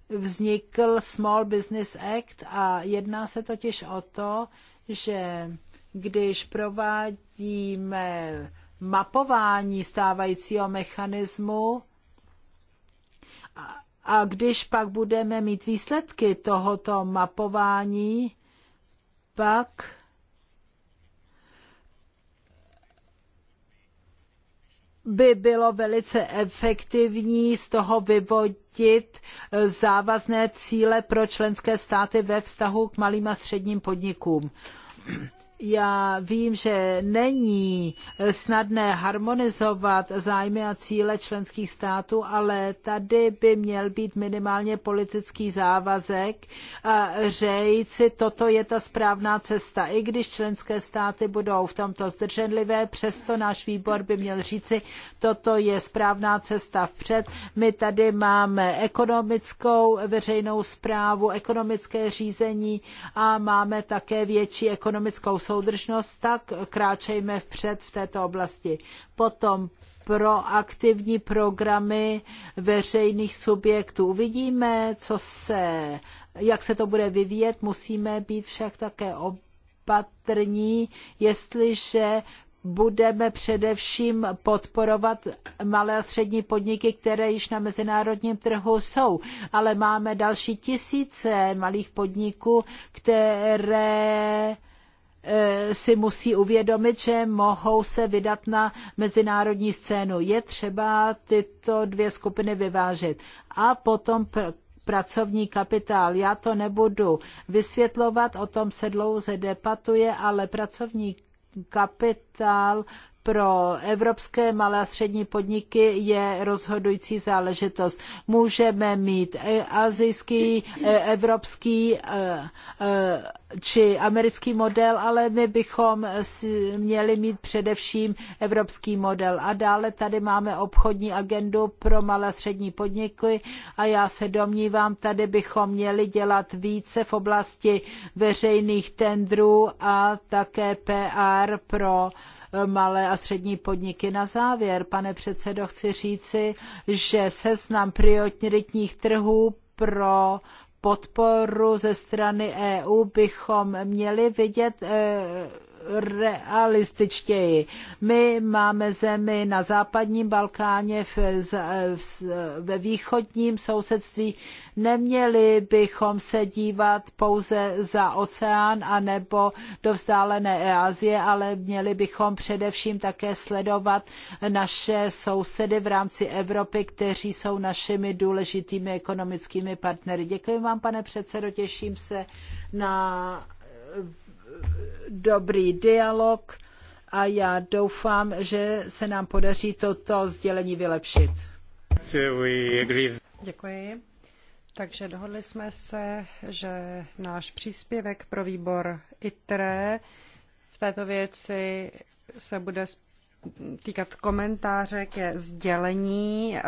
vznikl Small Business Act a jedná se totiž o to, že když provádíme mapování stávajícího mechanismu, a když pak budeme mít výsledky tohoto mapování, pak by bylo velice efektivní z toho vyvodit eh, závazné cíle pro členské státy ve vztahu k malým a středním podnikům. Já vím, že není snadné harmonizovat zájmy a cíle členských států, ale tady by měl být minimálně politický závazek eh, říci, toto je ta správná cesta. I když členské státy budou v tomto zdrženlivé, přesto náš výbor by měl říci, toto je správná cesta vpřed. My tady máme ekonomickou veřejnou správu, ekonomické řízení a máme také větší ekonomickou soudržnost, tak kráčejme vpřed v této oblasti. Potom proaktivní programy veřejných subjektů. Uvidíme, co se, jak se to bude vyvíjet. Musíme být však také opatrní, jestliže budeme především podporovat malé a střední podniky, které již na mezinárodním trhu jsou. Ale máme další tisíce malých podniků, které Eh, si musí uvědomit, že mohou se vydat na mezinárodní scénu. Je třeba tyto dvě skupiny vyvážit. A potom pr pracovní kapitál. Já to nebudu vysvětlovat, o tom se dlouze debatuje, ale pracovní kapitál pro evropské malé a střední podniky je rozhodující záležitost. Můžeme mít e, azijský, e, evropský e, či americký model, ale my bychom měli mít především evropský model. A dále tady máme obchodní agendu pro malé a střední podniky a já se domnívám, tady bychom měli dělat více v oblasti veřejných tendrů a také PR pro uh, malé a střední podniky. Na závěr, pane předsedo, chci říci, že seznam prioritních trhů pro podporu ze strany EU bychom měli vidět eh, realističtěji. My máme zemi na západním Balkáně, v, v, ve východním sousedství. Neměli bychom se dívat pouze za oceán a nebo do vzdálené Asie, ale měli bychom především také sledovat naše sousedy v rámci Evropy, kteří jsou našimi důležitými ekonomickými partnery. Děkuji vám, pane předsedo, těším se na dobrý dialog a já doufám, že se nám podaří toto sdělení vylepšit. Děkuji. Takže dohodli jsme se, že náš příspěvek pro výbor ITRE v této věci se bude týkat komentáře ke sdělení eh,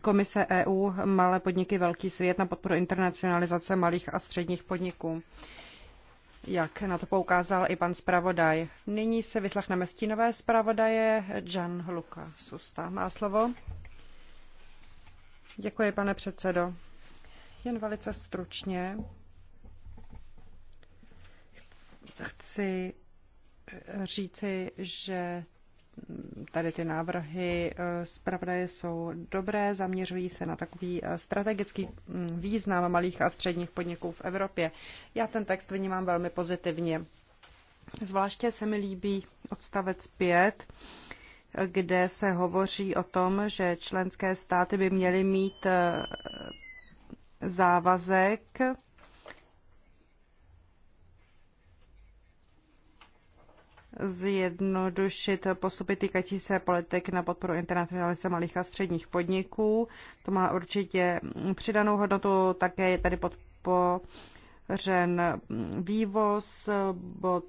Komise EU Malé podniky Velký svět na podporu internacionalizace malých a středních podniků jak na to poukázal i pan zpravodaj. Nyní se vyslechneme stínové zpravodaje. Jan Luka Susta má slovo. Děkuji, pane předsedo. Jen velice stručně chci říci, že tady ty návrhy eh, zpravodaje jsou dobré, zaměřují se na takový eh, strategický mm, význam malých a středních podniků v Evropě. Já ten text vnímám velmi pozitivně. Zvláště se mi líbí odstavec 5, eh, kde se hovoří o tom, že členské státy by měly mít závazek zjednodušit postupy týkající se politik na podporu internacionalizace malých a středních podniků. To má určitě přidanou hodnotu. Také je tady podpořen vývoz. Bod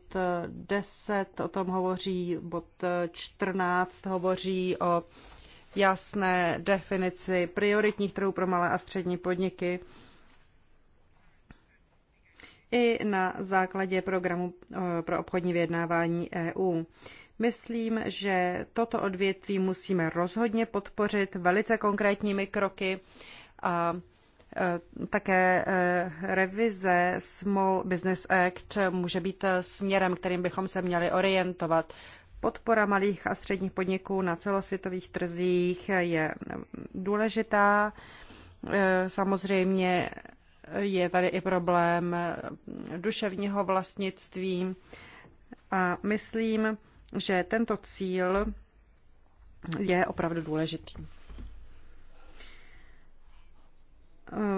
10 o tom hovoří, bod 14 hovoří o jasné definici prioritních trhů pro malé a střední podniky i na základě programu eh, pro obchodní vyjednávání EU. Myslím, že toto odvětví musíme rozhodně podpořit velice konkrétními kroky a eh, také eh, revize Small Business Act může být směrem, kterým bychom se měli orientovat. Podpora malých a středních podniků na celosvětových trzích je důležitá. Samozřejmě je tady i problém duševního vlastnictví a myslím, že tento cíl je opravdu důležitý.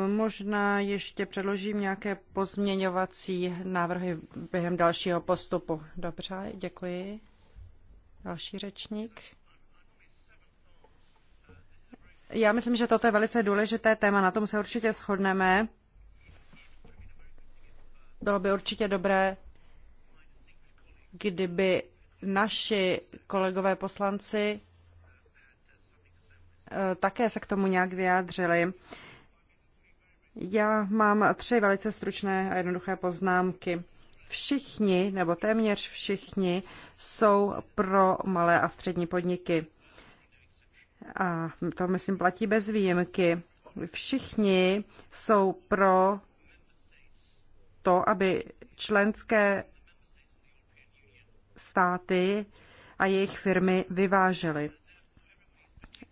Možná ještě předložím nějaké pozměňovací návrhy během dalšího postupu. Dobře, děkuji. Další řečník. Já myslím, že toto je velice důležité téma, na tom se určitě shodneme. Bylo by určitě dobré, kdyby naši kolegové poslanci eh, také se k tomu nějak vyjádřili. Já mám tři velice stručné a jednoduché poznámky. Všichni, nebo téměř všichni, jsou pro malé a střední podniky. A to, myslím, platí bez výjimky. Všichni jsou pro to, aby členské státy a jejich firmy vyvážely.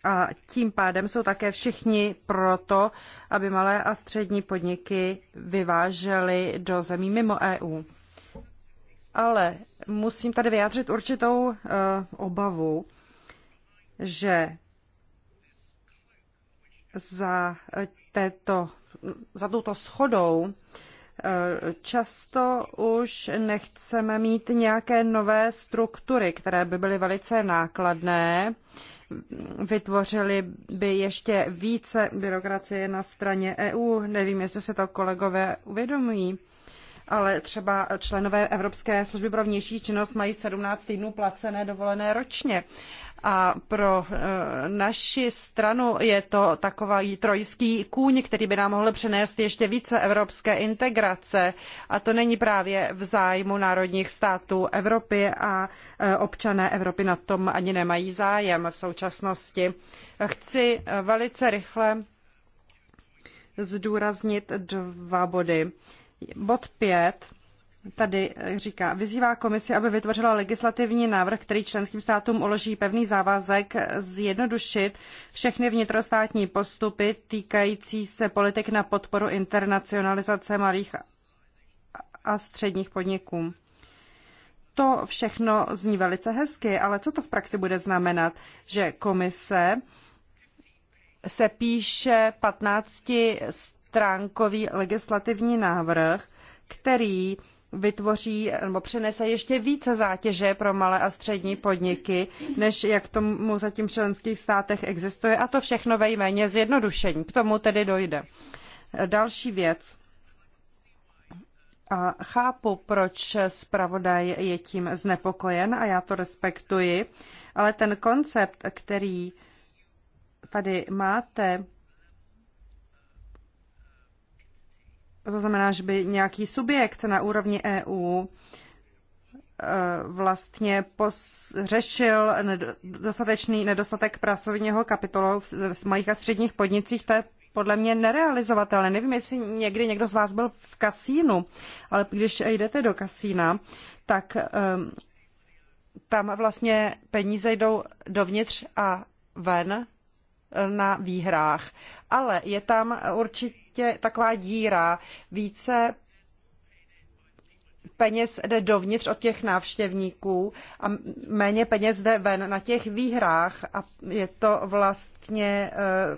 A tím pádem jsou také všichni proto, aby malé a střední podniky vyvážely do zemí mimo EU. Ale musím tady vyjádřit určitou uh, obavu, že za, eh, této, za touto schodou Často už nechceme mít nějaké nové struktury, které by byly velice nákladné, vytvořily by ještě více byrokracie na straně EU. Nevím, jestli se to kolegové uvědomují ale třeba členové Evropské služby pro vnější činnost mají 17 týdnů placené dovolené ročně. A pro e, naši stranu je to takový trojský kůň, který by nám mohl přinést ještě více evropské integrace. A to není právě v zájmu národních států Evropy a e, občané Evropy na tom ani nemají zájem v současnosti. Chci e, velice rychle zdůraznit dva body. Bod 5 tady eh, říká, vyzývá komisi, aby vytvořila legislativní návrh, který členským státům uloží pevný závazek eh, zjednodušit všechny vnitrostátní postupy týkající se politik na podporu internacionalizace malých a středních podniků. To všechno zní velice hezky, ale co to v praxi bude znamenat? Že komise se píše 15 stránkový legislativní návrh, který vytvoří nebo přenese ještě více zátěže pro malé a střední podniky, než jak tomu zatím v členských státech existuje, a to všechno ve jméně zjednodušení. K tomu tedy dojde. Další věc. A chápu, proč zpravodaj je tím znepokojen a já to respektuji, ale ten koncept, který tady máte, to znamená, že by nějaký subjekt na úrovni EU eh, vlastně řešil dostatečný nedostatek pracovního kapitolu v malých a středních podnicích, to je podle mě nerealizovatelné. Nevím, jestli někdy někdo z vás byl v kasínu, ale když jdete do kasína, tak um, tam vlastně peníze jdou dovnitř a ven eh, na výhrách. Ale je tam určitě určitě prostě taková díra. Více peněz jde dovnitř od těch návštěvníků a méně peněz jde ven na těch výhrách a je to vlastně eh,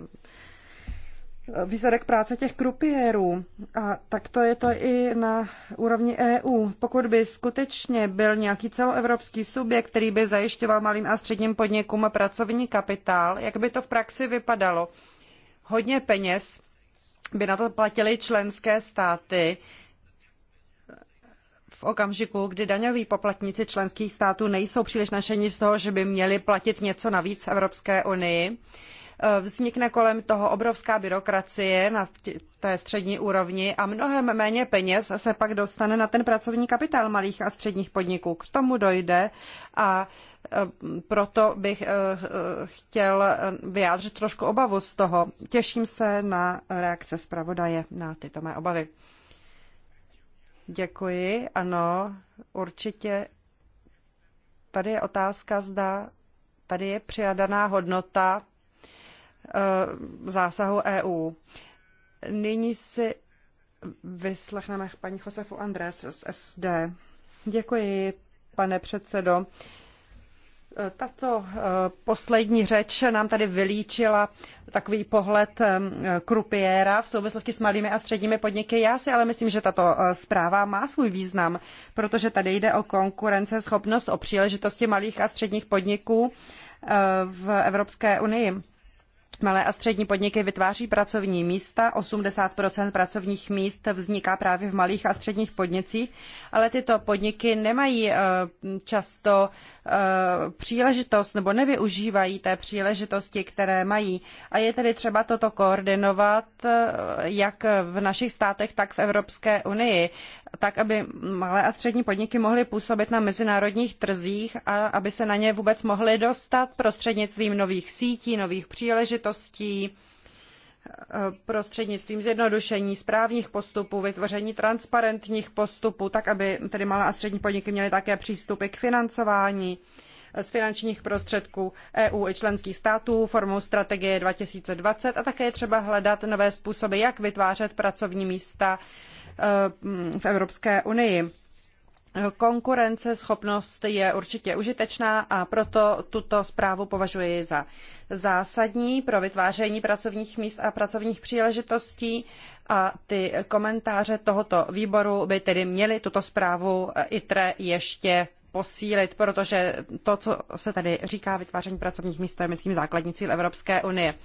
výsledek práce těch krupiérů. A tak to je to i na úrovni EU. Pokud by skutečně byl nějaký celoevropský subjekt, který by zajišťoval malým a středním podnikům pracovní kapitál, jak by to v praxi vypadalo? Hodně peněz by na to platily členské státy v okamžiku, kdy daňoví poplatníci členských států nejsou příliš našeni z toho, že by měli platit něco navíc Evropské unii. Vznikne kolem toho obrovská byrokracie na té střední úrovni a mnohem méně peněz se pak dostane na ten pracovní kapitál malých a středních podniků. K tomu dojde a proto bych eh, chtěl eh, vyjádřit trošku obavu z toho. Těším se na reakce zpravodaje na tyto mé obavy. Děkuji, ano, určitě. Tady je otázka, zda tady je přijadaná hodnota eh, zásahu EU. Nyní si vyslechneme paní Josefu Andres z SD. Děkuji, pane předsedo. Tato eh, poslední řeč nám tady vylíčila takový pohled eh, krupiéra v souvislosti s malými a středními podniky. Já si ale myslím, že tato eh, zpráva má svůj význam, protože tady jde o konkurenceschopnost, o příležitosti malých a středních podniků v Evropské unii. Malé a střední podniky vytváří pracovní místa, 80 pracovních míst vzniká právě v malých a středních podnicích, ale tyto podniky nemají eh, často eh, příležitost nebo nevyužívají té příležitosti, které mají. A je tedy třeba toto koordinovat eh, jak v našich státech, tak v Evropské unii, tak aby malé a střední podniky mohly působit na mezinárodních trzích a aby se na ně vůbec mohly dostat prostřednictvím nových sítí, nových příležitostí záležitostí eh, prostřednictvím zjednodušení správních postupů, vytvoření transparentních postupů, tak aby tedy malé a střední podniky měly také přístupy k financování z finančních prostředků EU i členských států formou strategie 2020 a také je třeba hledat nové způsoby, jak vytvářet pracovní místa eh, v Evropské unii. Konkurenceschopnost je určitě užitečná a proto tuto zprávu považuji za zásadní pro vytváření pracovních míst a pracovních příležitostí a ty komentáře tohoto výboru by tedy měly tuto zprávu ITRE ještě posílit, protože to, co se tady říká vytváření pracovních míst, to je, myslím, základní cíl Evropské unie.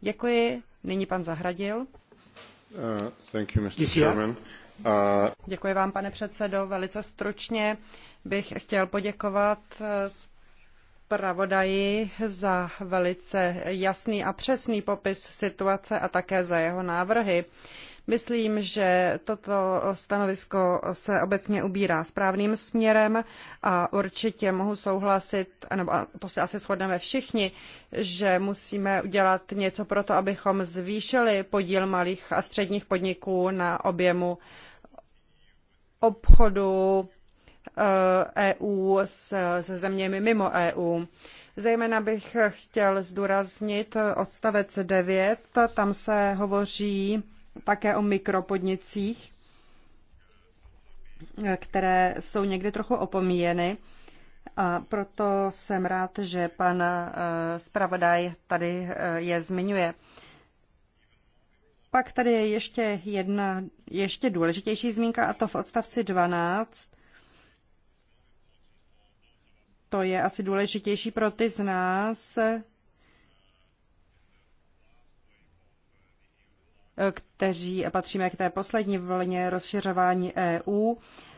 Děkuji. Nyní pan Zahradil. Uh, thank you, Mr. Uh, Děkuji vám, pane předsedo. Velice stručně bych chtěl poděkovat eh, zpravodaji za velice jasný a přesný popis situace a také za jeho návrhy. Myslím, že toto stanovisko se obecně ubírá správným směrem a určitě mohu souhlasit, nebo to se asi shodneme všichni, že musíme udělat něco pro to, abychom zvýšili podíl malých a středních podniků na objemu obchodu EU eh, e se zeměmi mimo EU. Zejména bych chtěl zdůraznit odstavec 9, tam se hovoří také o mikropodnicích, které jsou někdy trochu opomíjeny. A proto jsem rád, že pan eh, zpravodaj tady eh, je zmiňuje. Pak tady je ještě jedna, ještě důležitější zmínka, a to v odstavci 12. To je asi důležitější pro ty z nás, kteří patříme k té poslední vlně rozšiřování EU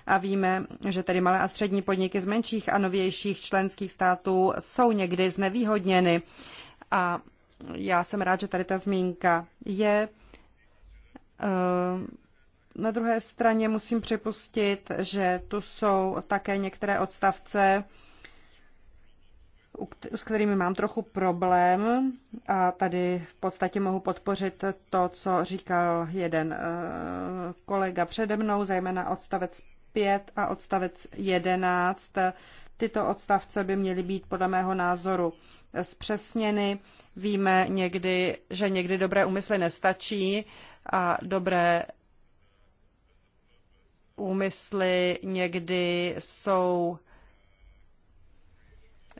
a víme, že tedy malé a střední podniky z menších a novějších členských států jsou někdy znevýhodněny. A já jsem rád, že tady ta zmínka je. Eh, na druhé straně musím připustit, že tu jsou také některé odstavce, s kterými mám trochu problém a tady v podstatě mohu podpořit to, co říkal jeden eh, kolega přede mnou, zejména odstavec 5 a odstavec 11. Tyto odstavce by měly být podle mého názoru zpřesněny. Víme někdy, že někdy dobré úmysly nestačí a dobré úmysly někdy jsou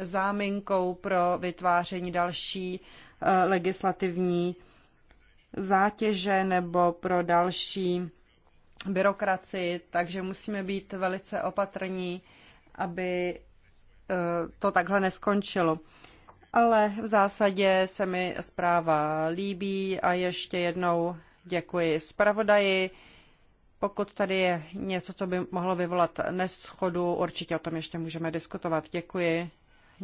záminkou pro vytváření další eh, legislativní zátěže nebo pro další byrokracii, takže musíme být velice opatrní, aby eh, to takhle neskončilo. Ale v zásadě se mi zpráva líbí a ještě jednou děkuji zpravodaji. Pokud tady je něco, co by mohlo vyvolat neschodu, určitě o tom ještě můžeme diskutovat. Děkuji.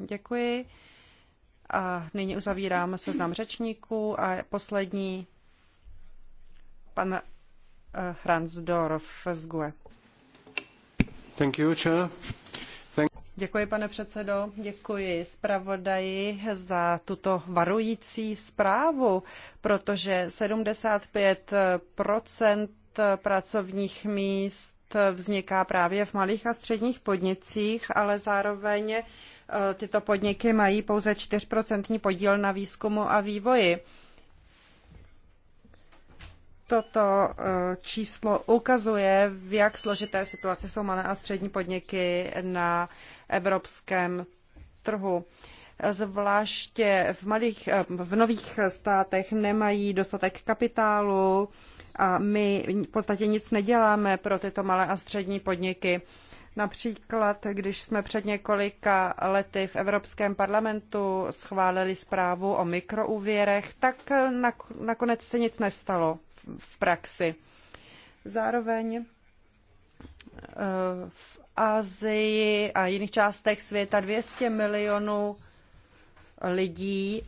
Děkuji. A nyní uzavírám seznam řečníků a poslední pan eh, Ransdorf z GUE. Thank you, chair. Thank... Děkuji, pane předsedo. Děkuji zpravodaji za tuto varující zprávu, protože 75 pracovních míst vzniká právě v malých a středních podnicích, ale zároveň eh, tyto podniky mají pouze 4% podíl na výzkumu a vývoji. Toto eh, číslo ukazuje, v jak složité situaci jsou malé a střední podniky na evropském trhu zvláště v, malých, eh, v nových státech nemají dostatek kapitálu, a my v podstatě nic neděláme pro tyto malé a střední podniky. Například, když jsme před několika lety v Evropském parlamentu schválili zprávu o mikroúvěrech, tak nakonec se nic nestalo v praxi. Zároveň eh, v Azii a jiných částech světa 200 milionů lidí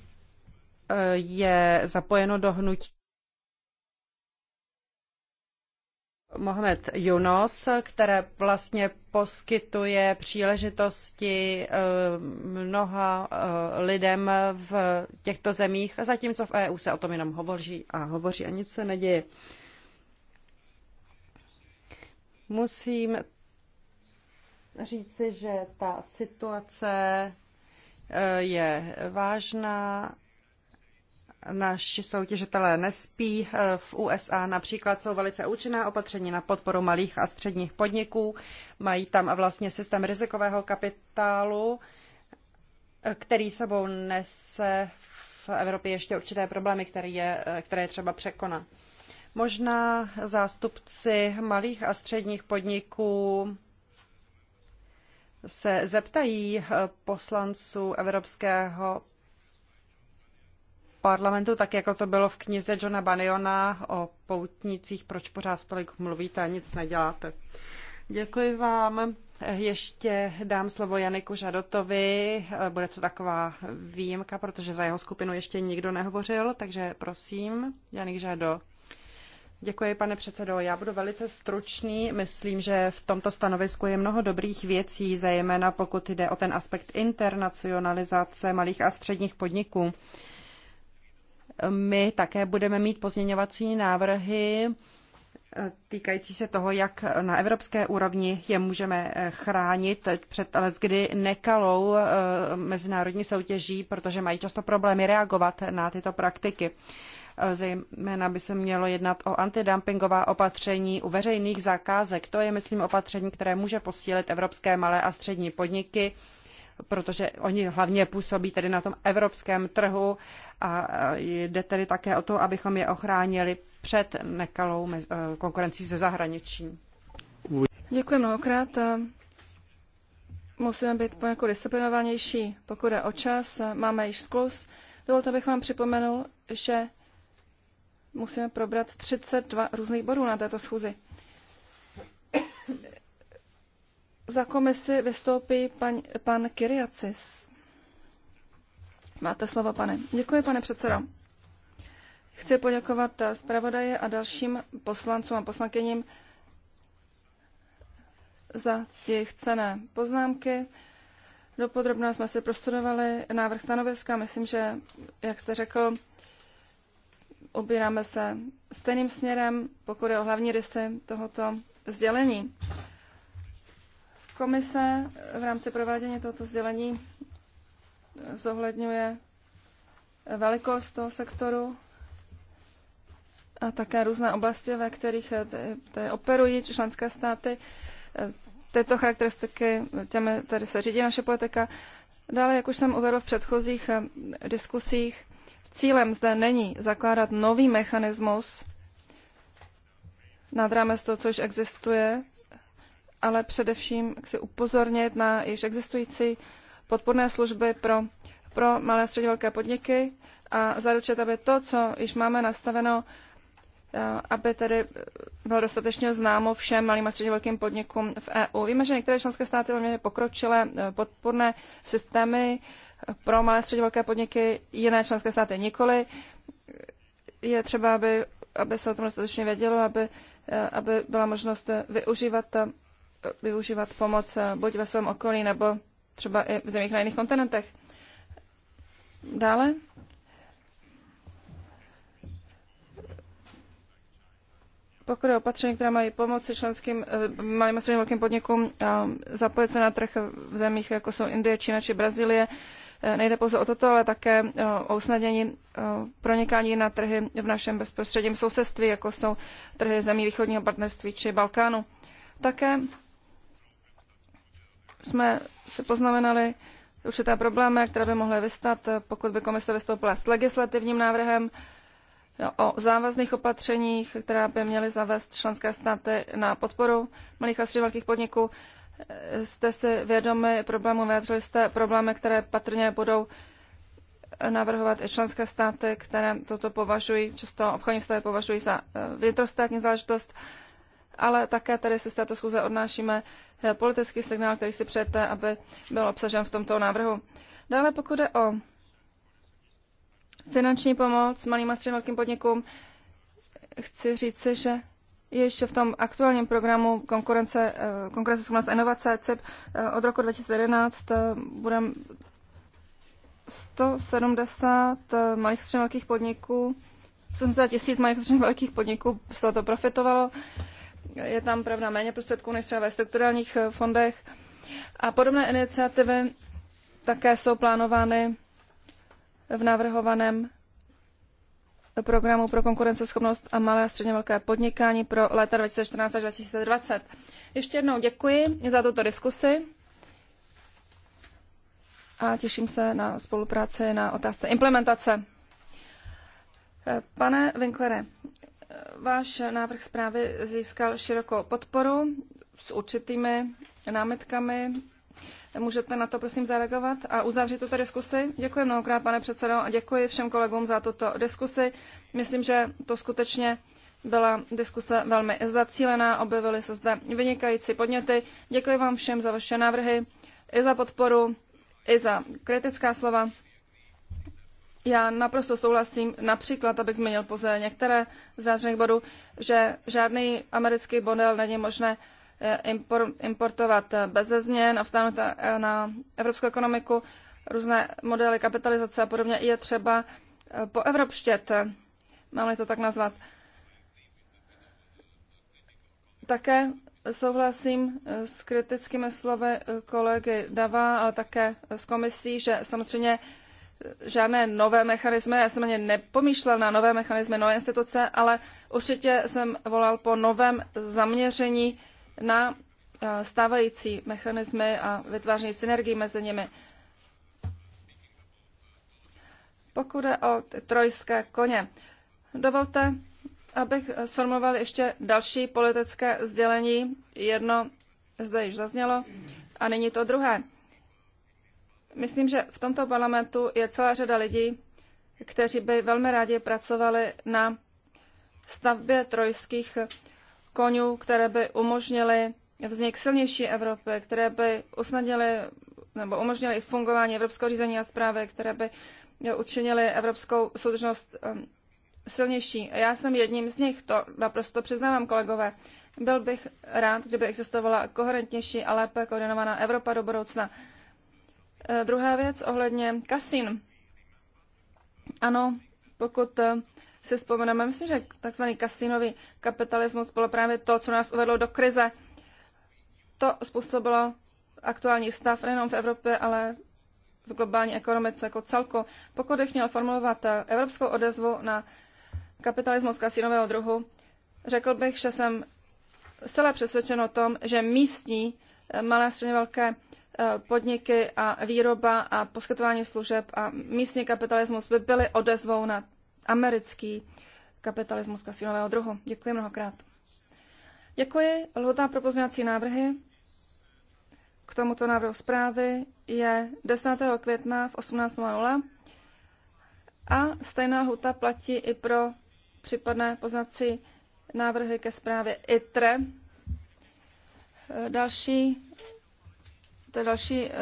eh, je zapojeno do hnutí Mohamed Junos, které vlastně poskytuje příležitosti eh, mnoha eh, lidem v těchto zemích, zatímco v EU se o tom jenom hovoří a hovoří a nic se neděje. Musím říci, že ta situace eh, je vážná naši soutěžitelé nespí. Eh, v USA například jsou velice účinná opatření na podporu malých a středních podniků. Mají tam vlastně systém rizikového kapitálu, eh, který sebou nese v Evropě ještě určité problémy, které je, eh, které je třeba překonat. Možná zástupci malých a středních podniků se zeptají poslanců Evropského parlamentu, tak jako to bylo v knize Johna Baniona o poutnicích, proč pořád tolik mluvíte a nic neděláte. Děkuji vám. Ještě dám slovo Janiku Žadotovi. Bude to taková výjimka, protože za jeho skupinu ještě nikdo nehovořil, takže prosím, Janik Žado. Děkuji, pane předsedo. Já budu velice stručný. Myslím, že v tomto stanovisku je mnoho dobrých věcí, zejména pokud jde o ten aspekt internacionalizace malých a středních podniků. My také budeme mít pozměňovací návrhy eh, týkající se toho, jak na evropské úrovni je můžeme eh, chránit před kdy nekalou eh, mezinárodní soutěží, protože mají často problémy reagovat na tyto praktiky. Zejména by se mělo jednat o antidumpingová opatření u veřejných zakázek. To je, myslím, opatření, které může posílit evropské malé a střední podniky protože oni hlavně působí tedy na tom evropském trhu a jde tedy také o to, abychom je ochránili před nekalou eh, konkurencí ze zahraničí. Děkuji mnohokrát. Musíme být poněkud disciplinovanější, pokud je o čas. Máme již sklus. Dovolte, abych vám připomenul, že musíme probrat 32 různých bodů na této schůzi. Za komisi vystoupí pan, pan Kyriacis. Máte slovo, pane. Děkuji, pane předsedo. Chci poděkovat zpravodaje a dalším poslancům a poslankyním za jejich cené poznámky. Dopodrobně jsme si prostudovali návrh stanoviska. Myslím, že, jak jste řekl, obíráme se stejným směrem, pokud je o hlavní rysy tohoto sdělení. Komise v rámci provádění tohoto sdělení eh, zohledňuje velikost toho sektoru a také různé oblasti, ve kterých ty, eh, ty operují členské státy. Eh, tyto charakteristiky, těmi tady se řídí naše politika. Dále, jak už jsem uvedl v předchozích diskusích, cílem zde není zakládat nový mechanismus nad rámec toho, co už existuje, ale především chci upozornit na již existující podporné služby pro, pro malé a středně velké podniky a zaručit, aby to, co již máme nastaveno, eh, aby tedy bylo dostatečně známo všem malým a středně velkým podnikům v EU. Víme, že některé členské státy velmi pokročilé eh, podporné systémy eh, pro malé a středně velké podniky, jiné členské státy nikoli. Je třeba, aby, aby se o tom dostatečně vědělo, aby, aby byla možnost využívat využívat pomoc eh, buď ve svém okolí, nebo třeba i v zemích na jiných kontinentech. Dále. Pokud je opatření, která mají pomoci členským eh, malým a středním velkým podnikům eh, zapojit se na trh v zemích, jako jsou Indie, Čína či Brazílie, nejde pouze o toto, ale také o usnadnění pronikání na trhy v našem bezprostředním sousedství, jako jsou trhy zemí východního partnerství či Balkánu. Také jsme si poznamenali určité problémy, které by mohly vystat, pokud by komise vystoupila s legislativním návrhem o závazných opatřeních, která by měly zavést členské státy na podporu malých a středních velkých podniků. Jste si vědomi problému, vyjadřili jste problémy, které patrně budou navrhovat i členské státy, které toto považují, často obchodní vztahy považují za eh, vnitrostátní záležitost, ale také tady si z této schůze odnášíme Eh, politický signál, který si přejete, aby byl obsažen v tomto návrhu. Dále pokud jde o finanční pomoc malým a středním velkým podnikům, chci říct, že již v tom aktuálním programu konkurence, eh, konkurence schopnost inovace CIP eh, od roku 2011 budeme 170 malých a velkých podniků, 80 tisíc malých a velkých podniků z toho profitovalo je tam pravda méně prostředků než třeba ve strukturálních eh, fondech. A podobné iniciativy také jsou plánovány v navrhovaném programu pro konkurenceschopnost a malé a středně velké podnikání pro léta 2014 až 2020. Ještě jednou děkuji za tuto diskusi a těším se na spolupráci na otázce implementace. Eh, pane Winklere, Váš návrh zprávy získal širokou podporu s určitými námitkami. Můžete na to prosím zareagovat a uzavřít tuto diskusi. Děkuji mnohokrát, pane předsedo, a děkuji všem kolegům za tuto diskusi. Myslím, že to skutečně byla diskuse velmi zacílená, objevily se zde vynikající podněty. Děkuji vám všem za vaše návrhy, i za podporu, i za kritická slova. Já naprosto souhlasím, například, abych zmínil pouze některé z vyjádřených bodů, že žádný americký model není možné eh, importovat eh, bez změn a vstáhnout eh, na evropskou ekonomiku. Různé modely kapitalizace a podobně je třeba poevropštět, mám-li to tak nazvat. Také souhlasím s kritickými slovy kolegy Dava, ale také s komisí, že samozřejmě žádné nové mechanismy, já jsem ani nepomýšlel na nové mechanismy, nové instituce, ale určitě jsem volal po novém zaměření na eh, stávající mechanismy a vytváření synergii mezi nimi. Pokud je o trojské koně, dovolte, abych sformuloval ještě další politické sdělení. Jedno zde již zaznělo a není to druhé. Myslím, že v tomto parlamentu je celá řada lidí, kteří by velmi rádi pracovali na stavbě trojských konňů, které by umožnily vznik silnější Evropy, které by usnadnily nebo umožnily fungování evropského řízení a zprávy, které by učinily evropskou soudržnost um, silnější. Já jsem jedním z nich, to naprosto přiznávám, kolegové. Byl bych rád, kdyby existovala koherentnější a lépe koordinovaná Evropa do budoucna Eh, druhá věc ohledně kasin. Ano, pokud eh, si vzpomeneme, myslím, že takzvaný kasinový kapitalismus bylo právě to, co nás uvedlo do krize. To způsobilo aktuální stav nejenom v Evropě, ale v globální ekonomice jako celku. Pokud bych měl formulovat eh, evropskou odezvu na kapitalismus kasinového druhu, řekl bych, že jsem zcela přesvědčen o tom, že místní malé a středně velké Eh, podniky a výroba a poskytování služeb a místní kapitalismus by byly odezvou na americký kapitalismus kasinového druhu. Děkuji mnohokrát. Děkuji. Lhota pro pozměňovací návrhy k tomuto návrhu zprávy je 10. května v 18.00 a stejná lhuta platí i pro případné poznací návrhy ke zprávě ITRE. Eh, další to je další, eh,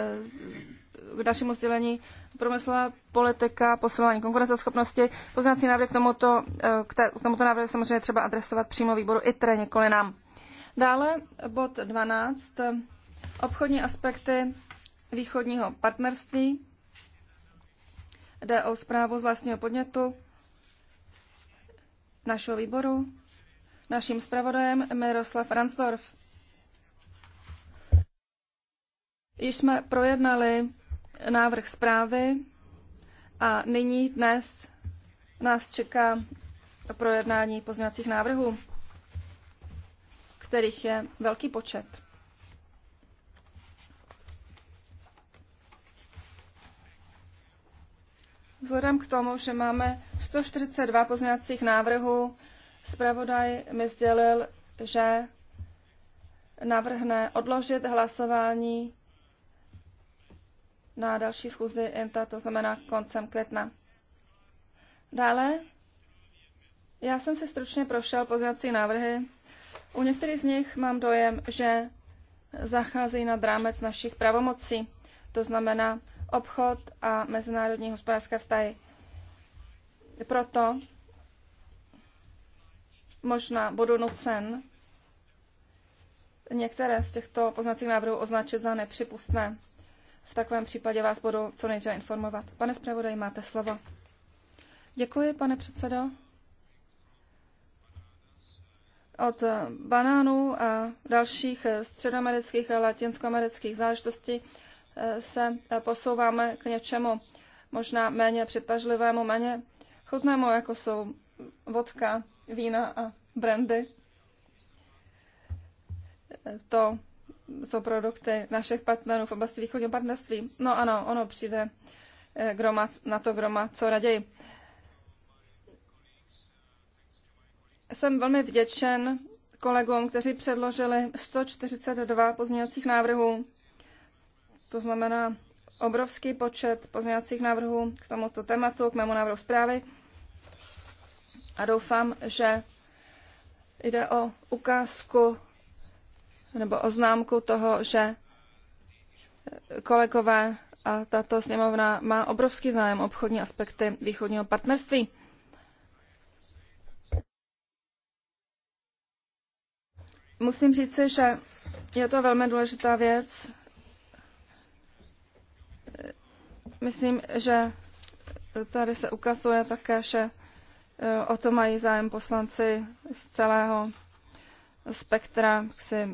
k dalšímu sdělení promyslová politika, posilování konkurenceschopnosti. Poznací návrh k tomuto, eh, k tomuto návrhu samozřejmě třeba adresovat přímo výboru ITRE, nikoli nám. Dále bod 12. Obchodní aspekty východního partnerství. Jde o zprávu z vlastního podnětu našeho výboru. Naším zpravodajem Miroslav Ransdorf. Již jsme projednali návrh zprávy a nyní dnes nás čeká projednání pozměňovacích návrhů, kterých je velký počet. Vzhledem k tomu, že máme 142 pozměňovacích návrhů, zpravodaj mi sdělil, že navrhne odložit hlasování na další schůzi INTA, to znamená koncem května. Dále, já jsem si stručně prošel pozvací návrhy. U některých z nich mám dojem, že zacházejí na drámec našich pravomocí, to znamená obchod a mezinárodní hospodářské vztahy. Proto možná budu nucen některé z těchto poznacích návrhů označit za nepřipustné. V takovém případě vás budu co nejdříve informovat. Pane zpravodaj, máte slovo. Děkuji, pane předsedo. Od banánů a dalších středoamerických a latinskoamerických záležitostí eh, se eh, posouváme k něčemu možná méně přitažlivému, méně chutnému, jako jsou vodka, vína a brandy. Eh, to jsou produkty našich partnerů v oblasti východního partnerství. No ano, ono přijde eh, groma, na to, groma co raději. Jsem velmi vděčen kolegům, kteří předložili 142 pozměňovacích návrhů. To znamená obrovský počet pozměňovacích návrhů k tomuto tématu, k mému návrhu zprávy. A doufám, že jde o ukázku nebo oznámku toho, že kolegové a tato sněmovna má obrovský zájem obchodní aspekty východního partnerství. Musím říci, že je to velmi důležitá věc. Myslím, že tady se ukazuje také, že eh, o to mají zájem poslanci z celého spektra si,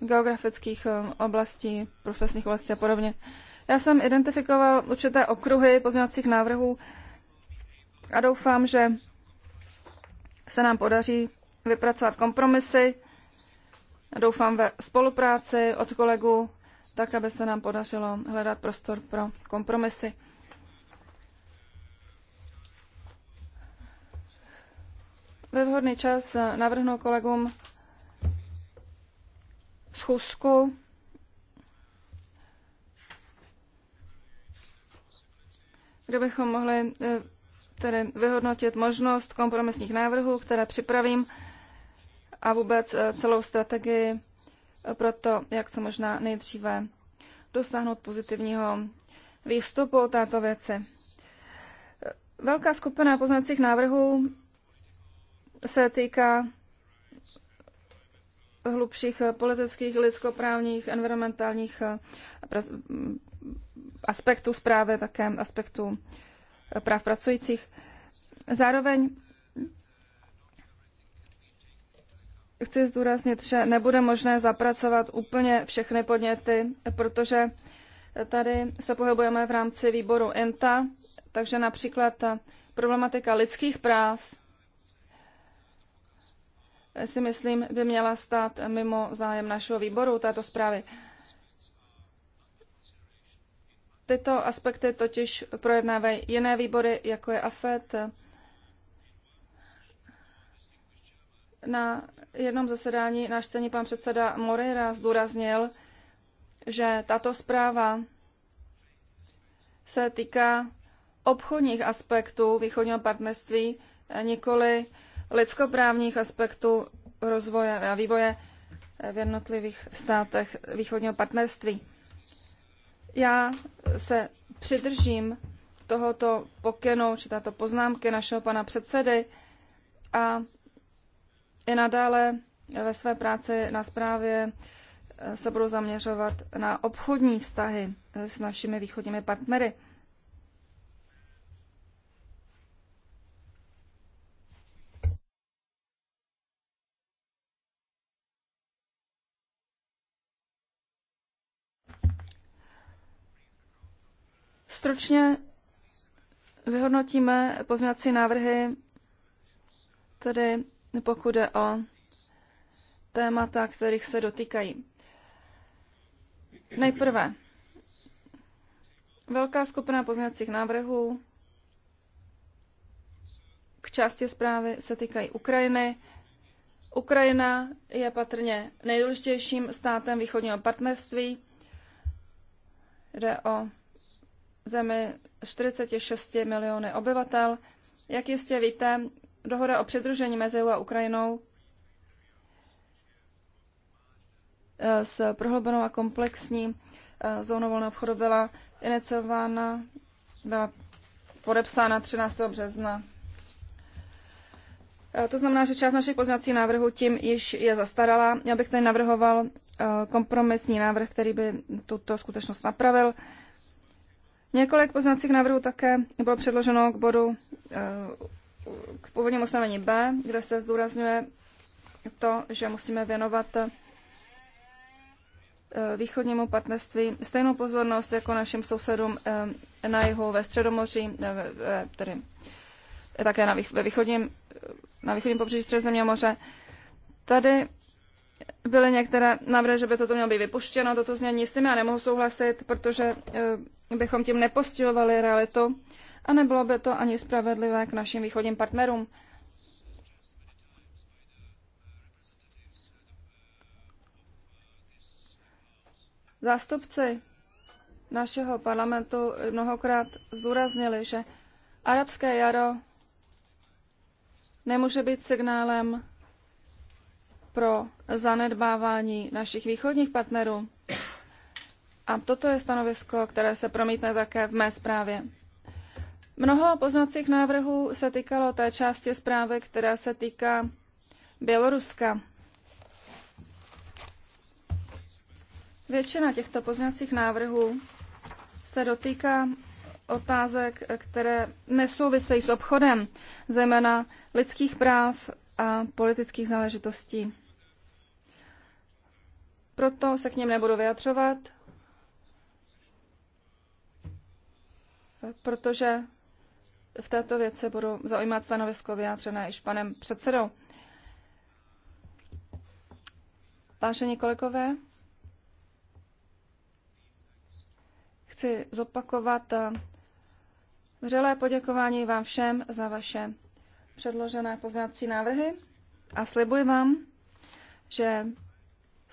geografických eh, oblastí, profesních oblastí a podobně. Já jsem identifikoval určité okruhy pozměňovacích návrhů a doufám, že se nám podaří vypracovat kompromisy. Doufám ve spolupráci od kolegů, tak aby se nám podařilo hledat prostor pro kompromisy. Ve vhodný čas eh, navrhnu kolegům schůzku kde bychom mohli eh, tedy vyhodnotit možnost kompromisních návrhů, které připravím a vůbec eh, celou strategii pro to, jak co možná nejdříve dosáhnout pozitivního výstupu této věci. Velká skupina poznacích návrhů se týká hlubších politických, lidskoprávních, environmentálních eh, mm, aspektů zprávy, také aspektů eh, práv pracujících. Zároveň chci zdůraznit, že nebude možné zapracovat úplně všechny podněty, protože tady se pohybujeme v rámci výboru INTA, takže například problematika lidských práv si myslím, by měla stát mimo zájem našeho výboru této zprávy. Tyto aspekty totiž projednávají jiné výbory, jako je AFET. Na jednom zasedání náš cení pan předseda Moreira zdůraznil, že tato zpráva se týká obchodních aspektů východního partnerství, nikoli lidskoprávních aspektů rozvoje a vývoje v jednotlivých státech východního partnerství. Já se přidržím tohoto pokynu či této poznámky našeho pana předsedy a i nadále ve své práci na zprávě eh, se budu zaměřovat na obchodní vztahy s našimi východními partnery. Stručně vyhodnotíme pozměňovací návrhy, tedy pokud jde o témata, kterých se dotýkají. Nejprve velká skupina pozměňovacích návrhů k části zprávy se týkají Ukrajiny. Ukrajina je patrně nejdůležitějším státem východního partnerství. Jde o zemi 46 miliony obyvatel. Jak jistě víte, dohoda o přidružení mezi EU a Ukrajinou eh, s prohlubenou a komplexní eh, zónou volného obchodu byla iniciována, byla podepsána 13. března. Eh, to znamená, že část našich poznacích návrhů tím již je zastarala. Já bych tady navrhoval kompromisní návrh, který by tuto skutečnost napravil. Několik poznacích návrhů také bylo předloženo k bodu eh, k původnímu ustanovení B, kde se zdůrazňuje to, že musíme věnovat eh, východnímu partnerství stejnou pozornost jako našim sousedům eh, na jihu ve Středomoří, tedy také na, východním, na východním pobřeží Středozemního moře. Tady byly některé návrhy, že by toto mělo být vypuštěno, toto znění s tím já nemohu souhlasit, protože eh, bychom tím nepostihovali realitu a nebylo by to ani spravedlivé k našim východním partnerům. Zástupci našeho parlamentu mnohokrát zúraznili, že arabské jaro nemůže být signálem pro zanedbávání našich východních partnerů. A toto je stanovisko, které se promítne také v mé zprávě. Mnoho poznacích návrhů se týkalo té části zprávy, která se týká Běloruska. Většina těchto poznacích návrhů se dotýká otázek, které nesouvisejí s obchodem, zejména lidských práv a politických záležitostí proto se k něm nebudu vyjadřovat, protože v této věci budu zaujímat stanovisko vyjádřené již panem předsedou. Vážení kolegové, chci zopakovat eh, vřelé poděkování vám všem za vaše předložené poznávací návrhy a slibuji vám, že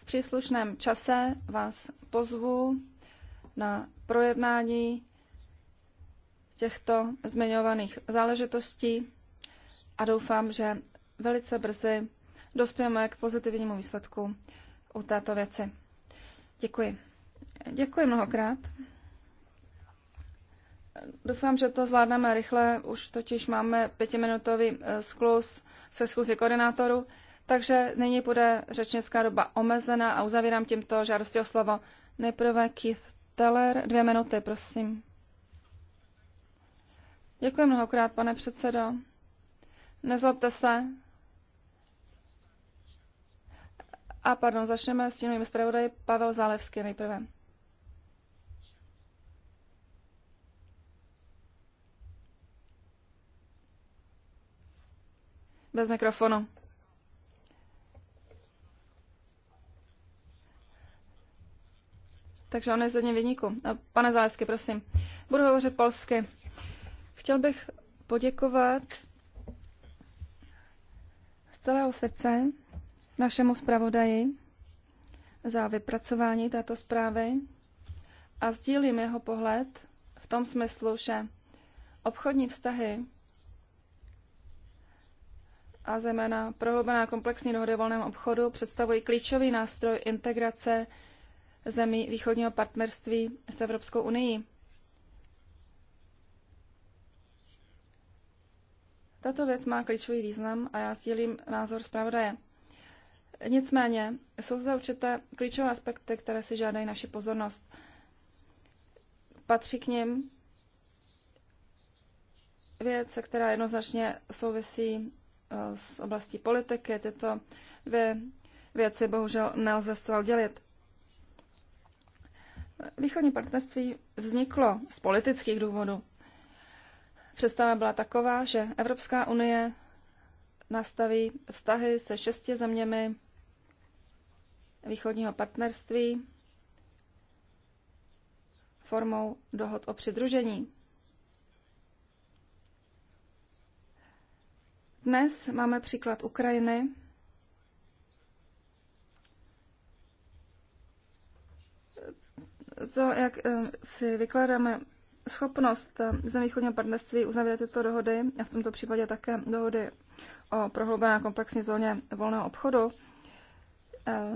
příslušném čase vás pozvu na projednání těchto zmiňovaných záležitostí a doufám, že velice brzy dospějeme k pozitivnímu výsledku u této věci. Děkuji. Děkuji mnohokrát. Doufám, že to zvládneme rychle, už totiž máme pětiminutový eh, sklus se schůzí koordinátoru. Takže nyní bude řečnická doba omezena a uzavírám tímto žádosti o slovo. Nejprve Keith Teller, dvě minuty, prosím. Děkuji mnohokrát, pane předsedo. Nezlobte se. A pardon, začneme s tím zpravodaji Pavel Zálevský nejprve. Bez mikrofonu. takže on je zde vyniku. Pane Zálesky, prosím, budu hovořit polsky. Chtěl bych poděkovat z celého srdce našemu zpravodaji za vypracování této zprávy a sdílím jeho pohled v tom smyslu, že obchodní vztahy a zejména prohloubená komplexní dohody o volném obchodu představují klíčový nástroj integrace zemí východního partnerství s Evropskou unii. Tato věc má klíčový význam a já sdílím názor zpravodaje. Nicméně jsou zde určité klíčové aspekty, které si žádají naši pozornost. Patří k nim věc, která jednoznačně souvisí eh, s oblastí politiky. Tyto dvě věci bohužel nelze zcela dělit. Východní partnerství vzniklo z politických důvodů. Představa byla taková, že Evropská unie nastaví vztahy se šesti zeměmi východního partnerství formou dohod o přidružení. Dnes máme příklad Ukrajiny, to, jak eh, si vykládáme schopnost eh, zemí východního partnerství uzavírat tyto dohody, a v tomto případě také dohody o prohloubené komplexní zóně volného obchodu, eh,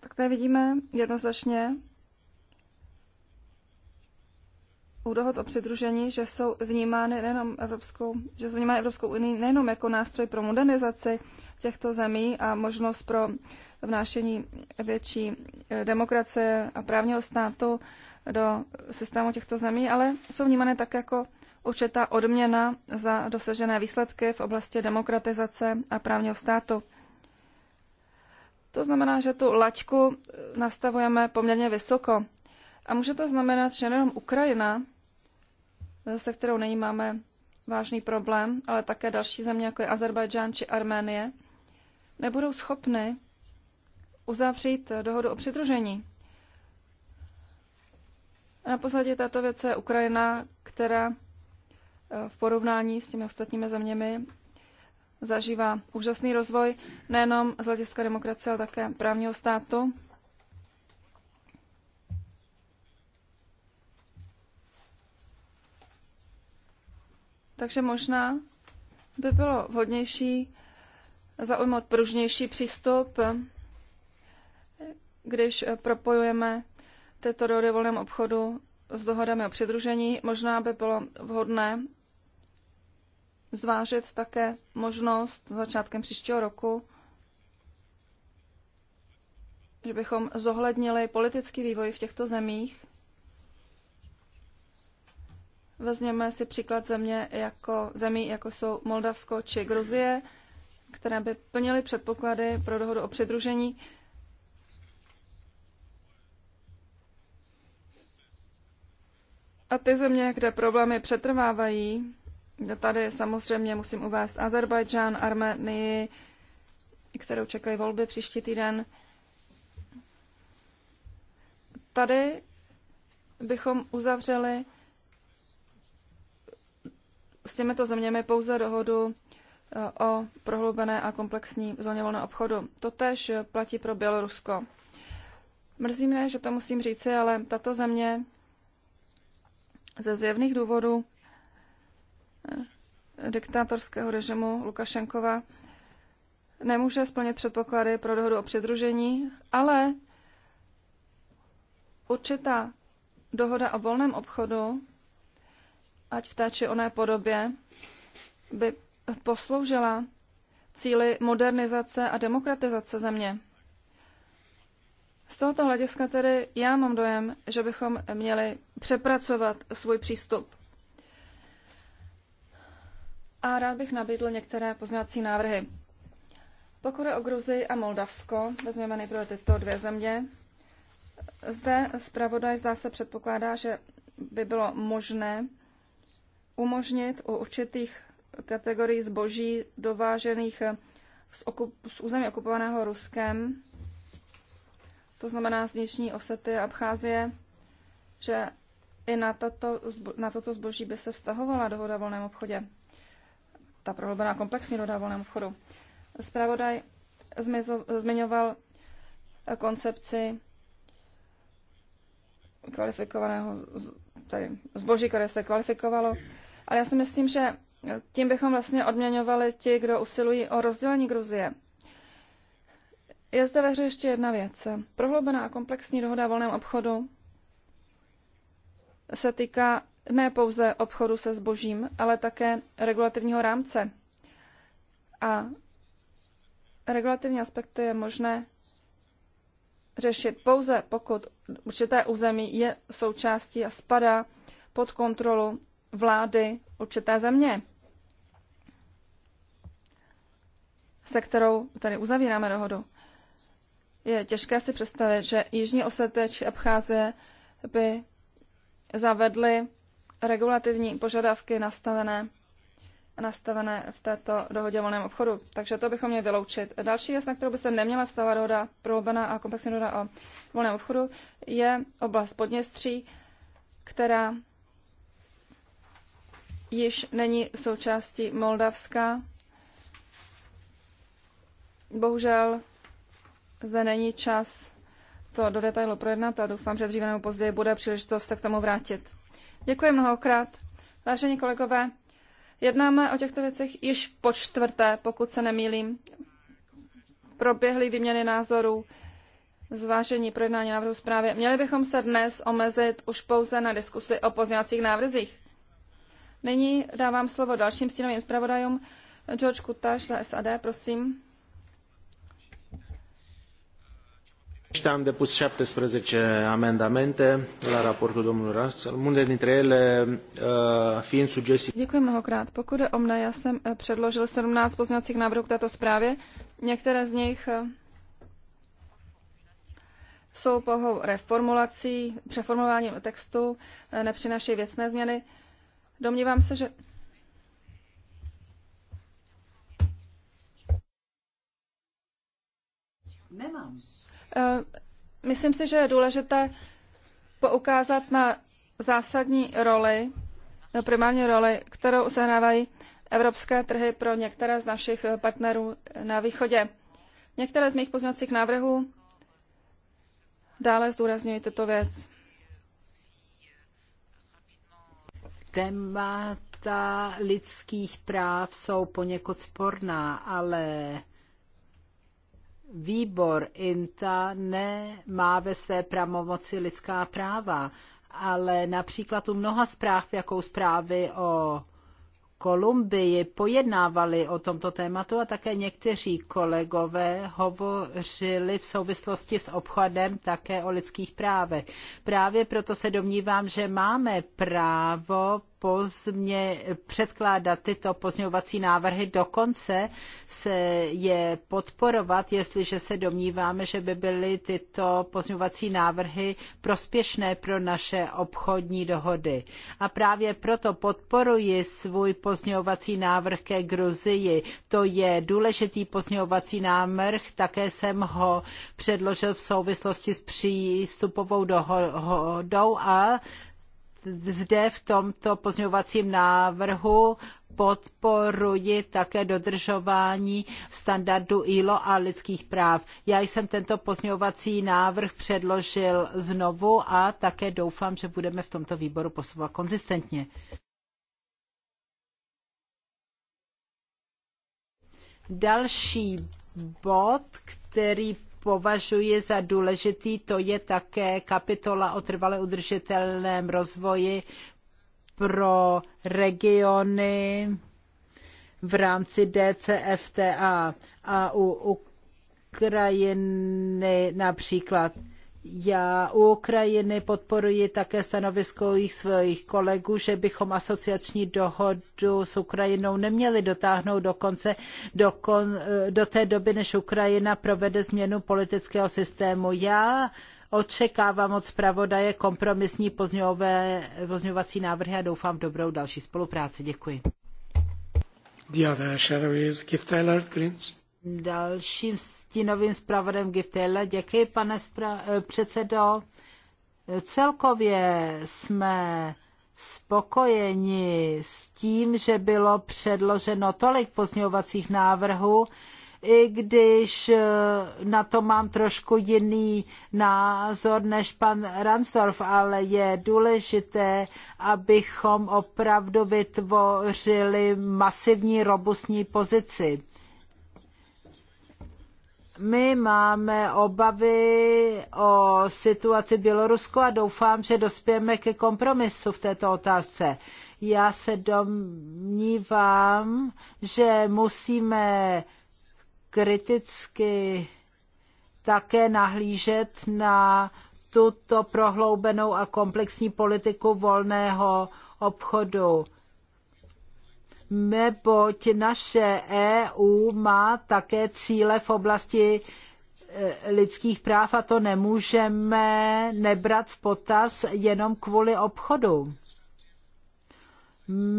tak tady vidíme jednoznačně, u dohod o přidružení, že jsou vnímány nejenom Evropskou, že jsou vnímány Evropskou unii nejenom jako nástroj pro modernizaci těchto zemí a možnost pro vnášení větší eh, demokracie a právního státu do systému těchto zemí, ale jsou vnímány tak jako určitá odměna za dosažené výsledky v oblasti demokratizace a právního státu. To znamená, že tu laťku eh, nastavujeme poměrně vysoko a může to znamenat, že nejenom Ukrajina, eh, se kterou nyní máme vážný problém, ale také další země, jako je Azerbajdžán či Arménie, nebudou schopny uzavřít eh, dohodu o přidružení. Na pozadí této věce je Ukrajina, která eh, v porovnání s těmi ostatními zeměmi zažívá úžasný rozvoj nejenom z hlediska demokracie, ale také právního státu. Takže možná by bylo vhodnější zaujmout pružnější přístup, když propojujeme tyto dohody o volném obchodu s dohodami o přidružení. Možná by bylo vhodné zvážit také možnost začátkem příštího roku, že bychom zohlednili politický vývoj v těchto zemích Vezměme si příklad země jako, zemí, jako jsou Moldavsko či Gruzie, které by plnily předpoklady pro dohodu o přidružení. A ty země, kde problémy přetrvávají, tady samozřejmě musím uvést Azerbajdžán, Armenii, kterou čekají volby příští týden. Tady bychom uzavřeli s těmito zeměmi pouze dohodu eh, o prohloubené a komplexní zóně volného obchodu. Totež platí pro Bělorusko. Mrzí mě, že to musím říci, ale tato země ze zjevných důvodů eh, diktátorského režimu Lukašenkova nemůže splnit předpoklady pro dohodu o přidružení, ale určitá dohoda o volném obchodu ať v té či oné podobě, by posloužila cíli modernizace a demokratizace země. Z tohoto hlediska tedy já mám dojem, že bychom měli přepracovat svůj přístup. A rád bych nabídl některé pozměňovací návrhy. Pokud je o Gruzi a Moldavsko, vezmeme nejprve tyto dvě země. Zde zpravodaj zdá se předpokládá, že by bylo možné umožnit u určitých kategorií zboží dovážených z, okup, z území okupovaného Ruskem, to znamená z dnešní Osety a Abcházie, že i na, tato, na toto zboží by se vztahovala dohoda o volném obchodě. Ta prohloubená komplexní dohoda o volném obchodu. Zpravodaj zmiňoval koncepci kvalifikovaného, tady zboží, které se kvalifikovalo ale já si myslím, že tím bychom vlastně odměňovali ti, kdo usilují o rozdělení Gruzie. Je zde ve hře ještě jedna věc. Prohloubená a komplexní dohoda o volném obchodu se týká ne pouze obchodu se zbožím, ale také regulativního rámce. A regulativní aspekty je možné řešit pouze, pokud určité území je součástí a spadá pod kontrolu vlády určité země, se kterou tady uzavíráme dohodu. Je těžké si představit, že Jižní Osety či Abcházie by zavedly regulativní požadavky nastavené, nastavené v této dohodě o volném obchodu. Takže to bychom měli vyloučit. Další věc, na kterou by se neměla vstávat dohoda, prohloubená a komplexní dohoda o volném obchodu, je oblast Podněstří, která již není součástí Moldavska. Bohužel zde není čas to do detailu projednat a doufám, že dříve nebo později bude příležitost se k tomu vrátit. Děkuji mnohokrát. Vážení kolegové, jednáme o těchto věcech již po čtvrté, pokud se nemýlím. Proběhly výměny názorů, zvážení projednání návrhu zprávy. Měli bychom se dnes omezit už pouze na diskusi o pozněvacích návrzích. Nyní dávám slovo dalším stínovým zpravodajům. George Kutaš za SAD, prosím. Am depus 17 amendamente la raportul domnului Russell, multe dintre ele uh, fiind sugestii. Děkuji mnohokrát. Pokud je o mne, já jsem eh, předložil 17 pozměňovacích návrhů k této zprávě. Některé z nich eh, jsou pohou reformulací, přeformulováním textu, eh, nepřinašejí věcné změny. Domnívám se, že Nemám. Eh, myslím si, že je důležité poukázat na zásadní roli, primární roli, kterou sehrávají evropské trhy pro některé z našich eh, partnerů eh, na východě. Některé z mých pozměňovacích návrhů dále zdůrazňují tuto věc. témata lidských práv jsou poněkud sporná, ale výbor INTA nemá ve své pravomoci lidská práva, ale například u mnoha zpráv, jakou zprávy o Kolumbii pojednávali o tomto tématu a také někteří kolegové hovořili v souvislosti s obchodem také o lidských právech. Právě proto se domnívám, že máme právo pozmě, předkládat tyto pozměňovací návrhy, dokonce se je podporovat, jestliže se domníváme, že by byly tyto pozměňovací návrhy prospěšné pro naše obchodní dohody. A právě proto podporuji svůj pozměňovací návrh ke Gruzii. To je důležitý pozměňovací návrh, také jsem ho předložil v souvislosti s přístupovou dohodou a zde v tomto pozměňovacím návrhu podporuji také dodržování standardu ILO a lidských práv. Já jsem tento pozměňovací návrh předložil znovu a také doufám, že budeme v tomto výboru postupovat konzistentně. Další bod, který považuji za důležitý, to je také kapitola o trvale udržitelném rozvoji pro regiony v rámci DCFTA a u Ukrajiny například já u Ukrajiny podporuji také stanovisko jejich svých kolegů, že bychom asociační dohodu s Ukrajinou neměli dotáhnout do konce, do, kon, do té doby, než Ukrajina provede změnu politického systému. Já očekávám od zpravodaje kompromisní pozňovací návrhy a doufám v dobrou další spolupráci. Děkuji. The other shadow is Keith Tyler, Dalším stínovým zpravodem Giftela. Děkuji, pane spra- eh, předsedo. Celkově jsme spokojeni s tím, že bylo předloženo tolik pozměňovacích návrhů, i když eh, na to mám trošku jiný názor než pan Ransdorf, ale je důležité, abychom opravdu vytvořili masivní robustní pozici. My máme obavy o situaci Bělorusku a doufám, že dospějeme ke kompromisu v této otázce. Já se domnívám, že musíme kriticky také nahlížet na tuto prohloubenou a komplexní politiku volného obchodu neboť naše EU má také cíle v oblasti e, lidských práv a to nemůžeme nebrat v potaz jenom kvůli obchodu.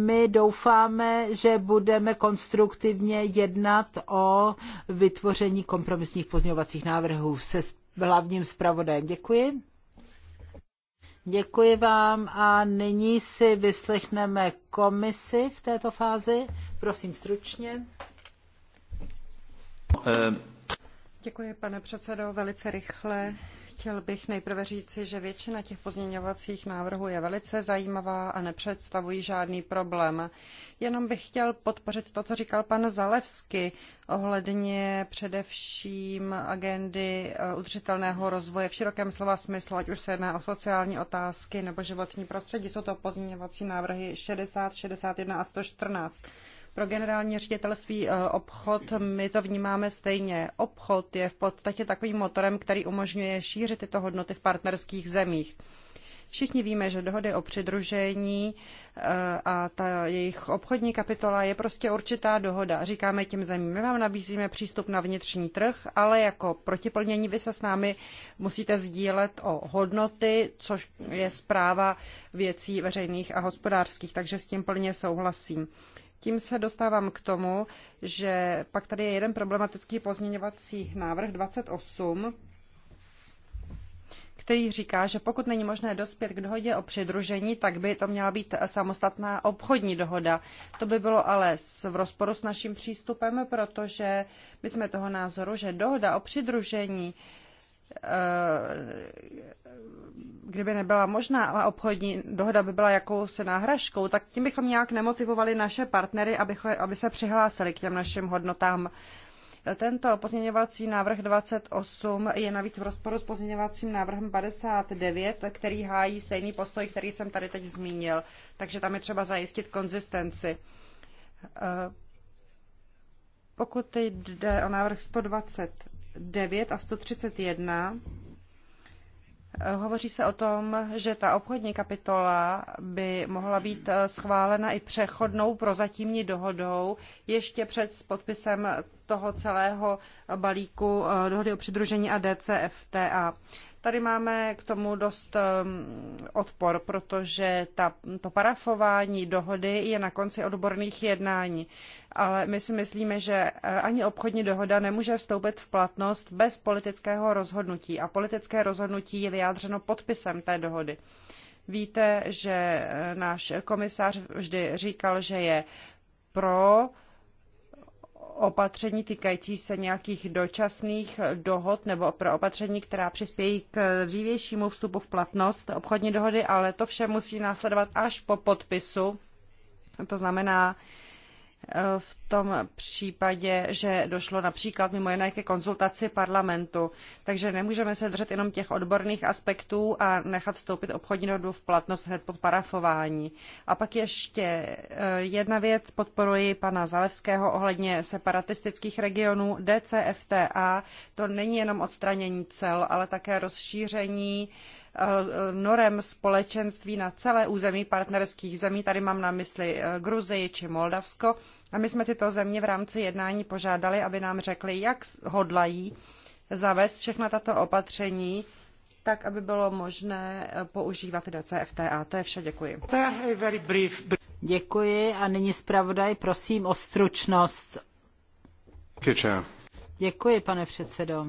My doufáme, že budeme konstruktivně jednat o vytvoření kompromisních pozměňovacích návrhů se hlavním zpravodajem. Děkuji. Děkuji vám a nyní si vyslechneme komisi v této fázi. Prosím stručně. Eh. Děkuji, pane předsedo, velice rychle Chtěl bych nejprve říci, že většina těch pozměňovacích návrhů je velice zajímavá a nepředstavují žádný problém. Jenom bych chtěl podpořit to, co říkal pan Zalevsky ohledně především agendy eh, udržitelného rozvoje v širokém slova smyslu, ať už se jedná o sociální otázky nebo životní prostředí. Jsou to pozměňovací návrhy 60, 61 a 114. Pro generální ředitelství e, obchod my to vnímáme stejně. Obchod je v podstatě takovým motorem, který umožňuje šířit tyto hodnoty v partnerských zemích. Všichni víme, že dohody o přidružení e, a ta jejich obchodní kapitola je prostě určitá dohoda. Říkáme těm zemím, my vám nabízíme přístup na vnitřní trh, ale jako protiplnění vy se s námi musíte sdílet o hodnoty, což je zpráva věcí veřejných a hospodářských, takže s tím plně souhlasím. Tím se dostávám k tomu, že pak tady je jeden problematický pozměňovací návrh 28, který říká, že pokud není možné dospět k dohodě o přidružení, tak by to měla být samostatná obchodní dohoda. To by bylo ale v rozporu s naším přístupem, protože my jsme toho názoru, že dohoda o přidružení Eh, kdyby nebyla možná, ale obchodní dohoda by byla jakousi náhražkou, tak tím bychom nějak nemotivovali naše partnery, aby, aby se přihlásili k těm našim hodnotám. Tento pozměňovací návrh 28 je navíc v rozporu s pozměňovacím návrhem 59, který hájí stejný postoj, který jsem tady teď zmínil. Takže tam je třeba zajistit konzistenci. Eh, pokud jde o návrh 120 139 a 131 eh, Hovoří se o tom, že ta obchodní kapitola by mohla být eh, schválena i přechodnou prozatímní dohodou ještě před podpisem toho celého balíku eh, dohody o přidružení a DCFTA. Tady máme k tomu dost um, odpor, protože ta, to parafování dohody je na konci odborných jednání. Ale my si myslíme, že eh, ani obchodní dohoda nemůže vstoupit v platnost bez politického rozhodnutí. A politické rozhodnutí je vyjádřeno podpisem té dohody. Víte, že eh, náš komisař vždy říkal, že je pro opatření týkající se nějakých dočasných dohod nebo pro opatření, která přispějí k dřívějšímu vstupu v platnost obchodní dohody, ale to vše musí následovat až po podpisu. To znamená, v tom případě, že došlo například mimo jiné ke konzultaci parlamentu. Takže nemůžeme se držet jenom těch odborných aspektů a nechat vstoupit obchodní dohodu v platnost hned pod parafování. A pak ještě eh, jedna věc, podporuji pana Zalevského ohledně separatistických regionů. DCFTA to není jenom odstranění cel, ale také rozšíření Eh, norem společenství na celé území partnerských zemí. Tady mám na mysli eh, Gruzii či Moldavsko. A my jsme tyto země v rámci jednání požádali, aby nám řekli, jak hodlají zavést všechna tato opatření, tak, aby bylo možné eh, používat DCFTA. To je vše, děkuji. Děkuji a nyní zpravodaj, prosím o stručnost. Děkuji, pane předsedo.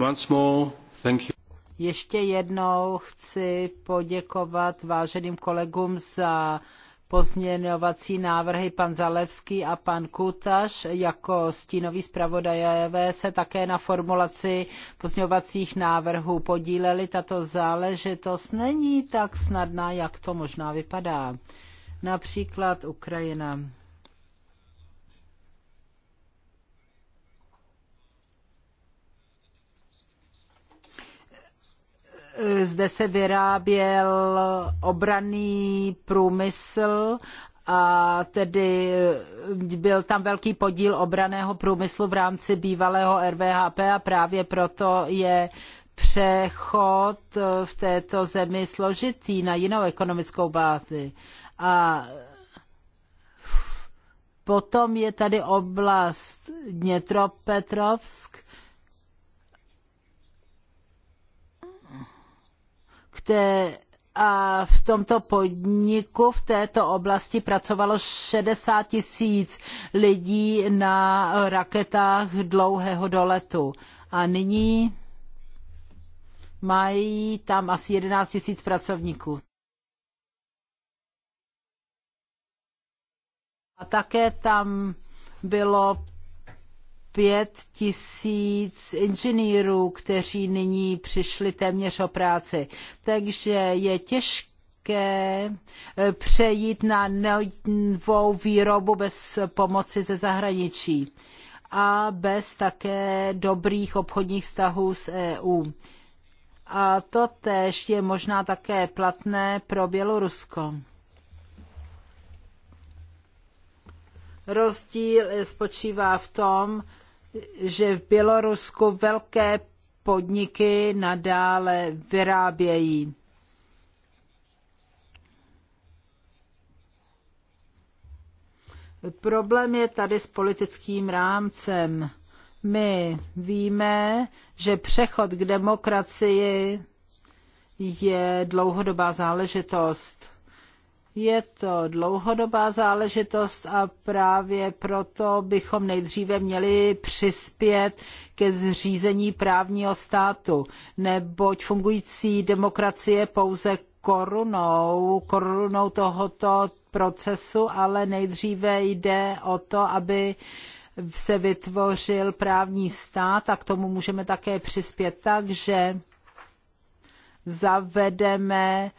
Once more, Thank you. Ještě jednou chci poděkovat váženým kolegům za pozměňovací návrhy pan Zalevský a pan Kutaš jako stínový zpravodajové se také na formulaci pozměňovacích návrhů podíleli. Tato záležitost není tak snadná, jak to možná vypadá. Například Ukrajina. Eh, zde se vyráběl obraný průmysl a tedy eh, byl tam velký podíl obraného průmyslu v rámci bývalého RVHP a právě proto je přechod eh, v této zemi složitý na jinou ekonomickou bázi. A potom je tady oblast Dněpropetrovsk, a v tomto podniku v této oblasti pracovalo 60 tisíc lidí na raketách dlouhého doletu. A nyní mají tam asi 11 tisíc pracovníků. A také tam bylo pět tisíc inženýrů, kteří nyní přišli téměř o práci. Takže je těžké eh, přejít na novou výrobu bez pomoci ze zahraničí a bez také dobrých obchodních vztahů s EU. A to též je možná také platné pro Bělorusko. Rozdíl eh, spočívá v tom, že v Bělorusku velké podniky nadále vyrábějí. Problém je tady s politickým rámcem. My víme, že přechod k demokracii je dlouhodobá záležitost. Je to dlouhodobá záležitost a právě proto bychom nejdříve měli přispět ke zřízení právního státu, neboť fungující demokracie pouze korunou, korunou tohoto procesu, ale nejdříve jde o to, aby se vytvořil právní stát a k tomu můžeme také přispět tak, že zavedeme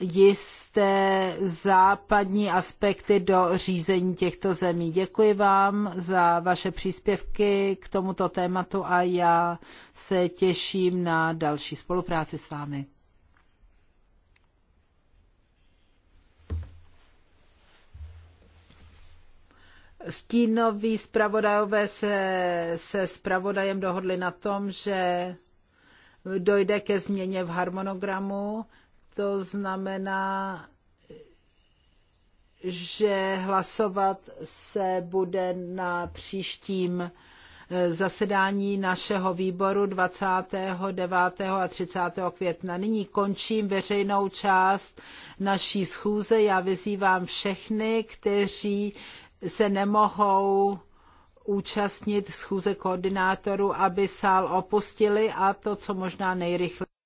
jisté západní aspekty do řízení těchto zemí. Děkuji vám za vaše příspěvky k tomuto tématu a já se těším na další spolupráci s vámi. Stínoví zpravodajové se, se zpravodajem dohodli na tom, že dojde ke změně v harmonogramu to znamená, že hlasovat se bude na příštím eh, zasedání našeho výboru 29. a 30. května. Nyní končím veřejnou část naší schůze. Já vyzývám všechny, kteří se nemohou účastnit schůze koordinátorů, aby sál opustili a to, co možná nejrychleji.